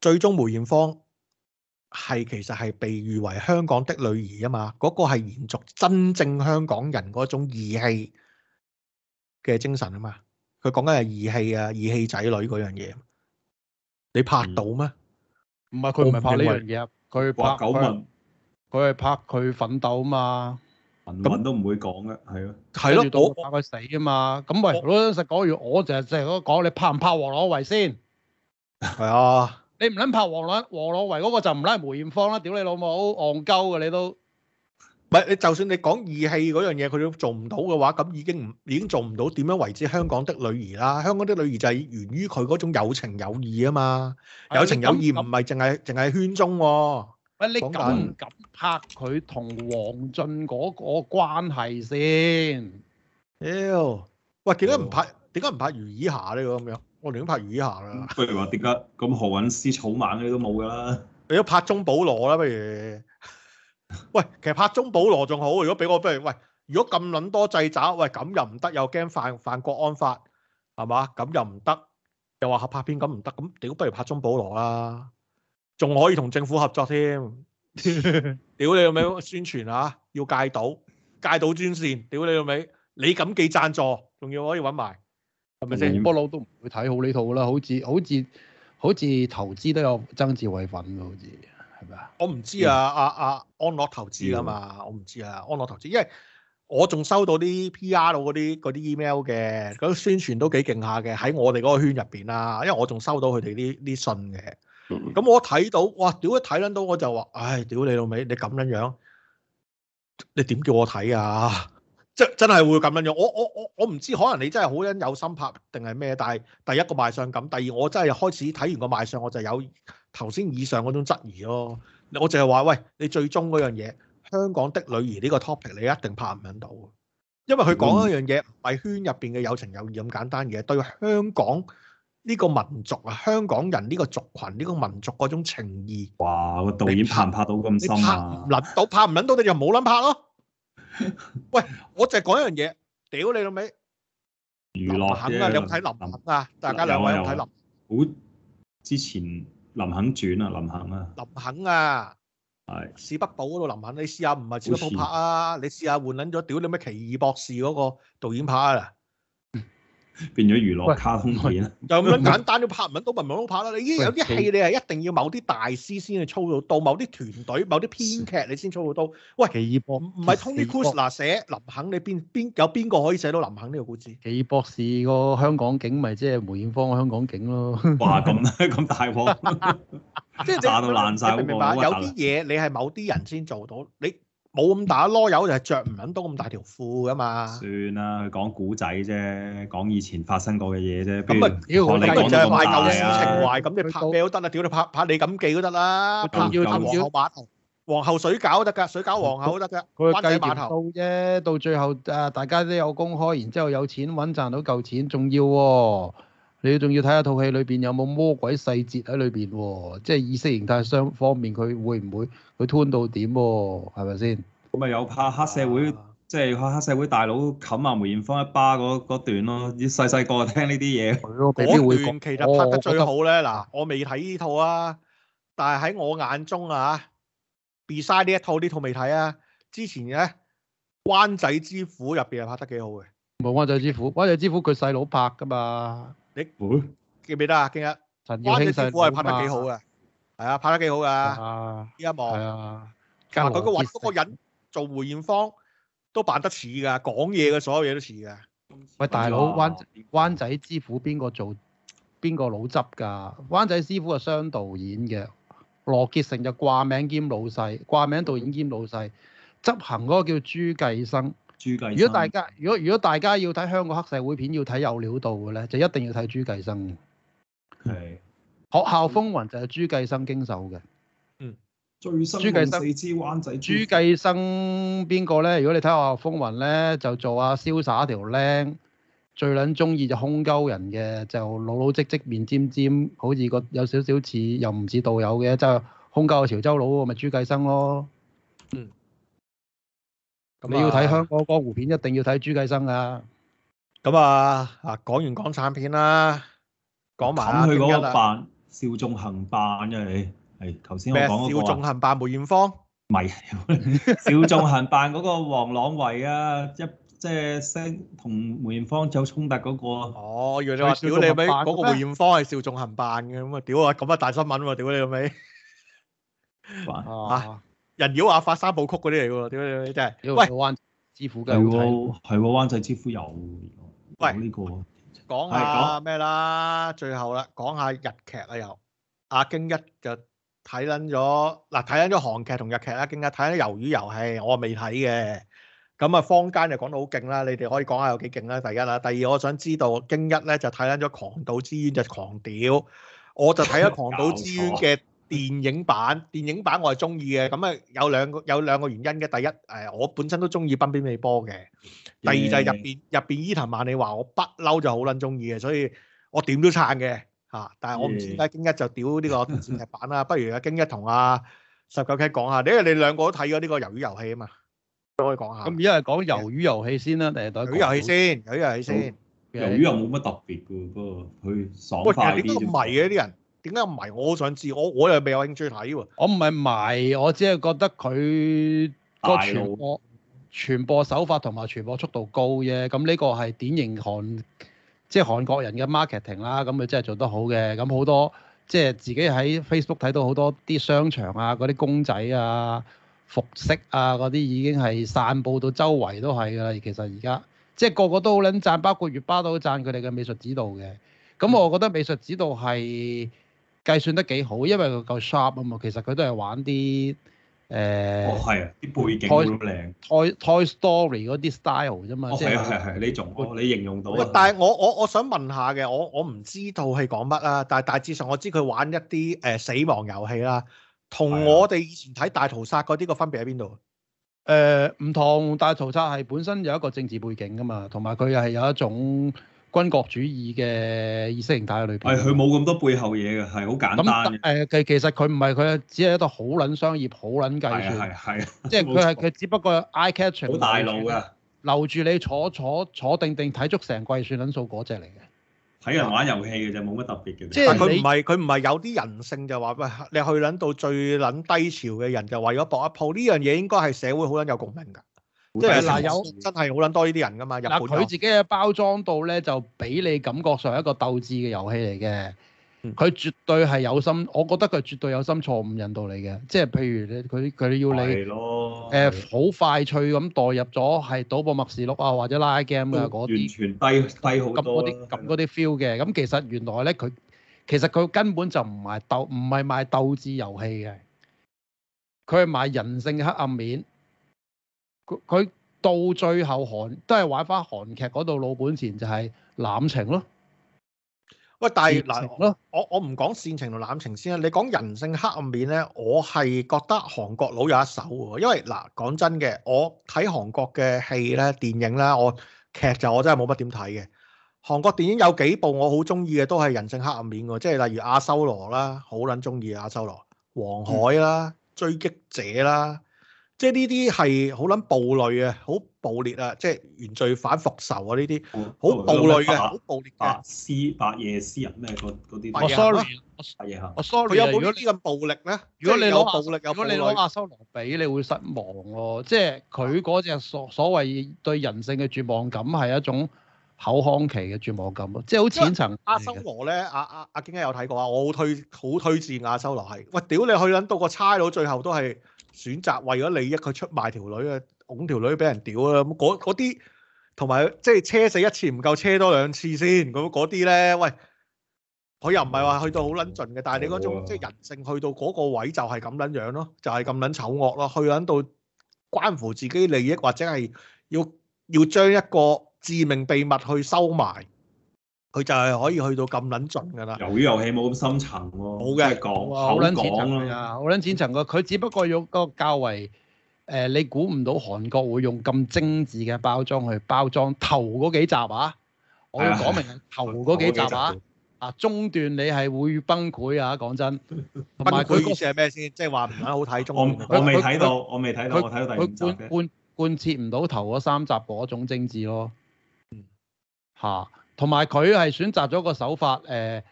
最終梅艷芳係其實係被譽為香港的女兒啊嘛！嗰個係延續真正香港人嗰種義氣嘅精神啊嘛！佢講緊係義氣啊，義氣仔女嗰樣嘢，你拍到咩？唔係佢唔係拍呢樣嘢。佢拍佢九文，佢係拍佢奮鬥啊嘛！九文都唔會講嘅，係咯，係咯，打佢死啊嘛！咁咪我，嗯、喂，我真實講完，我就係淨係嗰個講，你拍唔拍黃羅維先？係啊 ！你唔撚拍黃羅黃羅維嗰個就唔拉梅艷芳啦！屌你老母，戇鳩嘅你都～唔係你就算你講義氣嗰樣嘢，佢都做唔到嘅話，咁已經唔已經做唔到點樣為之香港的女兒啦？香港的女兒就係源於佢嗰種有情有義啊嘛！有、嗯、情有義唔係淨係淨係圈中喎。喂，你敢唔敢拍佢同黃俊嗰個關係先？妖、哎，喂，點解唔拍？點解唔拍餘以下呢咁樣，我哋拍餘以下啦。不如話點解咁何韻詩、草蜢嗰啲都冇噶啦？你都拍鐘保羅啦，不如。喂，其實拍中保羅仲好，如果俾我不如喂，如果咁捻多掣肘，喂咁又唔得，又驚犯犯國安法，係嘛？咁又唔得，又話合拍片咁唔得，咁屌不如拍中保羅啦，仲可以同政府合作添。 屌你有咩宣傳啊，要戒賭，戒賭專線，屌你有咩？你咁記贊助，仲要可以搵埋，係咪先？波佬都唔會睇好呢套啦，好似好似好似投資都有曾志偉份好似。 我唔知啊，阿阿安樂投資㗎嘛、啊，我唔、啊、知啊安樂投資，因為我仲收到啲 P.R.、嗯嗯、到嗰啲啲 email 嘅，咁宣傳都幾勁下嘅，喺我哋嗰個圈入邊啦，因為我仲收到佢哋啲啲信嘅，咁我睇到哇，屌一睇撚到我就話，唉，屌你老味，你咁樣樣，你點叫我睇啊？真真係會咁樣樣，我我我我唔知，可能你真係好有心拍定係咩？但係第一個賣相咁，第二我真係開始睇完個賣相，我就有頭先以上嗰種質疑咯。我就係話，喂，你最終嗰樣嘢，《香港的女兒》呢個 topic，你一定拍唔撚到，因為佢講一樣嘢唔係圈入邊嘅有情有義咁簡單嘅，對香港呢個民族啊，香港人呢個族群呢、呢個民族嗰種情義，哇！個導演拍唔拍到咁深啊？嗱，你拍，你拍唔撚到，拍唔撚到，你就冇撚拍咯。 喂，我就講一樣嘢，屌你老味，尾！林肯啊，林你有冇睇林肯啊？林大家兩位有冇睇林肯、啊？好、啊啊啊、之前林肯轉啊，林肯啊。林肯啊，係是《史匹堡》嗰度林肯、啊，你試下唔係史匹堡拍啊？像你試下換捻咗，屌你咩奇異博士嗰個導演拍啦、啊？變咗娛樂卡通片啦，就咁喂樣簡單喂拍都拍唔到，唔係都拍啦。你已經有啲戲，你係一定要某啲大師先去操到，到某啲團隊、某啲編劇，你先操到到。喂，奇異博士，唔係 Tony Kushner 嗱寫林肯，你邊邊有邊個可以寫到林肯呢個故事？奇異博士個香港景咪即係梅艷芳個香港景咯？哇，咁咁大鑊，即係 打到爛晒，明白，了有啲嘢你係某啲人先做到，你。冇咁大囉柚就係著唔揾到咁大條褲噶嘛。算啦，講古仔啫，講以前發生過嘅嘢啫。咁啊，屌你講埋舊事情懷，咁你拍咩都得啦，屌你拍拍李錦記都得啦。仲要拍皇皇后水餃都得㗎，水餃皇后都得㗎。佢計碼數啫，到最後啊，大家都有工開，然之後有錢揾賺到嚿錢，仲要喎。你仲要睇一套戲裏邊有冇魔鬼細節喺裏邊喎，即係意識形態雙方面佢會唔會佢 turn 到點喎？係咪先？咁咪有拍黑社會，啊、即係拍黑社會大佬冚埋梅艷芳一巴嗰段咯。細細個聽呢啲嘢，嗰段其實拍得最好咧。嗱、哦，我未睇呢套啊，但係喺我眼中啊，Beside 呢一套呢套未睇啊，之前咧《灣仔之虎》入邊係拍得幾好嘅。冇《灣仔之虎》，《灣仔之虎》佢細佬拍噶嘛。你記唔記得啊？今日灣仔師傅係拍得幾好㗎，係啊，拍得幾好㗎。依家望，嗱，隔籬嗰個人做梅艷芳都扮得似㗎，講嘢嘅所有嘢都似㗎。喂，大佬，灣灣仔師傅邊個做？邊個老執㗎？灣仔師傅係雙導演嘅，羅傑成就掛名兼老細，掛名導演兼老細，執行嗰個叫朱繼生。如果大家如果如果大家要睇香港黑社會片，要睇有料到嘅咧，就一定要睇朱繼生。係、嗯、學校風雲就係朱繼生經手嘅。嗯，最新朱繼生四支彎仔。朱繼生邊個咧？如果你睇學校風雲咧，就做阿、啊、瀟灑一條僆，最撚中意就空鳩人嘅，就老老積積面尖尖，好似個有少少似又唔似道友嘅，就空鳩個潮州佬，咪、就是、朱繼生咯。嗯。你要睇香港江湖片，一定要睇朱繼生噶。咁啊，啊講完港產片啦，講埋啊。冚去嗰個扮，邵仲衡扮啫，你係頭先我講嗰個。咩？邵仲衡扮梅艷芳？唔係，邵仲衡扮嗰個黃朗維啊，一即係聲同梅艷芳有衝突嗰個。哦，原來你話屌你俾嗰個梅艷芳係邵仲衡扮嘅，咁啊屌啊，咁啊大新聞喎，屌你個味。啊！人妖啊，發三部曲嗰啲嚟喎，屌解真係？喂，灣支付嘅係喎，係喎，灣仔支付有，有呢個講下咩啦？最後啦，講下日劇啦又。阿京一就睇緊咗嗱，睇緊咗韓劇同日劇啦，京一睇緊魷魚遊戲，我未睇嘅。咁啊，坊間就講到好勁啦，你哋可以講下有幾勁啦，第一啦。第二，我想知道京一咧就睇緊咗《狂賭之淵》就狂屌，我就睇咗《狂賭之淵》嘅。電影版，電影版我係中意嘅，咁啊有兩個有兩個原因嘅。第一誒，我本身都中意《濱邊美波》嘅。第二就係入邊入邊，伊藤萬理華我不嬲就好撚中意嘅，所以我點都撐嘅嚇。但係我唔知點解京一就屌呢個電視劇版啦。不如阿京一同阿十九 Ken 講下，因為你兩個都睇咗呢個《魷魚遊戲》啊嘛，都可以講下。咁而家係講《魷魚遊戲》先啦，定係第一？《魷魚遊戲》先，《魷魚遊戲》先。魷魚又冇乜特別嘅喎，不過佢爽快啲。其實點解迷嘅啲人？點解唔迷？我好想知，我我又未有興趣睇喎、啊。我唔係迷，我只係覺得佢個傳播、傳播 手法同埋傳播速度高啫。咁呢個係典型韓，即係韓國人嘅 marketing 啦。咁佢真係做得好嘅。咁好多即係自己喺 Facebook 睇到好多啲商場啊、嗰啲公仔啊、服飾啊嗰啲，已經係散佈到周圍都係噶啦。其實而家即係個個都好撚讚，包括月巴都好讚佢哋嘅美術指導嘅。咁我覺得美術指導係。計算得幾好，因為佢夠 sharp 啊嘛，其實佢都係玩啲誒，呃、哦啊，啲背景咁靚 toy，Toy Story 嗰啲 style 啫嘛，哦係啊，你仲你形容到，就係嗯、但係我我我想問下嘅，我我唔知道係講乜啊，但係大致上我知佢玩一啲誒、呃、死亡遊戲啦，同我哋以前睇大屠殺嗰啲個分別喺邊度？誒唔、呃、同大屠殺係本身有一個政治背景㗎嘛，同埋佢又係有一種。軍國主義嘅意識形態喺裏邊，係佢冇咁多背後嘢嘅，係好簡單嘅。咁其其實佢唔係佢，只係一個好撚商業、好撚計算，係係、啊啊啊、即係佢係佢，錯只不過 eye catching 好大腦㗎，留住你坐坐坐定定睇足成季算撚數嗰隻嚟嘅，睇人玩遊戲嘅就冇乜特別嘅。即係佢唔係佢唔係有啲人性就話喂，你去撚到最撚低潮嘅人就為咗搏一鋪呢樣嘢，應該係社會好撚有共鳴㗎。即係嗱，有真係好撚多呢啲人噶嘛。嗱，佢自己嘅包裝度咧，就俾你感覺上係一個鬥智嘅遊戲嚟嘅。佢、嗯、絕對係有心，我覺得佢絕對有心錯誤引導你嘅。即係譬如你佢佢要你，咯，誒好快脆咁代入咗係賭博默示錄啊或者拉 game 啊嗰啲，完全低那低好多咁嗰啲咁啲 feel 嘅，咁的其實原來咧佢其實佢根本就唔係鬥唔係賣鬥智遊戲嘅，佢係賣人性嘅黑暗面。佢到最後韓都係玩翻韓劇嗰度老本錢就係濫情咯。喂，但係嗱喃，我我唔講煽情同濫情先啦。你講人性黑暗面咧，我係覺得韓國佬有一手喎。因為嗱，講真嘅，我睇韓國嘅戲咧、電影咧，我劇就我真係冇乜點睇嘅。韓國電影有幾部我好中意嘅都係人性黑暗面喎，即係例如《阿修羅》啦，好撚中意《阿修羅》、《黃海》啦、嗯、《追擊者》啦。即係呢啲係好撚暴戾啊，好暴烈啊！即係原罪犯復仇啊！呢啲好暴戾嘅，好暴烈嘅。白夜詩人咩？嗰啲咩啊？白夜嚇。我 sorry 啊！如果呢咁暴力咧，如果你攞暴力，咁果你攞亞修羅畀，你會失望咯。即係佢嗰隻所所謂對人性嘅絕望感係一種口腔期嘅絕望感咯，即係好淺層。亞修羅咧，阿阿阿京有睇過啊！我好推好推薦亞修羅係。喂，屌你去撚到個差佬，最後都係，選擇為咗利益佢出賣條女啊，拱條女俾人屌啊咁嗰啲，同埋即係車死一次唔夠，車多兩次先咁嗰啲咧，喂，佢又唔係話去到好撚盡嘅，嗯、但係你嗰種即係、嗯、人性去到嗰個位就係咁撚樣咯，就係咁撚醜惡咯，去撚到關乎自己利益或者係要要將一個致命秘密去收埋。佢就係可以去到咁捻盡噶啦。魷魚遊戲冇咁深層喎。冇嘅講，好捻淺層啊，好捻淺層個佢只不過用嗰個較為誒，你估唔到韓國會用咁精致嘅包裝去包裝頭嗰幾集啊。我要講明，頭嗰幾集啊，啊中段你係會崩潰啊，講真。唔係佢意思係咩先？即係話唔係好睇中。我我未睇到，我未睇到，我睇到第五集嘅。貫貫徹唔到頭嗰三集嗰種精致咯。嗯。吓。同埋佢係選擇咗個手法，誒、呃，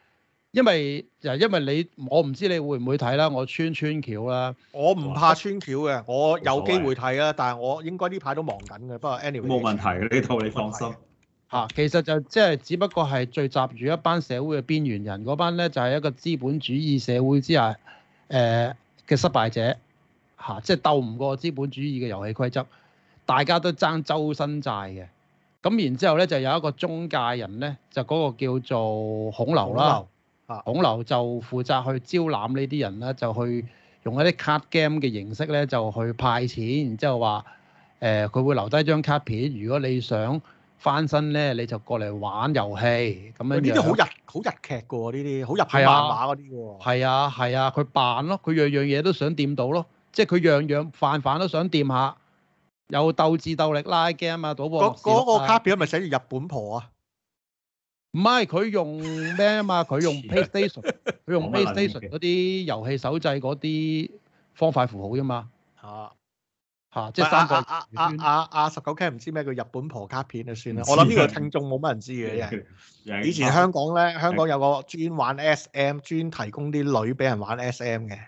因為就因為你，我唔知你會唔會睇啦，我穿穿橋啦。嗯、我唔怕穿橋嘅，我有機會睇啊，嗯、但係我應該呢排都忙緊嘅，不過 anyway 冇問題，呢套你放心嚇、啊。其實就即係只不過係聚集住一班社會嘅邊緣人，嗰班咧就係、是、一個資本主義社會之下誒嘅、呃、失敗者嚇，即、啊、係、就是、鬥唔過資本主義嘅遊戲規則，大家都爭周身債嘅。咁然之後咧，就有一個中介人咧，就嗰個叫做孔劉啦。孔劉啊，孔劉就負責去招攬呢啲人啦，就去用一啲卡 game 嘅形式咧，就去派錢，然之後話誒，佢、呃、會留低張卡片，如果你想翻身咧，你就過嚟玩遊戲咁樣。呢啲好日好日劇噶喎，呢啲好日漫畫嗰啲喎。係啊係啊，佢、啊啊啊、扮咯，佢樣樣嘢都想掂到咯，即係佢樣樣泛泛都想掂下。又鬥智鬥力拉 game 啊，嗰個嗰個卡片係咪寫住日本婆啊？唔係佢用咩啊嘛？佢用 PlayStation，佢 用 PlayStation 嗰啲遊戲手掣嗰啲方塊符號啫嘛。嚇嚇，即係三個啊啊啊啊！十、啊、九、啊啊啊、K 唔知咩叫日本婆卡片就算啦。我諗呢個聽眾冇乜人知嘅 以前香港咧，香港有個專玩 SM， 專提供啲女俾人玩 SM 嘅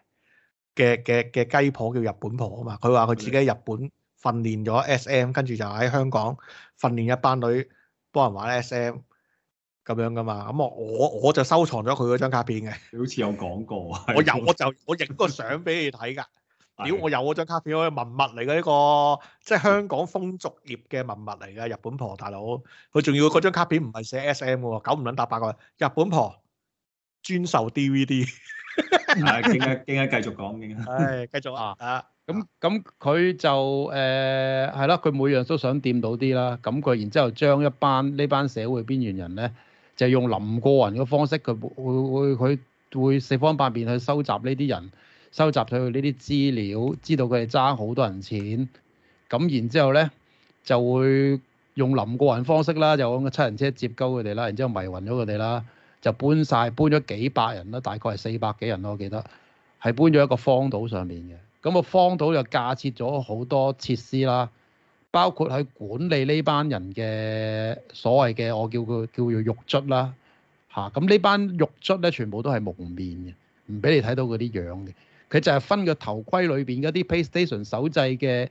嘅嘅嘅雞婆叫日本婆啊嘛。佢話佢自己喺日本。 訓練咗 SM，跟住就喺香港訓練一班女幫人玩 SM 咁樣噶嘛。咁我我我就收藏咗佢嗰張卡片嘅。你好似有講過我有， 我就我影個相俾你睇㗎。屌的，我有嗰張卡片，我文物嚟嘅呢個，即係香港風俗業嘅文物嚟㗎。日本婆大佬，佢仲要嗰張卡片唔係寫 SM 喎，九唔撚搭八個。日本婆專售 DVD。係，點解點解繼續講？點解？唉，繼續啊。咁咁佢就誒係咯，佢、呃、每樣都想掂到啲啦。咁、嗯、佢然之後將一班呢班社會邊緣人咧，就用林過雲嘅方式，佢會會佢會四方八面去收集呢啲人，收集佢呢啲資料，知道佢哋爭好多人錢。咁、嗯、然之後咧就會用林過雲方式啦，就用七人車接鳩佢哋啦，然之後迷暈咗佢哋啦，就搬晒，搬咗幾百人啦，大概係四百幾人咯，我記得係搬咗一個荒島上面嘅。咁啊，荒島就架設咗好多設施啦，包括去管理呢班人嘅所謂嘅，我叫佢叫做獄卒啦，嚇、啊、咁呢班獄卒咧，全部都係蒙面嘅，唔俾你睇到嗰啲樣嘅。佢就係分個頭盔裏邊嗰啲 PlayStation 手掣嘅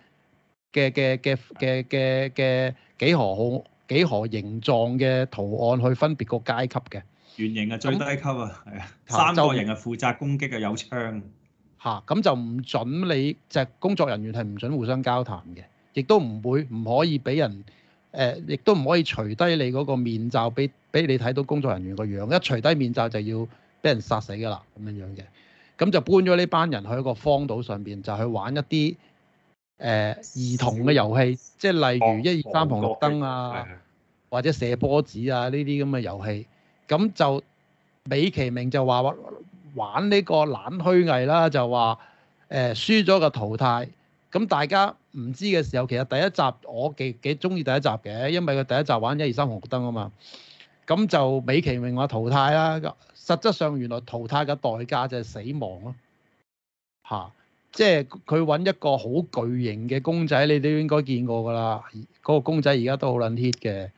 嘅嘅嘅嘅嘅嘅幾何好幾何形狀嘅圖案去分別個階級嘅。圓形係，最低級那啊，係啊，三角形係，負責攻擊嘅有槍。嚇，咁、啊、就唔准你即係、就是、工作人員係唔准互相交談嘅，亦都唔會唔可以俾人誒，亦、呃、都唔可以除低你嗰個面罩俾俾你睇到工作人員個樣，一除低面罩就要俾人殺死㗎啦，咁樣樣嘅，咁就搬咗呢班人去一個荒島上邊，就去玩一啲誒、呃、兒童嘅遊戲，即係例如一、哦、1, 二三紅綠黃燈啊，或者射波子啊呢啲咁嘅遊戲，咁就美其名就話話。玩呢個懶虛偽啦，就話誒輸咗個淘汰，咁大家唔知嘅時候，其實第一集我幾幾中意第一集嘅，因為佢第一集玩一二三紅綠燈啊嘛，咁就美其名話淘汰啦，實質上原來淘汰嘅代價就係死亡咯，吓、啊，即係佢揾一個好巨型嘅公仔，你都應該見過㗎啦，嗰、那個公仔而家都好撚 hit 嘅。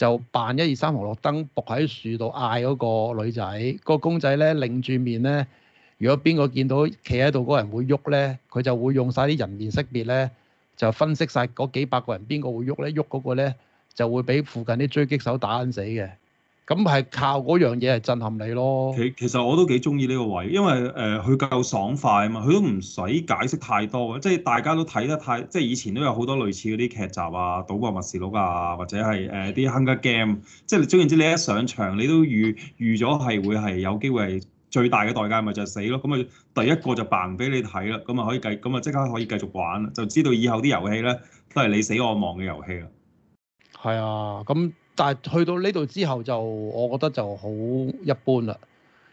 就扮一二三紅綠燈，伏喺樹度嗌嗰個女仔。個公仔咧，擰住面咧。如果邊個見到企喺度嗰人會喐咧，佢就會用晒啲人面識別咧，就分析晒嗰幾百個人邊個會喐咧，喐嗰個咧就會俾附近啲追擊手打暈死嘅。咁係靠嗰樣嘢係震撼你咯。其其實我都幾中意呢個位，因為誒佢、呃、夠爽快啊嘛，佢都唔使解釋太多嘅，即係大家都睇得太，即係以前都有好多類似嗰啲劇集啊，賭博默示錄啊，或者係誒啲、呃、Hunger Game，即係你，總言之，你一上場，你都預預咗係會係有機會係最大嘅代價，咪就係死咯。咁啊，第一個就扮唔俾你睇啦，咁啊可以繼，咁啊即刻可以繼續玩，就知道以後啲遊戲咧都係你死我亡嘅遊戲啦。係啊，咁、嗯。但係去到呢度之後就，我覺得就好一般啦，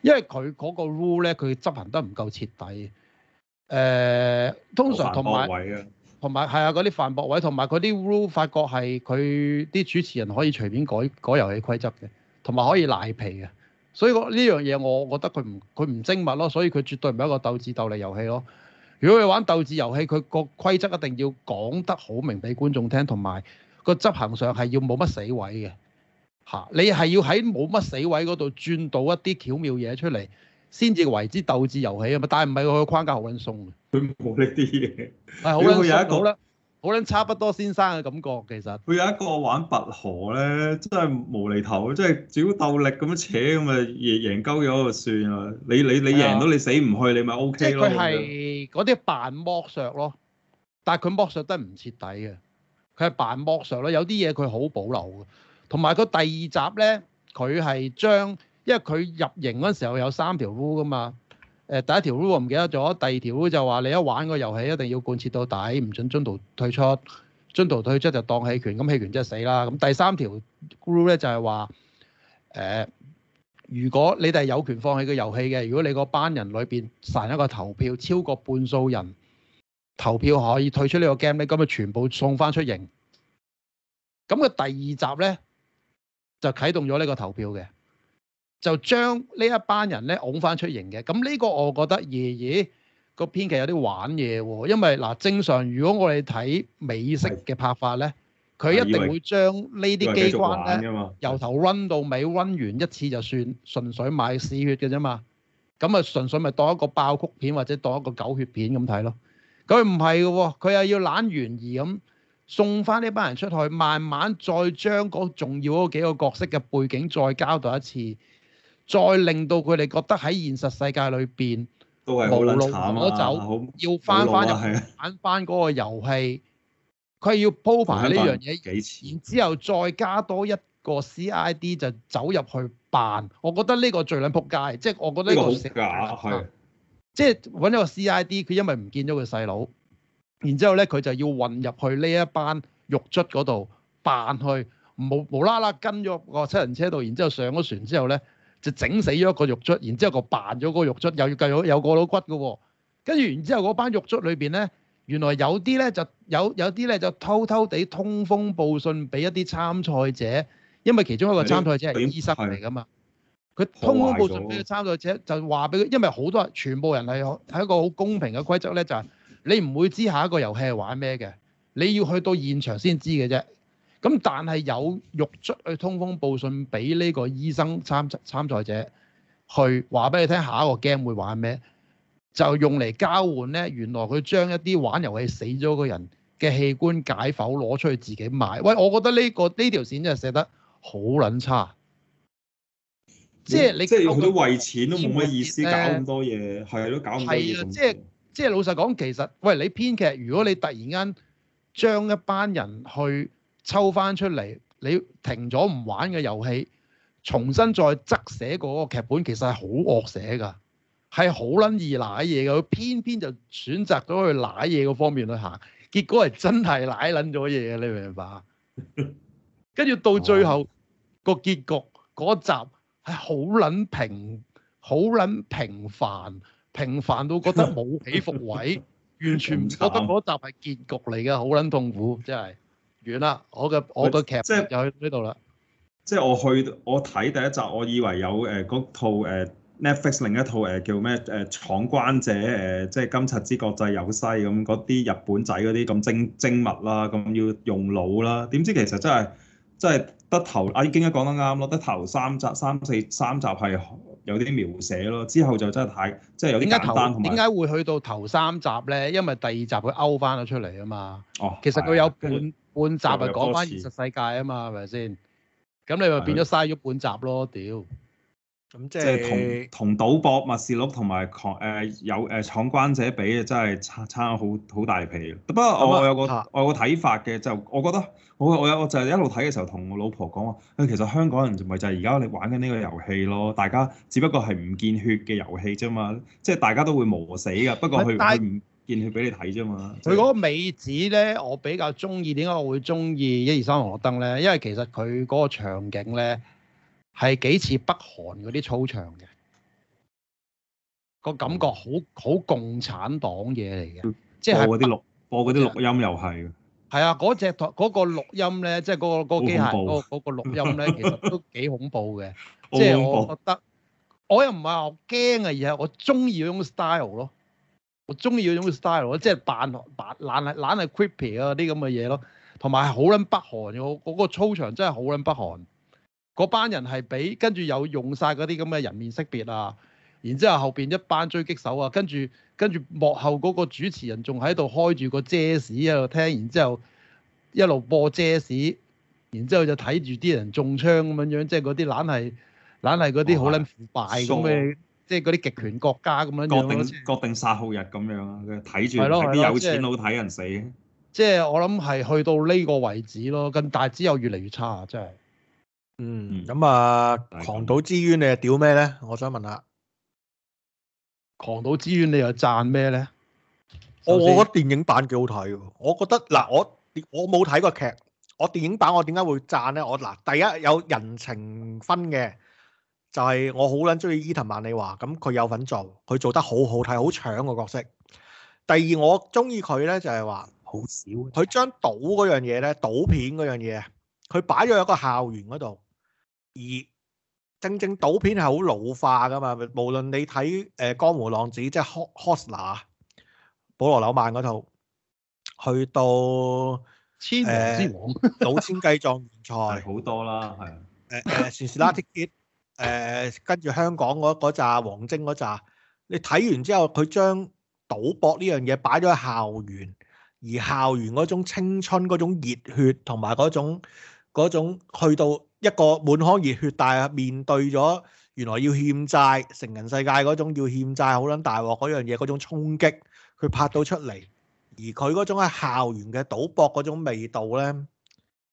因為佢嗰個 rule 咧，佢執行得唔夠徹底。誒、呃，通常同埋同埋係啊，嗰啲犯駁位同埋嗰啲 rule，發覺係佢啲主持人可以隨便改改遊戲規則嘅，同埋可以賴皮嘅。所以呢樣嘢我覺得佢唔佢唔精密咯，所以佢絕對唔係一個鬥智鬥力遊戲咯。如果佢玩鬥智遊戲，佢個規則一定要講得好明俾觀眾聽，同埋。個執行上係要冇乜死位嘅，嚇、啊、你係要喺冇乜死位嗰度轉到一啲巧妙嘢出嚟，先至為之鬥智遊戲啊嘛！但係唔係佢個框架好撚鬆嘅。佢冇力啲嘢，係好撚好撚，好撚差不多先生嘅感覺其實。佢有一個玩拔河咧，真係無厘頭，即係只要鬥力咁樣扯咁啊贏贏鳩咗就算啦、啊。你你你贏到你死唔去你咪 O K 咯。佢係嗰啲扮剝削咯，但係佢剝削得唔徹底嘅。佢係扮莫 Sir 咯，有啲嘢佢好保留嘅。同埋佢第二集咧，佢係將，因為佢入營嗰時候有三條 rule 噶嘛。誒、呃，第一條 rule 我唔記得咗，第二條 rule 就話你一玩個遊戲一定要貫徹到底，唔准中途退出，中途退出就當棄權，咁棄權即係死啦。咁、嗯、第三條 rule 咧就係話，誒、呃，如果你哋有權放棄個遊戲嘅，如果你個班人裏邊散一個投票超過半數人。投票可以退出呢個 game 咧，咁咪全部送翻出營。咁佢第二集咧就啟動咗呢個投票嘅，就將一呢一班人咧拱翻出營嘅。咁呢個我覺得爺爺個編劇有啲玩嘢喎，因為嗱、啊、正常如果我哋睇美式嘅拍法咧，佢是一定會將呢啲機關咧由頭 run 到尾 run 完一次就算，純粹賣屎血嘅啫嘛。咁啊，純粹咪當一個爆谷片或者當一個狗血片咁睇咯。佢唔係嘅喎，佢又要懶懸疑咁送翻呢班人出去，慢慢再將重要嗰幾個角色嘅背景再交代一次，再令到佢哋覺得喺現實世界裏邊無路可走，啊、要翻翻難入去，玩翻嗰個遊戲。佢係要鋪排呢樣嘢，幾次，然之後再加多一個 C.I.D 就走入去扮。我覺得呢個最撚仆街，即係我覺得呢個好假係。即係揾咗個 CID，佢因為唔見咗佢細佬，然之後咧佢就要混入去呢一班獄卒嗰度扮去，冇無啦啦跟咗個七人車度，然之後上咗船之後咧就整死咗一個獄卒，然之後個扮咗嗰個獄卒又要繼續有個腦骨嘅喎、哦，跟住然之後嗰班獄卒裏邊咧原來有啲咧就有有啲咧就偷偷地通風報信俾一啲參賽者，因為其中一個參賽者係醫生嚟㗎嘛。佢通風報信俾個參賽者，就話俾佢，因為好多人，全部人係係一個好公平嘅規則咧，就係、係、你唔會知下一個遊戲係玩咩嘅，你要去到現場先知嘅啫。咁但係有肉出去通風報信俾呢個醫生參參賽者，去話俾你聽下一個 game 會玩咩，就用嚟交換咧。原來佢將一啲玩遊戲死咗嘅人嘅器官解剖攞出去自己賣。喂，我覺得呢、呢個呢條、呢個、線真係寫得好撚差。即係你，即係好多為錢都冇乜意思，搞咁多嘢，係都搞唔多嘢。係啊，即係即係老實講，其實喂你編劇，如果你突然間將一班人去抽翻出嚟，你停咗唔玩嘅遊戲，重新再執寫過個劇本，其實係好惡寫㗎，係好撚易瀨嘢㗎。佢偏偏就選擇咗去瀨嘢嗰方面去行，結果係真係瀨撚咗嘢嘅，你明唔明白？跟住 到最後哇 個結局嗰、嗰個、集。係好撚平，好撚平凡，平凡到覺得冇起伏位， 完全唔覺得嗰集係結局嚟嘅，好撚痛苦，真係完啦！我嘅我嘅劇即係又去呢度啦。即係我去我睇第一集，我以為有誒嗰、呃、套誒、呃、Netflix 另一套誒、呃、叫咩誒、呃《闖關者》誒、呃，即係《今際之國際有西》咁，嗰啲日本仔嗰啲咁精精密啦，咁要用腦啦，點知其實真係～即係得頭，阿京一講得啱咯，得頭三集、三四三集係有啲描寫咯，之後就真係太即係有啲簡單，同埋點解會去到頭三集咧？因為第二集佢勾翻咗出嚟啊嘛，哦、其實佢有半半集係講翻現實世界啊嘛，係咪先？咁你咪變咗嘥咗半集咯，屌！咁即係同同賭博默示錄同埋闖誒有誒闖、呃、關者比啊，真係差差好好大皮，不過我有、啊、我有個我有個睇法嘅，就我覺得我我有我就係一路睇嘅時候，同我老婆講話、欸：，其實香港人咪就係而家你玩緊呢個遊戲咯，大家只不過係唔見血嘅遊戲啫嘛，即係大家都會磨死噶。不過佢佢唔見血俾你睇啫嘛。佢嗰是個美指咧，我比較中意點解我會中意一二三紅綠燈咧？因為其實佢嗰個場景咧。係幾似北韓嗰啲操場嘅，個感覺好好共產黨嘢嚟嘅，即係播嗰啲錄播啲錄音又係。係啊，嗰隻嗰個錄、嗰個、音咧，即係嗰個嗰個機械嗰嗰個錄音咧，其實都幾恐怖嘅。 即係我覺得，我又唔係話驚啊，而係我中意嗰種 style 咯。我中意嗰種 style，即係扮扮懶係懶係 creepy 啊啲咁嘅嘢咯。同埋好撚北韓，我、嗰、嗰個操場真係好撚北韓。嗰個嗰班人係俾跟住有用晒嗰啲咁嘅人面識別啊，然之後後邊一班狙擊手啊，跟住跟住幕後嗰個主持人仲喺度開住個遮士啊，聽，然之後一路播遮士，然之後就睇住啲人中槍咁樣樣，即係嗰啲懶係懶係嗰啲好撚腐敗嘅，哦、即係嗰啲極權國家咁樣樣，國定國定殺戮日咁樣啊，睇住睇啲有錢佬睇人死，即係我諗係去到呢個位置咯，咁但係之後越嚟越差啊，真係。嗯，咁、嗯、啊，狂賭之淵你又屌咩咧？我想問下，狂賭之淵你又讚咩咧？我我覺得電影版幾好睇，我覺得嗱，我我冇睇過劇，我電影版我點解會讚咧？我嗱，第一有人情分嘅，就係、是、我好捻中意伊藤萬理華，咁佢有份做，佢做得好好睇，好搶個角色。第二我中意佢咧，就係話好少，佢將賭嗰樣嘢咧，賭片嗰樣嘢，佢擺咗喺個校園嗰度。而正正賭片係好老化噶嘛，無論你睇誒《江湖浪子》就，即、是、係《Hustler》、《保羅紐曼》嗰套，去到《千王之王》 賭千雞狀元賽好多啦，係誒誒《Slatick、 呃》誒、呃，跟住香港嗰嗰紮《王晶》嗰扎，你睇完之後，佢將賭博呢樣嘢擺咗喺校園，而校園嗰種青春、嗰種熱血同埋嗰種嗰種、嗰種去到。一個滿腔熱血大，但面對咗原來要欠債，成人世界嗰種要欠債好捻大鑊嗰樣嘢，嗰種衝擊，佢拍到出嚟，而佢嗰種喺校園嘅賭博嗰種味道咧，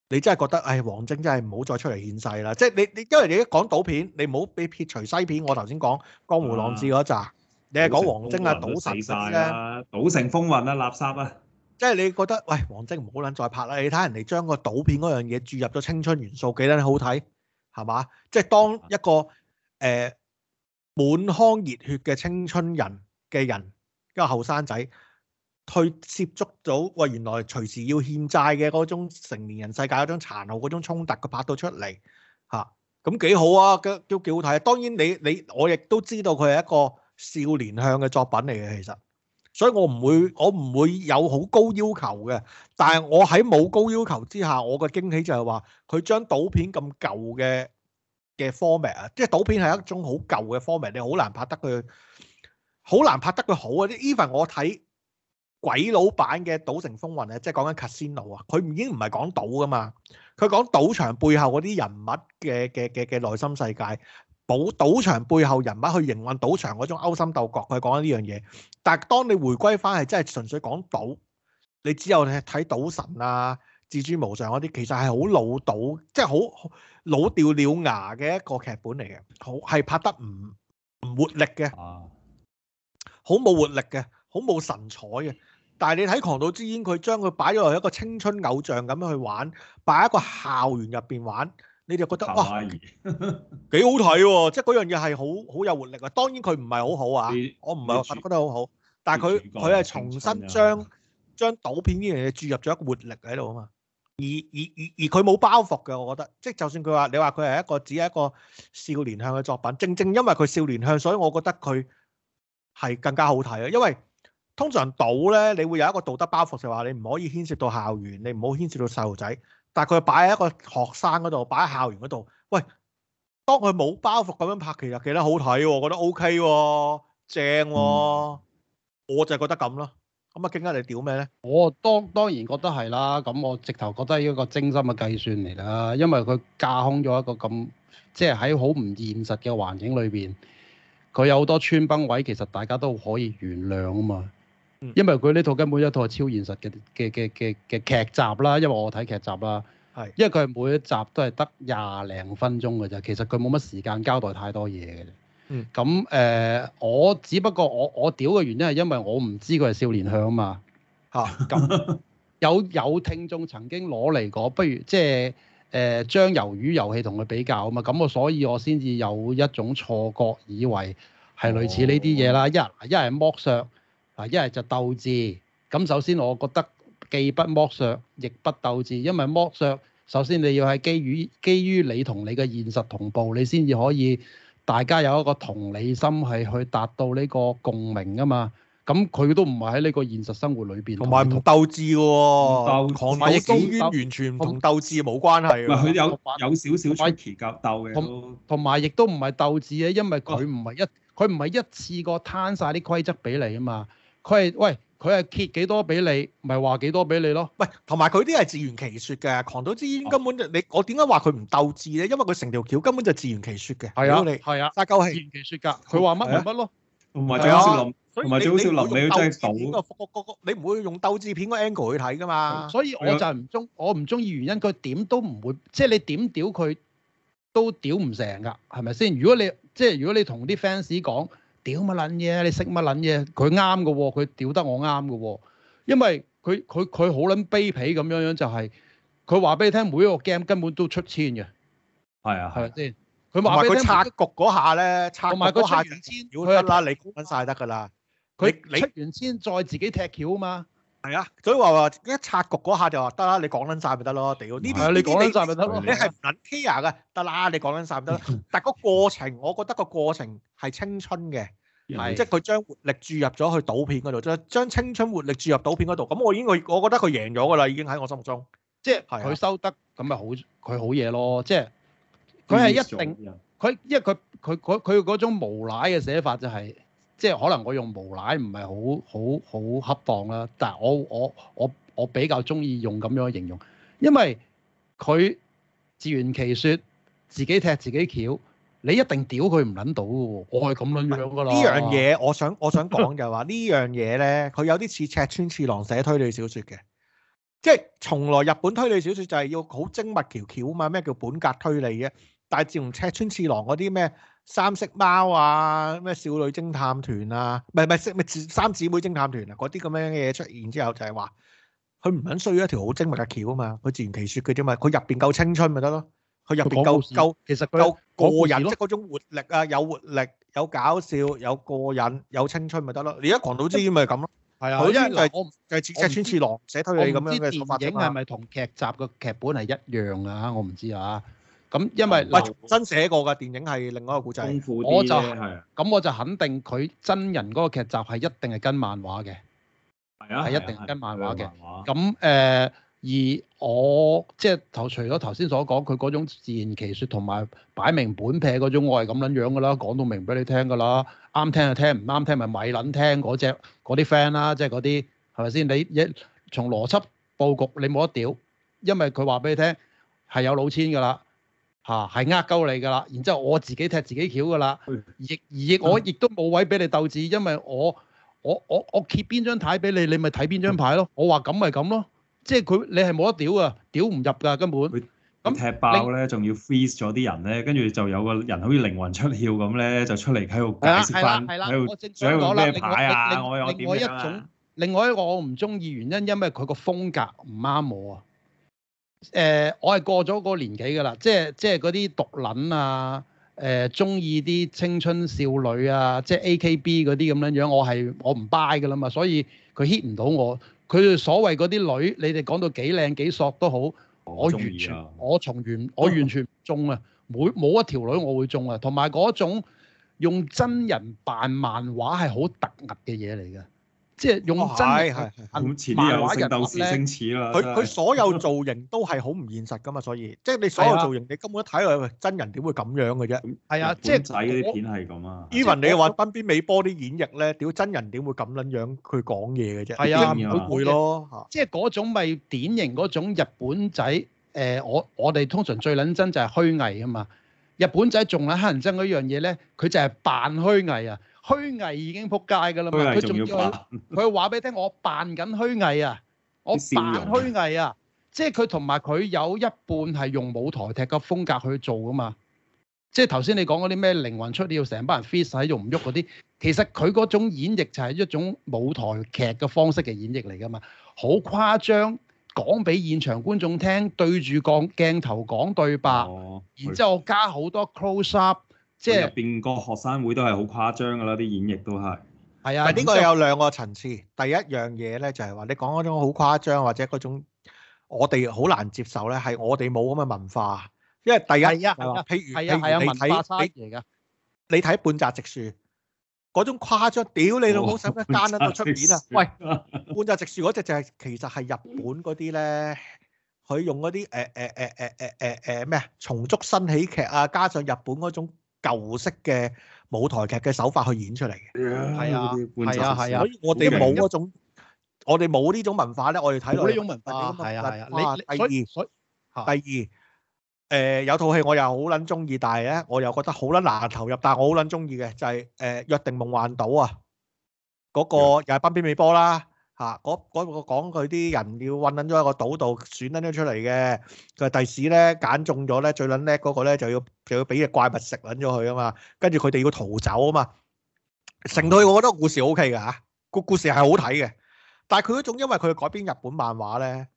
你真係覺得，唉、哎，王晶真係唔好再出嚟獻世啦！即係你你，因為你一講賭片，你唔好俾撇除西片，我頭先講《江湖浪子》嗰集，你係講王晶啊，《賭神》啊，《賭城風雲》啊，啊啊啊《垃圾》啊。即係你覺得，喂，王晶唔好撚再拍啦！你睇人哋將個賭片嗰樣嘢注入咗青春元素，幾撚好睇，係嘛？即係當一個誒、呃、滿腔熱血嘅青春人嘅人，一個後生仔，佢接觸到，喂，原來隨時要欠債嘅嗰種成年人世界嗰種殘酷嗰種衝突，佢拍到出嚟嚇，咁、啊、幾好啊！都幾，幾好睇，啊。當然你你我亦都知道佢係一個少年向嘅作品嚟嘅，其實。所以我唔會，我唔會有好高要求嘅。但係我喺冇高要求之下，我嘅驚喜就係話，佢將賭片咁舊嘅嘅 format 啊，form at，即係賭片係一種好舊嘅 format，你好難拍得佢，好難拍得佢好啊。Even 我睇鬼佬版嘅《賭城風雲》咧，即係講緊 casino 啊，佢已經唔係講賭㗎嘛，佢講賭場背後嗰啲人物嘅嘅嘅嘅內心世界。保賭場背後人物去營運賭場嗰種勾心鬥角，佢講緊呢樣嘢。但係當你回歸翻係真係純粹講賭，你只有睇睇賭神啊、至尊無上嗰啲，其實係好老賭，即係好老掉鳥牙嘅一個劇本嚟嘅。好係拍得唔唔活力嘅，好冇活力嘅，好冇神采嘅。但係你睇《狂賭之淵》，佢將佢擺咗落一個青春偶像咁樣去玩，擺喺一個校園入邊玩。你哋覺得哇，幾好睇喎！即係嗰樣嘢係好好有活力啊。當然佢唔係好好啊，我唔係覺得好好。但係佢佢係重新將將賭片呢樣嘢注入咗一個活力喺度啊嘛。而而而而佢冇包袱嘅，我覺得。即係就算佢話你話佢係一個只係一個少年向嘅作品，正正因為佢少年向，所以我覺得佢係更加好睇啊。因為通常賭咧，你會有一個道德包袱，就係話你唔可以牽涉到校園，你唔好牽涉到細路仔。但係佢擺喺一個學生嗰度，擺喺校園嗰度。喂，當佢冇包袱咁樣拍，其實幾得好睇喎，覺得 OK 喎，正喎、啊。嗯、我就覺得咁咯。咁啊，更加你屌咩咧？我當當然覺得係啦。咁我直頭覺得係一個精心嘅計算嚟啦。因為佢架空咗一個咁，即係喺好唔現實嘅環境裏邊，佢有好多穿崩位，其實大家都可以原諒啊嘛。因為佢呢套根本一套超現實嘅嘅嘅嘅嘅劇集啦，因為我睇劇集啦，係是，因為佢係每一集都係得廿零分鐘嘅啫，其實佢冇乜時間交代太多嘢嘅，嗯，咁誒、呃，我只不過我我屌嘅原因係因為我唔知佢係少年向啊嘛，嚇、啊，咁有有聽眾曾經攞嚟過，不如即係誒將魷魚遊戲同佢比較啊嘛，咁我所以我先至有一種錯覺，以為係類似呢啲嘢啦，一一係剝削。啊！一係就鬥智，咁首先我覺得既不剝削，亦不鬥智，因為剝削首先你要係基於基於你同你嘅現實同步，你先至可以大家有一個同理心係去達到呢個共鳴啊嘛。咁佢都唔係喺呢個現實生活裏邊，同埋唔跟鬥智喎、啊，同埋亦高遠完全唔同鬥智冇關係。佢有有少少歪奇及鬥嘅，同埋亦都唔係鬥智啊，因為佢唔係一佢唔係一次過攤晒啲規則俾你啊嘛。佢係喂，佢係揭幾多俾你，咪話幾多俾你咯？唔係，同埋佢啲係自圓其説嘅，狂賭之淵根本，啊、條條根本就你我點解話佢唔鬥智咧？因為佢成條橋根本就自圓其説嘅。係啊，係啊，大鳩係自圓其説㗎。佢話乜係乜咯？唔係最好少林，唔係最好少林，你要真係賭。你唔會用鬥智片個 angle 去睇㗎嘛、嗯？所以我就唔中，我唔中意原因，佢點都唔會，即、就、係、是、你點屌佢都屌唔成㗎，係咪先？如果你即係、就是、如果你同啲 fans 講。就是屌乜撚嘢？你識乜撚嘢？佢啱嘅喎，佢屌得我啱嘅喎，因為佢佢佢好撚卑鄙咁樣樣就係，佢話俾你聽每一個 game 根本都出千嘅，係啊係咪先？佢話俾你聽，佢拆局嗰下咧，拆埋嗰下出完千，屌得啦，你高品曬得㗎啦，佢出完千，出完千再自己踢橋啊嘛。係啊，所以話話一拆局嗰下就話得啦，你講捻晒，咪得咯，屌呢邊呢邊，你係唔捻 care 噶得啦，你講捻晒咪得。但個過程，我覺得個過程係青春嘅，係即係佢將活力注入咗去賭片嗰度，將將青春活力注入賭片嗰度。咁我已經我我覺得佢贏咗噶啦，已經喺我心目中，即係佢收得咁咪好，佢好嘢咯。即係佢係一定，佢因為佢佢佢佢嗰種無賴嘅寫法就係。即係可能我用無賴唔係好好好恰當啦，但係我我我我比較中意用咁樣嘅形容，因為佢自圓其説，自己踢自己橋，你一定屌佢唔撚到嘅喎，我係咁樣樣㗎啦。呢樣嘢我想我想講就係話 呢樣嘢咧，佢有啲似赤川次郎寫推理小説嘅，即係從來日本推理小説就係要好精密橋橋啊嘛，咩叫本格推理嘅？.大志同赤川次郎嗰啲咩三色貓啊，咩少女偵探團啊，唔係唔係，咪三姊妹偵探團啊，嗰啲咁樣嘅嘢出現之後，就係話佢唔肯需要一條好精密嘅橋啊嘛，佢自然其說嘅啫嘛，佢入邊夠青春咪得咯，佢入邊夠夠，其實夠過人，即係嗰種活力啊，有活力，有搞笑，有過癮，有青春咪得咯。而家狂島之咪咁咯，係啊，佢一就是、不就赤川次郎寫偷嘢咁樣嘅。電影係咪同劇集嘅劇本係一樣啊？我唔知啊。咁，因為咪重新寫過嘅電影係另外一個故仔，我就咁我就肯定佢真人嗰個劇集係一定係跟漫畫嘅，係啊，係一定係跟漫畫嘅。咁誒，而我即係頭除咗頭先所講，佢嗰種自然奇説同埋擺明本劈嗰種，我係咁撚樣㗎啦，講到明俾你聽㗎啦。啱聽就聽，唔啱聽咪咪撚聽嗰隻嗰啲 friend 啦，即係嗰啲係咪先？你從邏輯佈局你冇得屌，因為佢話俾你聽係有老千㗎啦。嚇，係呃鳩你㗎啦，然之後我自己踢自己橋㗎啦，亦而亦我亦都冇位俾你鬥智，因為我我我我揭邊張牌俾你，你咪睇邊張牌咯。我話咁咪咁咯，即係佢你係冇得屌啊，屌唔入㗎根本。咁踢爆咧，仲那要 freeze 咗啲人咧，跟住就有個人好似靈魂出竅咁咧，就出嚟喺度解釋翻，喺度、啊，咩牌啊？我我又 另，外另外一種，另外一個我唔中意原因，因為佢個風格唔啱我啊。誒、呃，我係過咗嗰個年紀㗎啦，即係即係嗰啲毒撚啊，誒、呃，中意啲青春少女啊，即係 A K B 嗰啲咁樣樣，我係我唔 buy 㗎啦嘛，所以佢 hit 唔到我。佢哋所謂嗰啲女，你哋講到幾靚幾索都好我、啊我我，我完全我從完我完全唔中啊，每冇、嗯、一條女我會中啊，同埋嗰種用真人扮漫畫係好突兀嘅嘢嚟㗎。即係用真係係係咁前啲人講聖鬥士星矢啦，佢佢所有造型都係好唔現實㗎嘛，所以即係你所有造型，你根本睇落去真人點會咁樣嘅啫。係啊，即係日本仔嗰啲片係咁啊。Even 你話邊邊美波啲演繹咧，屌真人點會咁撚樣佢講嘢嘅啫。係啊，唔會咯。即係嗰種咪典型嗰種日本仔誒，我我哋通常最撚真就係虛偽啊嘛。日本仔仲撚黑人憎嗰樣嘢咧，佢就係扮虛偽啊。虛偽已經撲街㗎啦嘛，佢仲要佢話俾你聽，我扮緊虛偽啊， 我扮虛偽啊，即係佢同埋佢有一半係用舞台劇嘅風格去做㗎嘛，即係頭先你講嗰啲咩靈魂出，你要成班人 freeze 喺度唔喐嗰啲，其實佢嗰種演繹就係一種舞台劇嘅方式嘅演繹嚟㗎嘛，好誇張，講俾現場觀眾聽，對住個鏡頭講對白，哦、然之後加好多 close up。即係入邊個學生會都係好誇張噶啦，啲演繹都係。係啊，但係呢個有兩個層次。第一樣嘢咧就係話，你講嗰種好誇張，或者嗰種我哋好難接受咧，係我哋冇咁嘅文化。因為第一，係啊，譬如譬如你睇你睇半澤直樹嗰種誇張，屌你老母，使一單喺度出面啊？喂，半澤直樹嗰隻就係其實係日本嗰啲咧，佢用嗰啲誒誒誒誒誒誒誒咩啊？松竹新喜劇啊，加上日本嗰種，舊式嘅舞台劇嘅手法去演出嚟嘅，係、哦、啊，係啊，係啊，所以我哋冇嗰種，我哋冇呢種文化咧，我哋睇到呢種文化。文化文化啊，係啊，係啊，第二你，你，所以，所以第二，誒、呃、有套戲我又好撚中意，但係咧我又覺得好撚難投入，但係我好撚中意嘅就係、是、誒呃《約定夢幻島》啊，嗰個又係濱邊美波啦。嗯啊。啊！嗰嗰個講佢啲人要困撚咗一個島度，選撚咗出嚟嘅，就第時咧揀中咗咧最撚叻嗰個咧就要就要俾隻怪物食撚咗佢啊嘛，跟住佢哋要逃走啊嘛。成套我覺得故事 O K 㗎吓，個故事係好睇嘅，但係佢嗰種因為佢改編日本漫畫咧，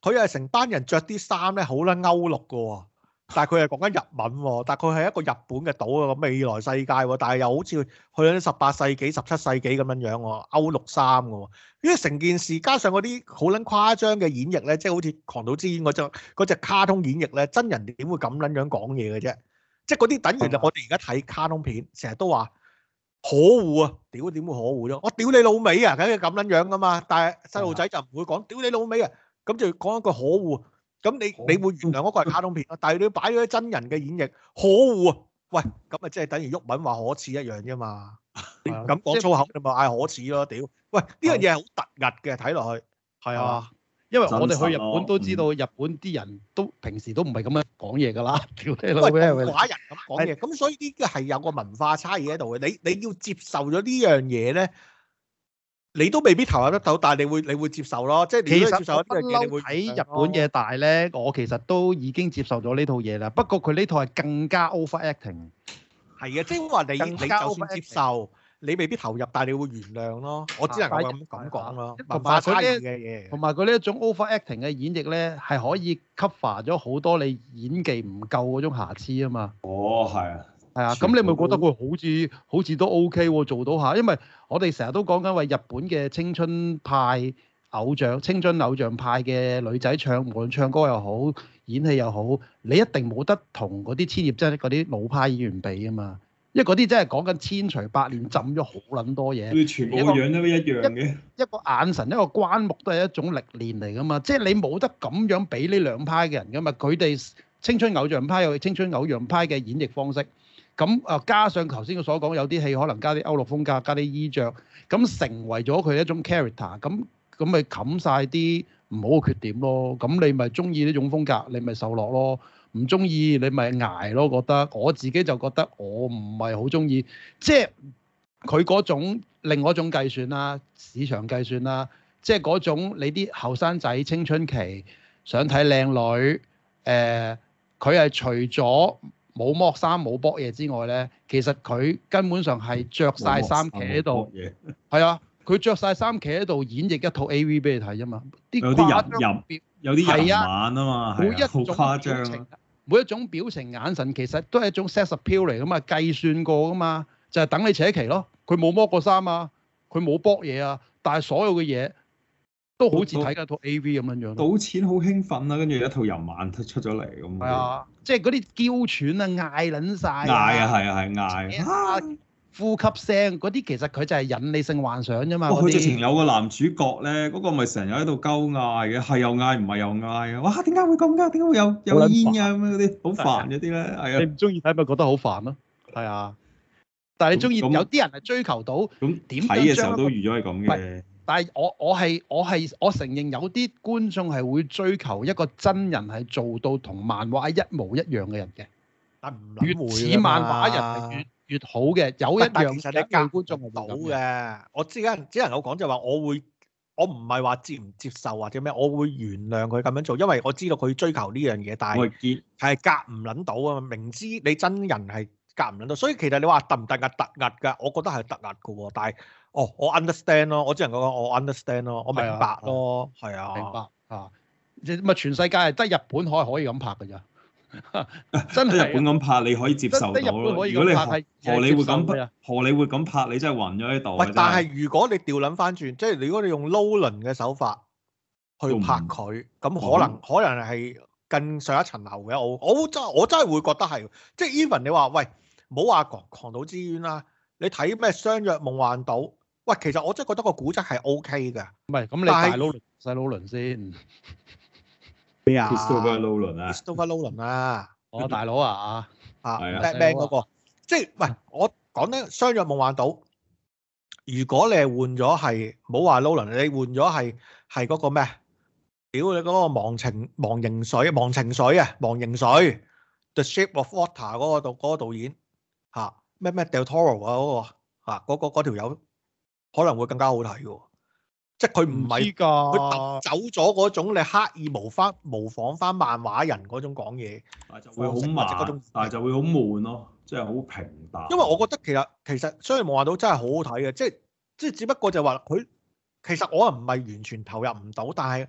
佢又係成班人着啲衫咧好撚歐陸㗎喎。但係佢係講緊日文、哦，但係佢係一個日本嘅島啊，個未來世界、哦，但係又好似去緊十八世紀、十七世紀咁樣樣、哦，歐六三嘅，呢成件事加上嗰啲、就是、好撚誇張嘅演繹咧，即係好似狂賭之淵嗰隻隻卡通演繹咧，真人點會咁撚樣講嘢嘅啫？即係嗰啲等於就我哋而家睇卡通片，成日都話可惡啊！屌點會可惡啫？我、啊、屌你老味啊，梗係咁撚樣噶嘛！但係細路仔就唔會講屌你老味啊，咁就講一句可惡。咁你你會原諒嗰個係卡通片咯，但係你擺咗真人嘅演繹，可惡啊！喂，咁啊即係等於毓民話可恥一樣啫嘛。咁講粗口你咪嗌可恥咯，屌，喂呢樣嘢係好突兀嘅，睇落去係啊，啊嗯、因為我哋去日本都知道日本啲人都平時都唔係咁樣講嘢㗎啦，叫你老味寡人咁講嘢，咁所以呢個係有個文化差異喺度嘅。你你要接受咗呢樣嘢咧。你都未必投入得到，但係你會你會接受咯，即係你都接受。不嬲睇日本嘢大咧，我其實都已經接受咗呢套嘢啦。不過佢呢套係更加 overacting。係啊，即係話你你就算接受，你未必投入，但係你會原諒咯。我只能咁咁講咯。文化差異嘅嘢，同埋佢呢一種 overacting 嘅演繹咧，係可以 cover 咗好多你演技唔夠嗰種瑕疵啊嘛。哦，係啊。係啊，咁你咪覺得佢好似好似都 O K 做到下。因為我哋成日都講緊話日本嘅青春派偶像、青春偶像派嘅女仔唱，無論唱歌又好、演戲又好，你一定冇得同嗰啲千葉真一嗰啲老派演員比啊嘛。因為嗰啲真係講緊千錘百煉，浸咗好撚多嘢。全部樣都一樣嘅。一個，一個眼神，一個關目都係一種歷練嚟噶嘛。 即係你冇得咁樣比呢兩派嘅人噶嘛。佢哋青春偶像派有青春偶像派嘅演繹方式。咁啊，加上頭先嘅所講，有啲戲可能加啲歐陸風格，加啲衣着，咁成為咗佢一種 character，咁咁咪冚晒啲唔好嘅缺點咯。咁你咪中意呢種風格，你咪受落咯；唔中意你咪捱咯。覺得我自己就覺得我唔係好中意，即係佢嗰種另外一種計算啦、啊，市場計算啦、啊，即係嗰種你啲後生仔青春期想睇靚女，誒佢係除咗。冇剝衫冇剝嘢之外咧，其實佢根本上係着晒衫企喺度，係啊，佢着晒衫企喺度演繹一套 A.V. 俾你睇啫嘛，啲有啲入入有啲淫漫啊嘛，每一，啊每一種表情，每一種表情眼神其實都係一種 sex appeal 嚟噶嘛，計算過噶嘛，就係、是、等你扯旗咯。佢冇剝過衫啊，佢冇剝嘢啊，但係所有嘅嘢都好似睇一套 A.V. 咁樣樣。賭錢好興奮啊。跟住一套淫漫出咗嚟咁。係啊。即係嗰啲嬌喘啊，嗌撚晒，嗌啊係啊係嗌，啊啊、呼吸聲嗰啲其實佢就係引你性幻想啫嘛。佢之前有個男主角咧，嗰、嗰個咪成日喺度鳩嗌嘅，係又嗌，唔係又嗌啊！哇，點解會咁㗎？點解會有有煙㗎咁啊？嗰啲好煩嗰啲咧。係啊，你唔中意睇咪覺得好煩咯。係啊，但係你中意，那有啲人係追求到咁點睇嘅時候都預咗係咁嘅。但係我我係我係我承認有啲觀眾係會追求一個真人係做到同漫畫一模一樣嘅人嘅，但唔會越似漫畫人係越越好嘅，有一樣嘅。但其實你嘅觀眾係冇嘅。我知有隻人有講就話我會，我唔係話接唔接受或者咩，我會原諒佢咁樣做，因為我知道佢追求呢樣嘢。的但係係夾唔撚到啊！明知你真人係夾唔撚到，所以其實你話突唔突？突壓㗎，我覺得係突壓嘅喎，但係。哦，我、oh, understand 咯，我只能講我 understand 咯，我明白咯，係啊，明白嚇，你咪全世界係得日本可可以咁拍嘅咋？真係日本咁拍你可以接受到，日本拍如果你何你會咁不何你會咁拍你真係暈咗喺度，喂！但係如果你調捻翻轉，即、就、係、是、如果你用 low 輪嘅手法去拍佢，咁可能、嗯、可能係更上一層樓嘅，我我真我真係會覺得係，即係 even 你話喂，唔好話狂狂賭之淵啦、啊，你睇咩相約夢幻島。喂，其實我真係覺得個估值係 O K 㗎，唔係咁你大佬輪細佬輪先？咩啊？Christopher Nolan 啊？Christopher Nolan 啊？我大佬啊啊啊！Batman 嗰個，即係喂，我講咧，雙約夢幻島，如果你係換咗係，唔好話 Nolan，你換咗係係嗰個咩？屌你嗰個忘情忘形水，忘情水啊，忘形水，The Shape of Water 嗰個導嗰個導演嚇咩咩 Del Toro 啊，嗰個嚇嗰個嗰條友。可能會更加好睇嘅，即係佢唔係佢走咗嗰種你刻意模仿模仿翻漫畫人嗰種講嘢、哦，就會好密，慢，但係就會好悶咯，即係好平淡。因為我覺得其實其實雖然冇話到真係好好睇嘅，即係即係只不過就話佢其實我又唔係完全投入唔到，但係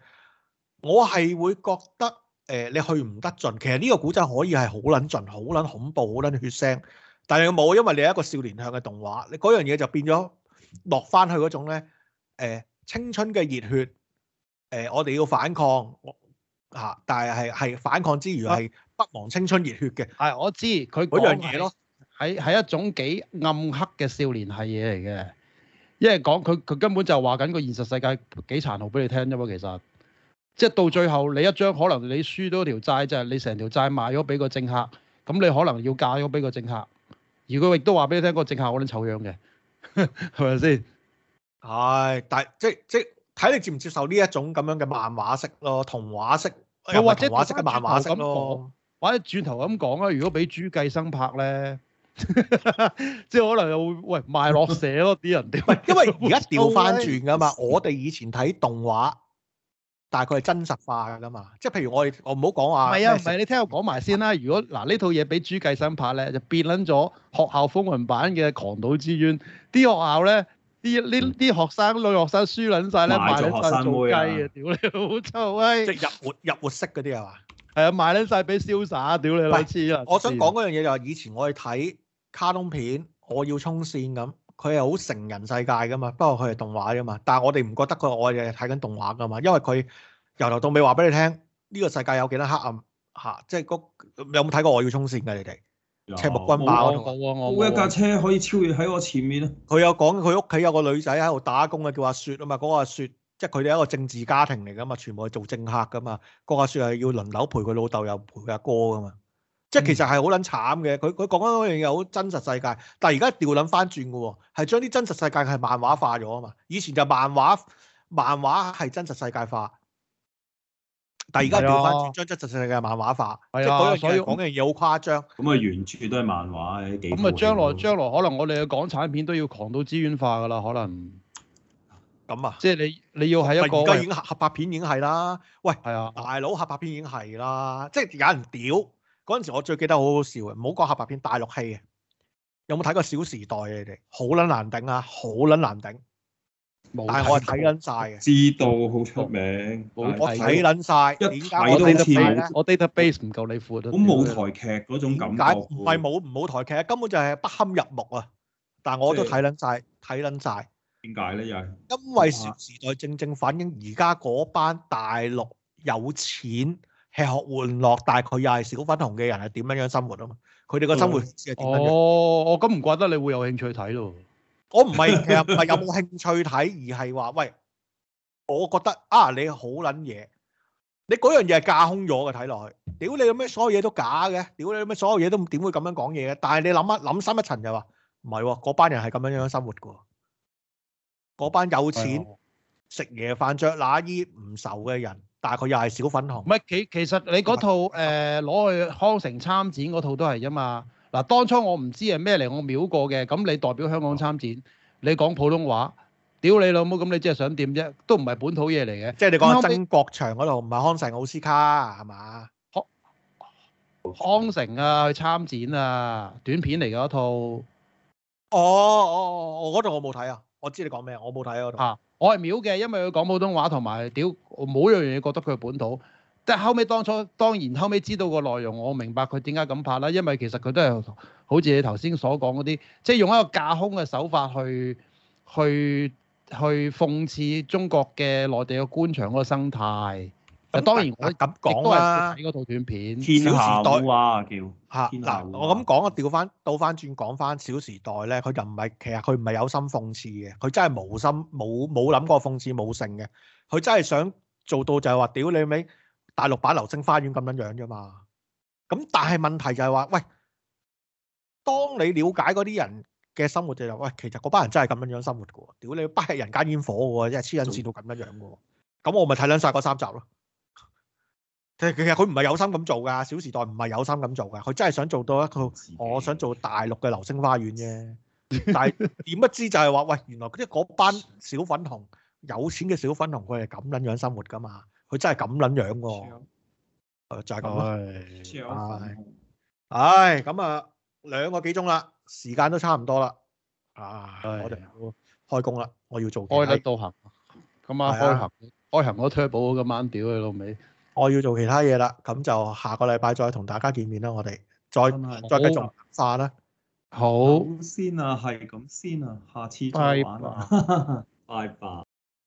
我係會覺得誒、呃、你去唔得盡。其實呢個古仔可以係好撚盡、好撚恐怖、好撚血腥，但係又冇，因為你係一個少年向嘅動畫，你嗰樣嘢就變咗。落翻去嗰種咧，誒青春嘅熱血，誒我哋要反抗，嚇！但係係係反抗之餘係不忘青春熱血嘅。係我知佢嗰樣嘢咯，係係一種幾暗黑嘅少年係嘢嚟嘅，因為講佢佢根本就話緊個現實世界幾殘酷俾你聽啫喎，其實即係到最後你一張可能你輸咗條債就係你成條債賣咗俾個政客，咁你可能要嫁咗俾個政客，而佢亦都話俾你聽個政客好撚醜樣嘅。係咪先？係 吧、哎，但即即睇你接唔接受呢一種咁樣嘅漫畫式咯，童話式，或者童話式嘅漫畫咁咯或。或者轉頭咁講啦，如果俾朱繼生拍咧， 即係可能又會喂賣落社咯啲人。 因為因為而家調翻轉噶嘛， 我哋以前睇動畫。大概係真實化㗎啦嘛，即係譬如我哋，我唔好講話。唔係啊，唔係你聽我講埋先啦。如果嗱呢套嘢俾豬計生拍咧，就變撚咗學校風雲版嘅狂賭之淵。啲學校咧，啲呢啲學生女學生輸撚曬咧，賣買學生妹啊，屌你老臭閪！即入活入活色嗰啲係嘛？係啊，賣撚晒俾瀟灑，屌你老！我知我想講嗰樣嘢就係以前我去睇卡通片，我要衝線咁。佢係好成人世界噶嘛，不過佢係動畫噶嘛，但係我哋唔覺得佢，我哋係睇緊動畫噶嘛，因為佢由頭到尾話俾你聽呢、這個世界有幾多黑暗嚇，即係你有冇睇過我要衝線噶你哋？有。赤木軍馬、那個、我都冇。冇一架車可以超越喺我前面啊！佢有講，佢屋企有個女仔喺度打工啊，叫阿雪啊嘛，嗰、那個阿雪即係佢哋一個政治家庭嚟噶嘛，全部係做政客噶嘛，嗰、那個阿雪係要輪流陪佢老豆又陪佢阿哥噶嘛。嗯、即係其實係好撚慘嘅，佢佢講緊嗰樣嘢好真實世界，但係而家調捻翻轉嘅喎，係將啲真實世界係漫畫化咗啊嘛。以前就漫畫漫畫係真實世界化，但係而家調翻轉，啊、將真實世界漫畫化。係啊、嗯、啊，所以講嘅嘢好誇張。咁啊，原著都係漫畫，幾咁啊？將來將來可能我哋嘅港產片都要狂到資源化噶啦，可能咁、嗯、啊。即係你你要喺一個已經合拍片已經係啦。喂，係啊，大佬合拍片已經係啦，即係有人屌。嗰陣時我最記得好好笑嘅，唔好講合拍片，大陸戲嘅，有冇睇過《小時代》啊？你哋好撚難頂啊，好撚難頂。冇。但係我係睇撚晒嘅。知道好出名。我睇撚晒。我一睇都好似我 database 唔夠你負得。咁舞台劇嗰種感覺。但係冇，唔冇舞台劇、啊，根本就係不堪入目啊！但我都睇撚晒，睇撚晒！點解咧？又係因為《小時代》正正反映而家嗰班大陸有錢。吃喝玩樂大概又係小粉紅嘅人係點樣樣生活啊嘛？佢哋個生活係點樣？哦，咁唔怪得你會有興趣睇咯？我唔係其實唔係有冇興趣睇， 而係話喂，我覺得啊你好撚嘢，你嗰樣嘢係架空咗嘅睇落去。屌你咩，所有嘢都假嘅，屌你咩，所有嘢都點會咁樣講嘢嘅？但係你諗一諗深一層就話唔係喎，嗰、啊、班人係咁樣樣生活嘅，嗰班有錢食嘢、 飯、着、那衣唔愁嘅人。大概又係小粉紅，唔係其其實你嗰套誒攞、呃、去康城參展嗰套都係啫嘛。嗱，當初我唔知係咩嚟，我秒過嘅。咁你代表香港參展，哦、你講普通話，屌你老母，咁你即係想點啫？都唔係本土嘢嚟嘅。即係你講曾國祥嗰度唔係康城奧斯卡係嘛？康城啊，去參展啊，短片嚟嘅嗰套。哦哦哦，嗰、哦、度我冇睇啊，我知你講咩，我冇睇嗰度。我係妙嘅，因為佢講普通話同埋屌，冇一樣嘢覺得佢係本土。即係後尾當初，當然後尾知道個內容，我明白佢點解咁拍啦。因為其實佢都係好似你頭先所講嗰啲，即係用一個架空嘅手法去去去諷刺中國嘅內地嘅官場嗰個生態。當然我咁講啦，睇嗰套短片《小時代》啊叫嚇。嗱我咁講啊，調翻倒翻轉講翻《小時代》咧，佢就唔係其實佢唔係有心諷刺嘅，佢真係冇心冇冇諗過諷刺冇性嘅，佢真係想做到就係話屌你咪大陸版《流星花園》咁樣樣啫嘛。咁但係問題就係話，喂，當你瞭解嗰啲人嘅生活就係喂，其實嗰班人真係咁樣樣生活嘅喎，屌你不食人間煙火嘅喎，真係黐緊線到咁樣樣嘅喎。咁我咪睇兩曬嗰三集咯。其實其實佢唔係有心咁做噶，《小時代》唔係有心咁做噶，佢真係想做到一套，我想做大陸嘅《流星花園》啫。但係點不知就係話，喂，原來嗰啲嗰班小粉紅有錢嘅小粉紅，佢係咁捻樣生活噶嘛？佢真係咁捻樣喎。誒，就係咁咯。小粉紅。唉，咁啊，兩個幾鐘啦，時間都差唔多啦。啊，我哋開工啦，我要做開得都行。今晚開行，開行嗰 trip 保，今晚屌你老味。我要做其他嘢啦，咁就下個禮拜再同大家見面啦。我哋再好再繼續化啦。好，好先啊，係咁先啊，下次再玩啦。拜拜。 拜拜。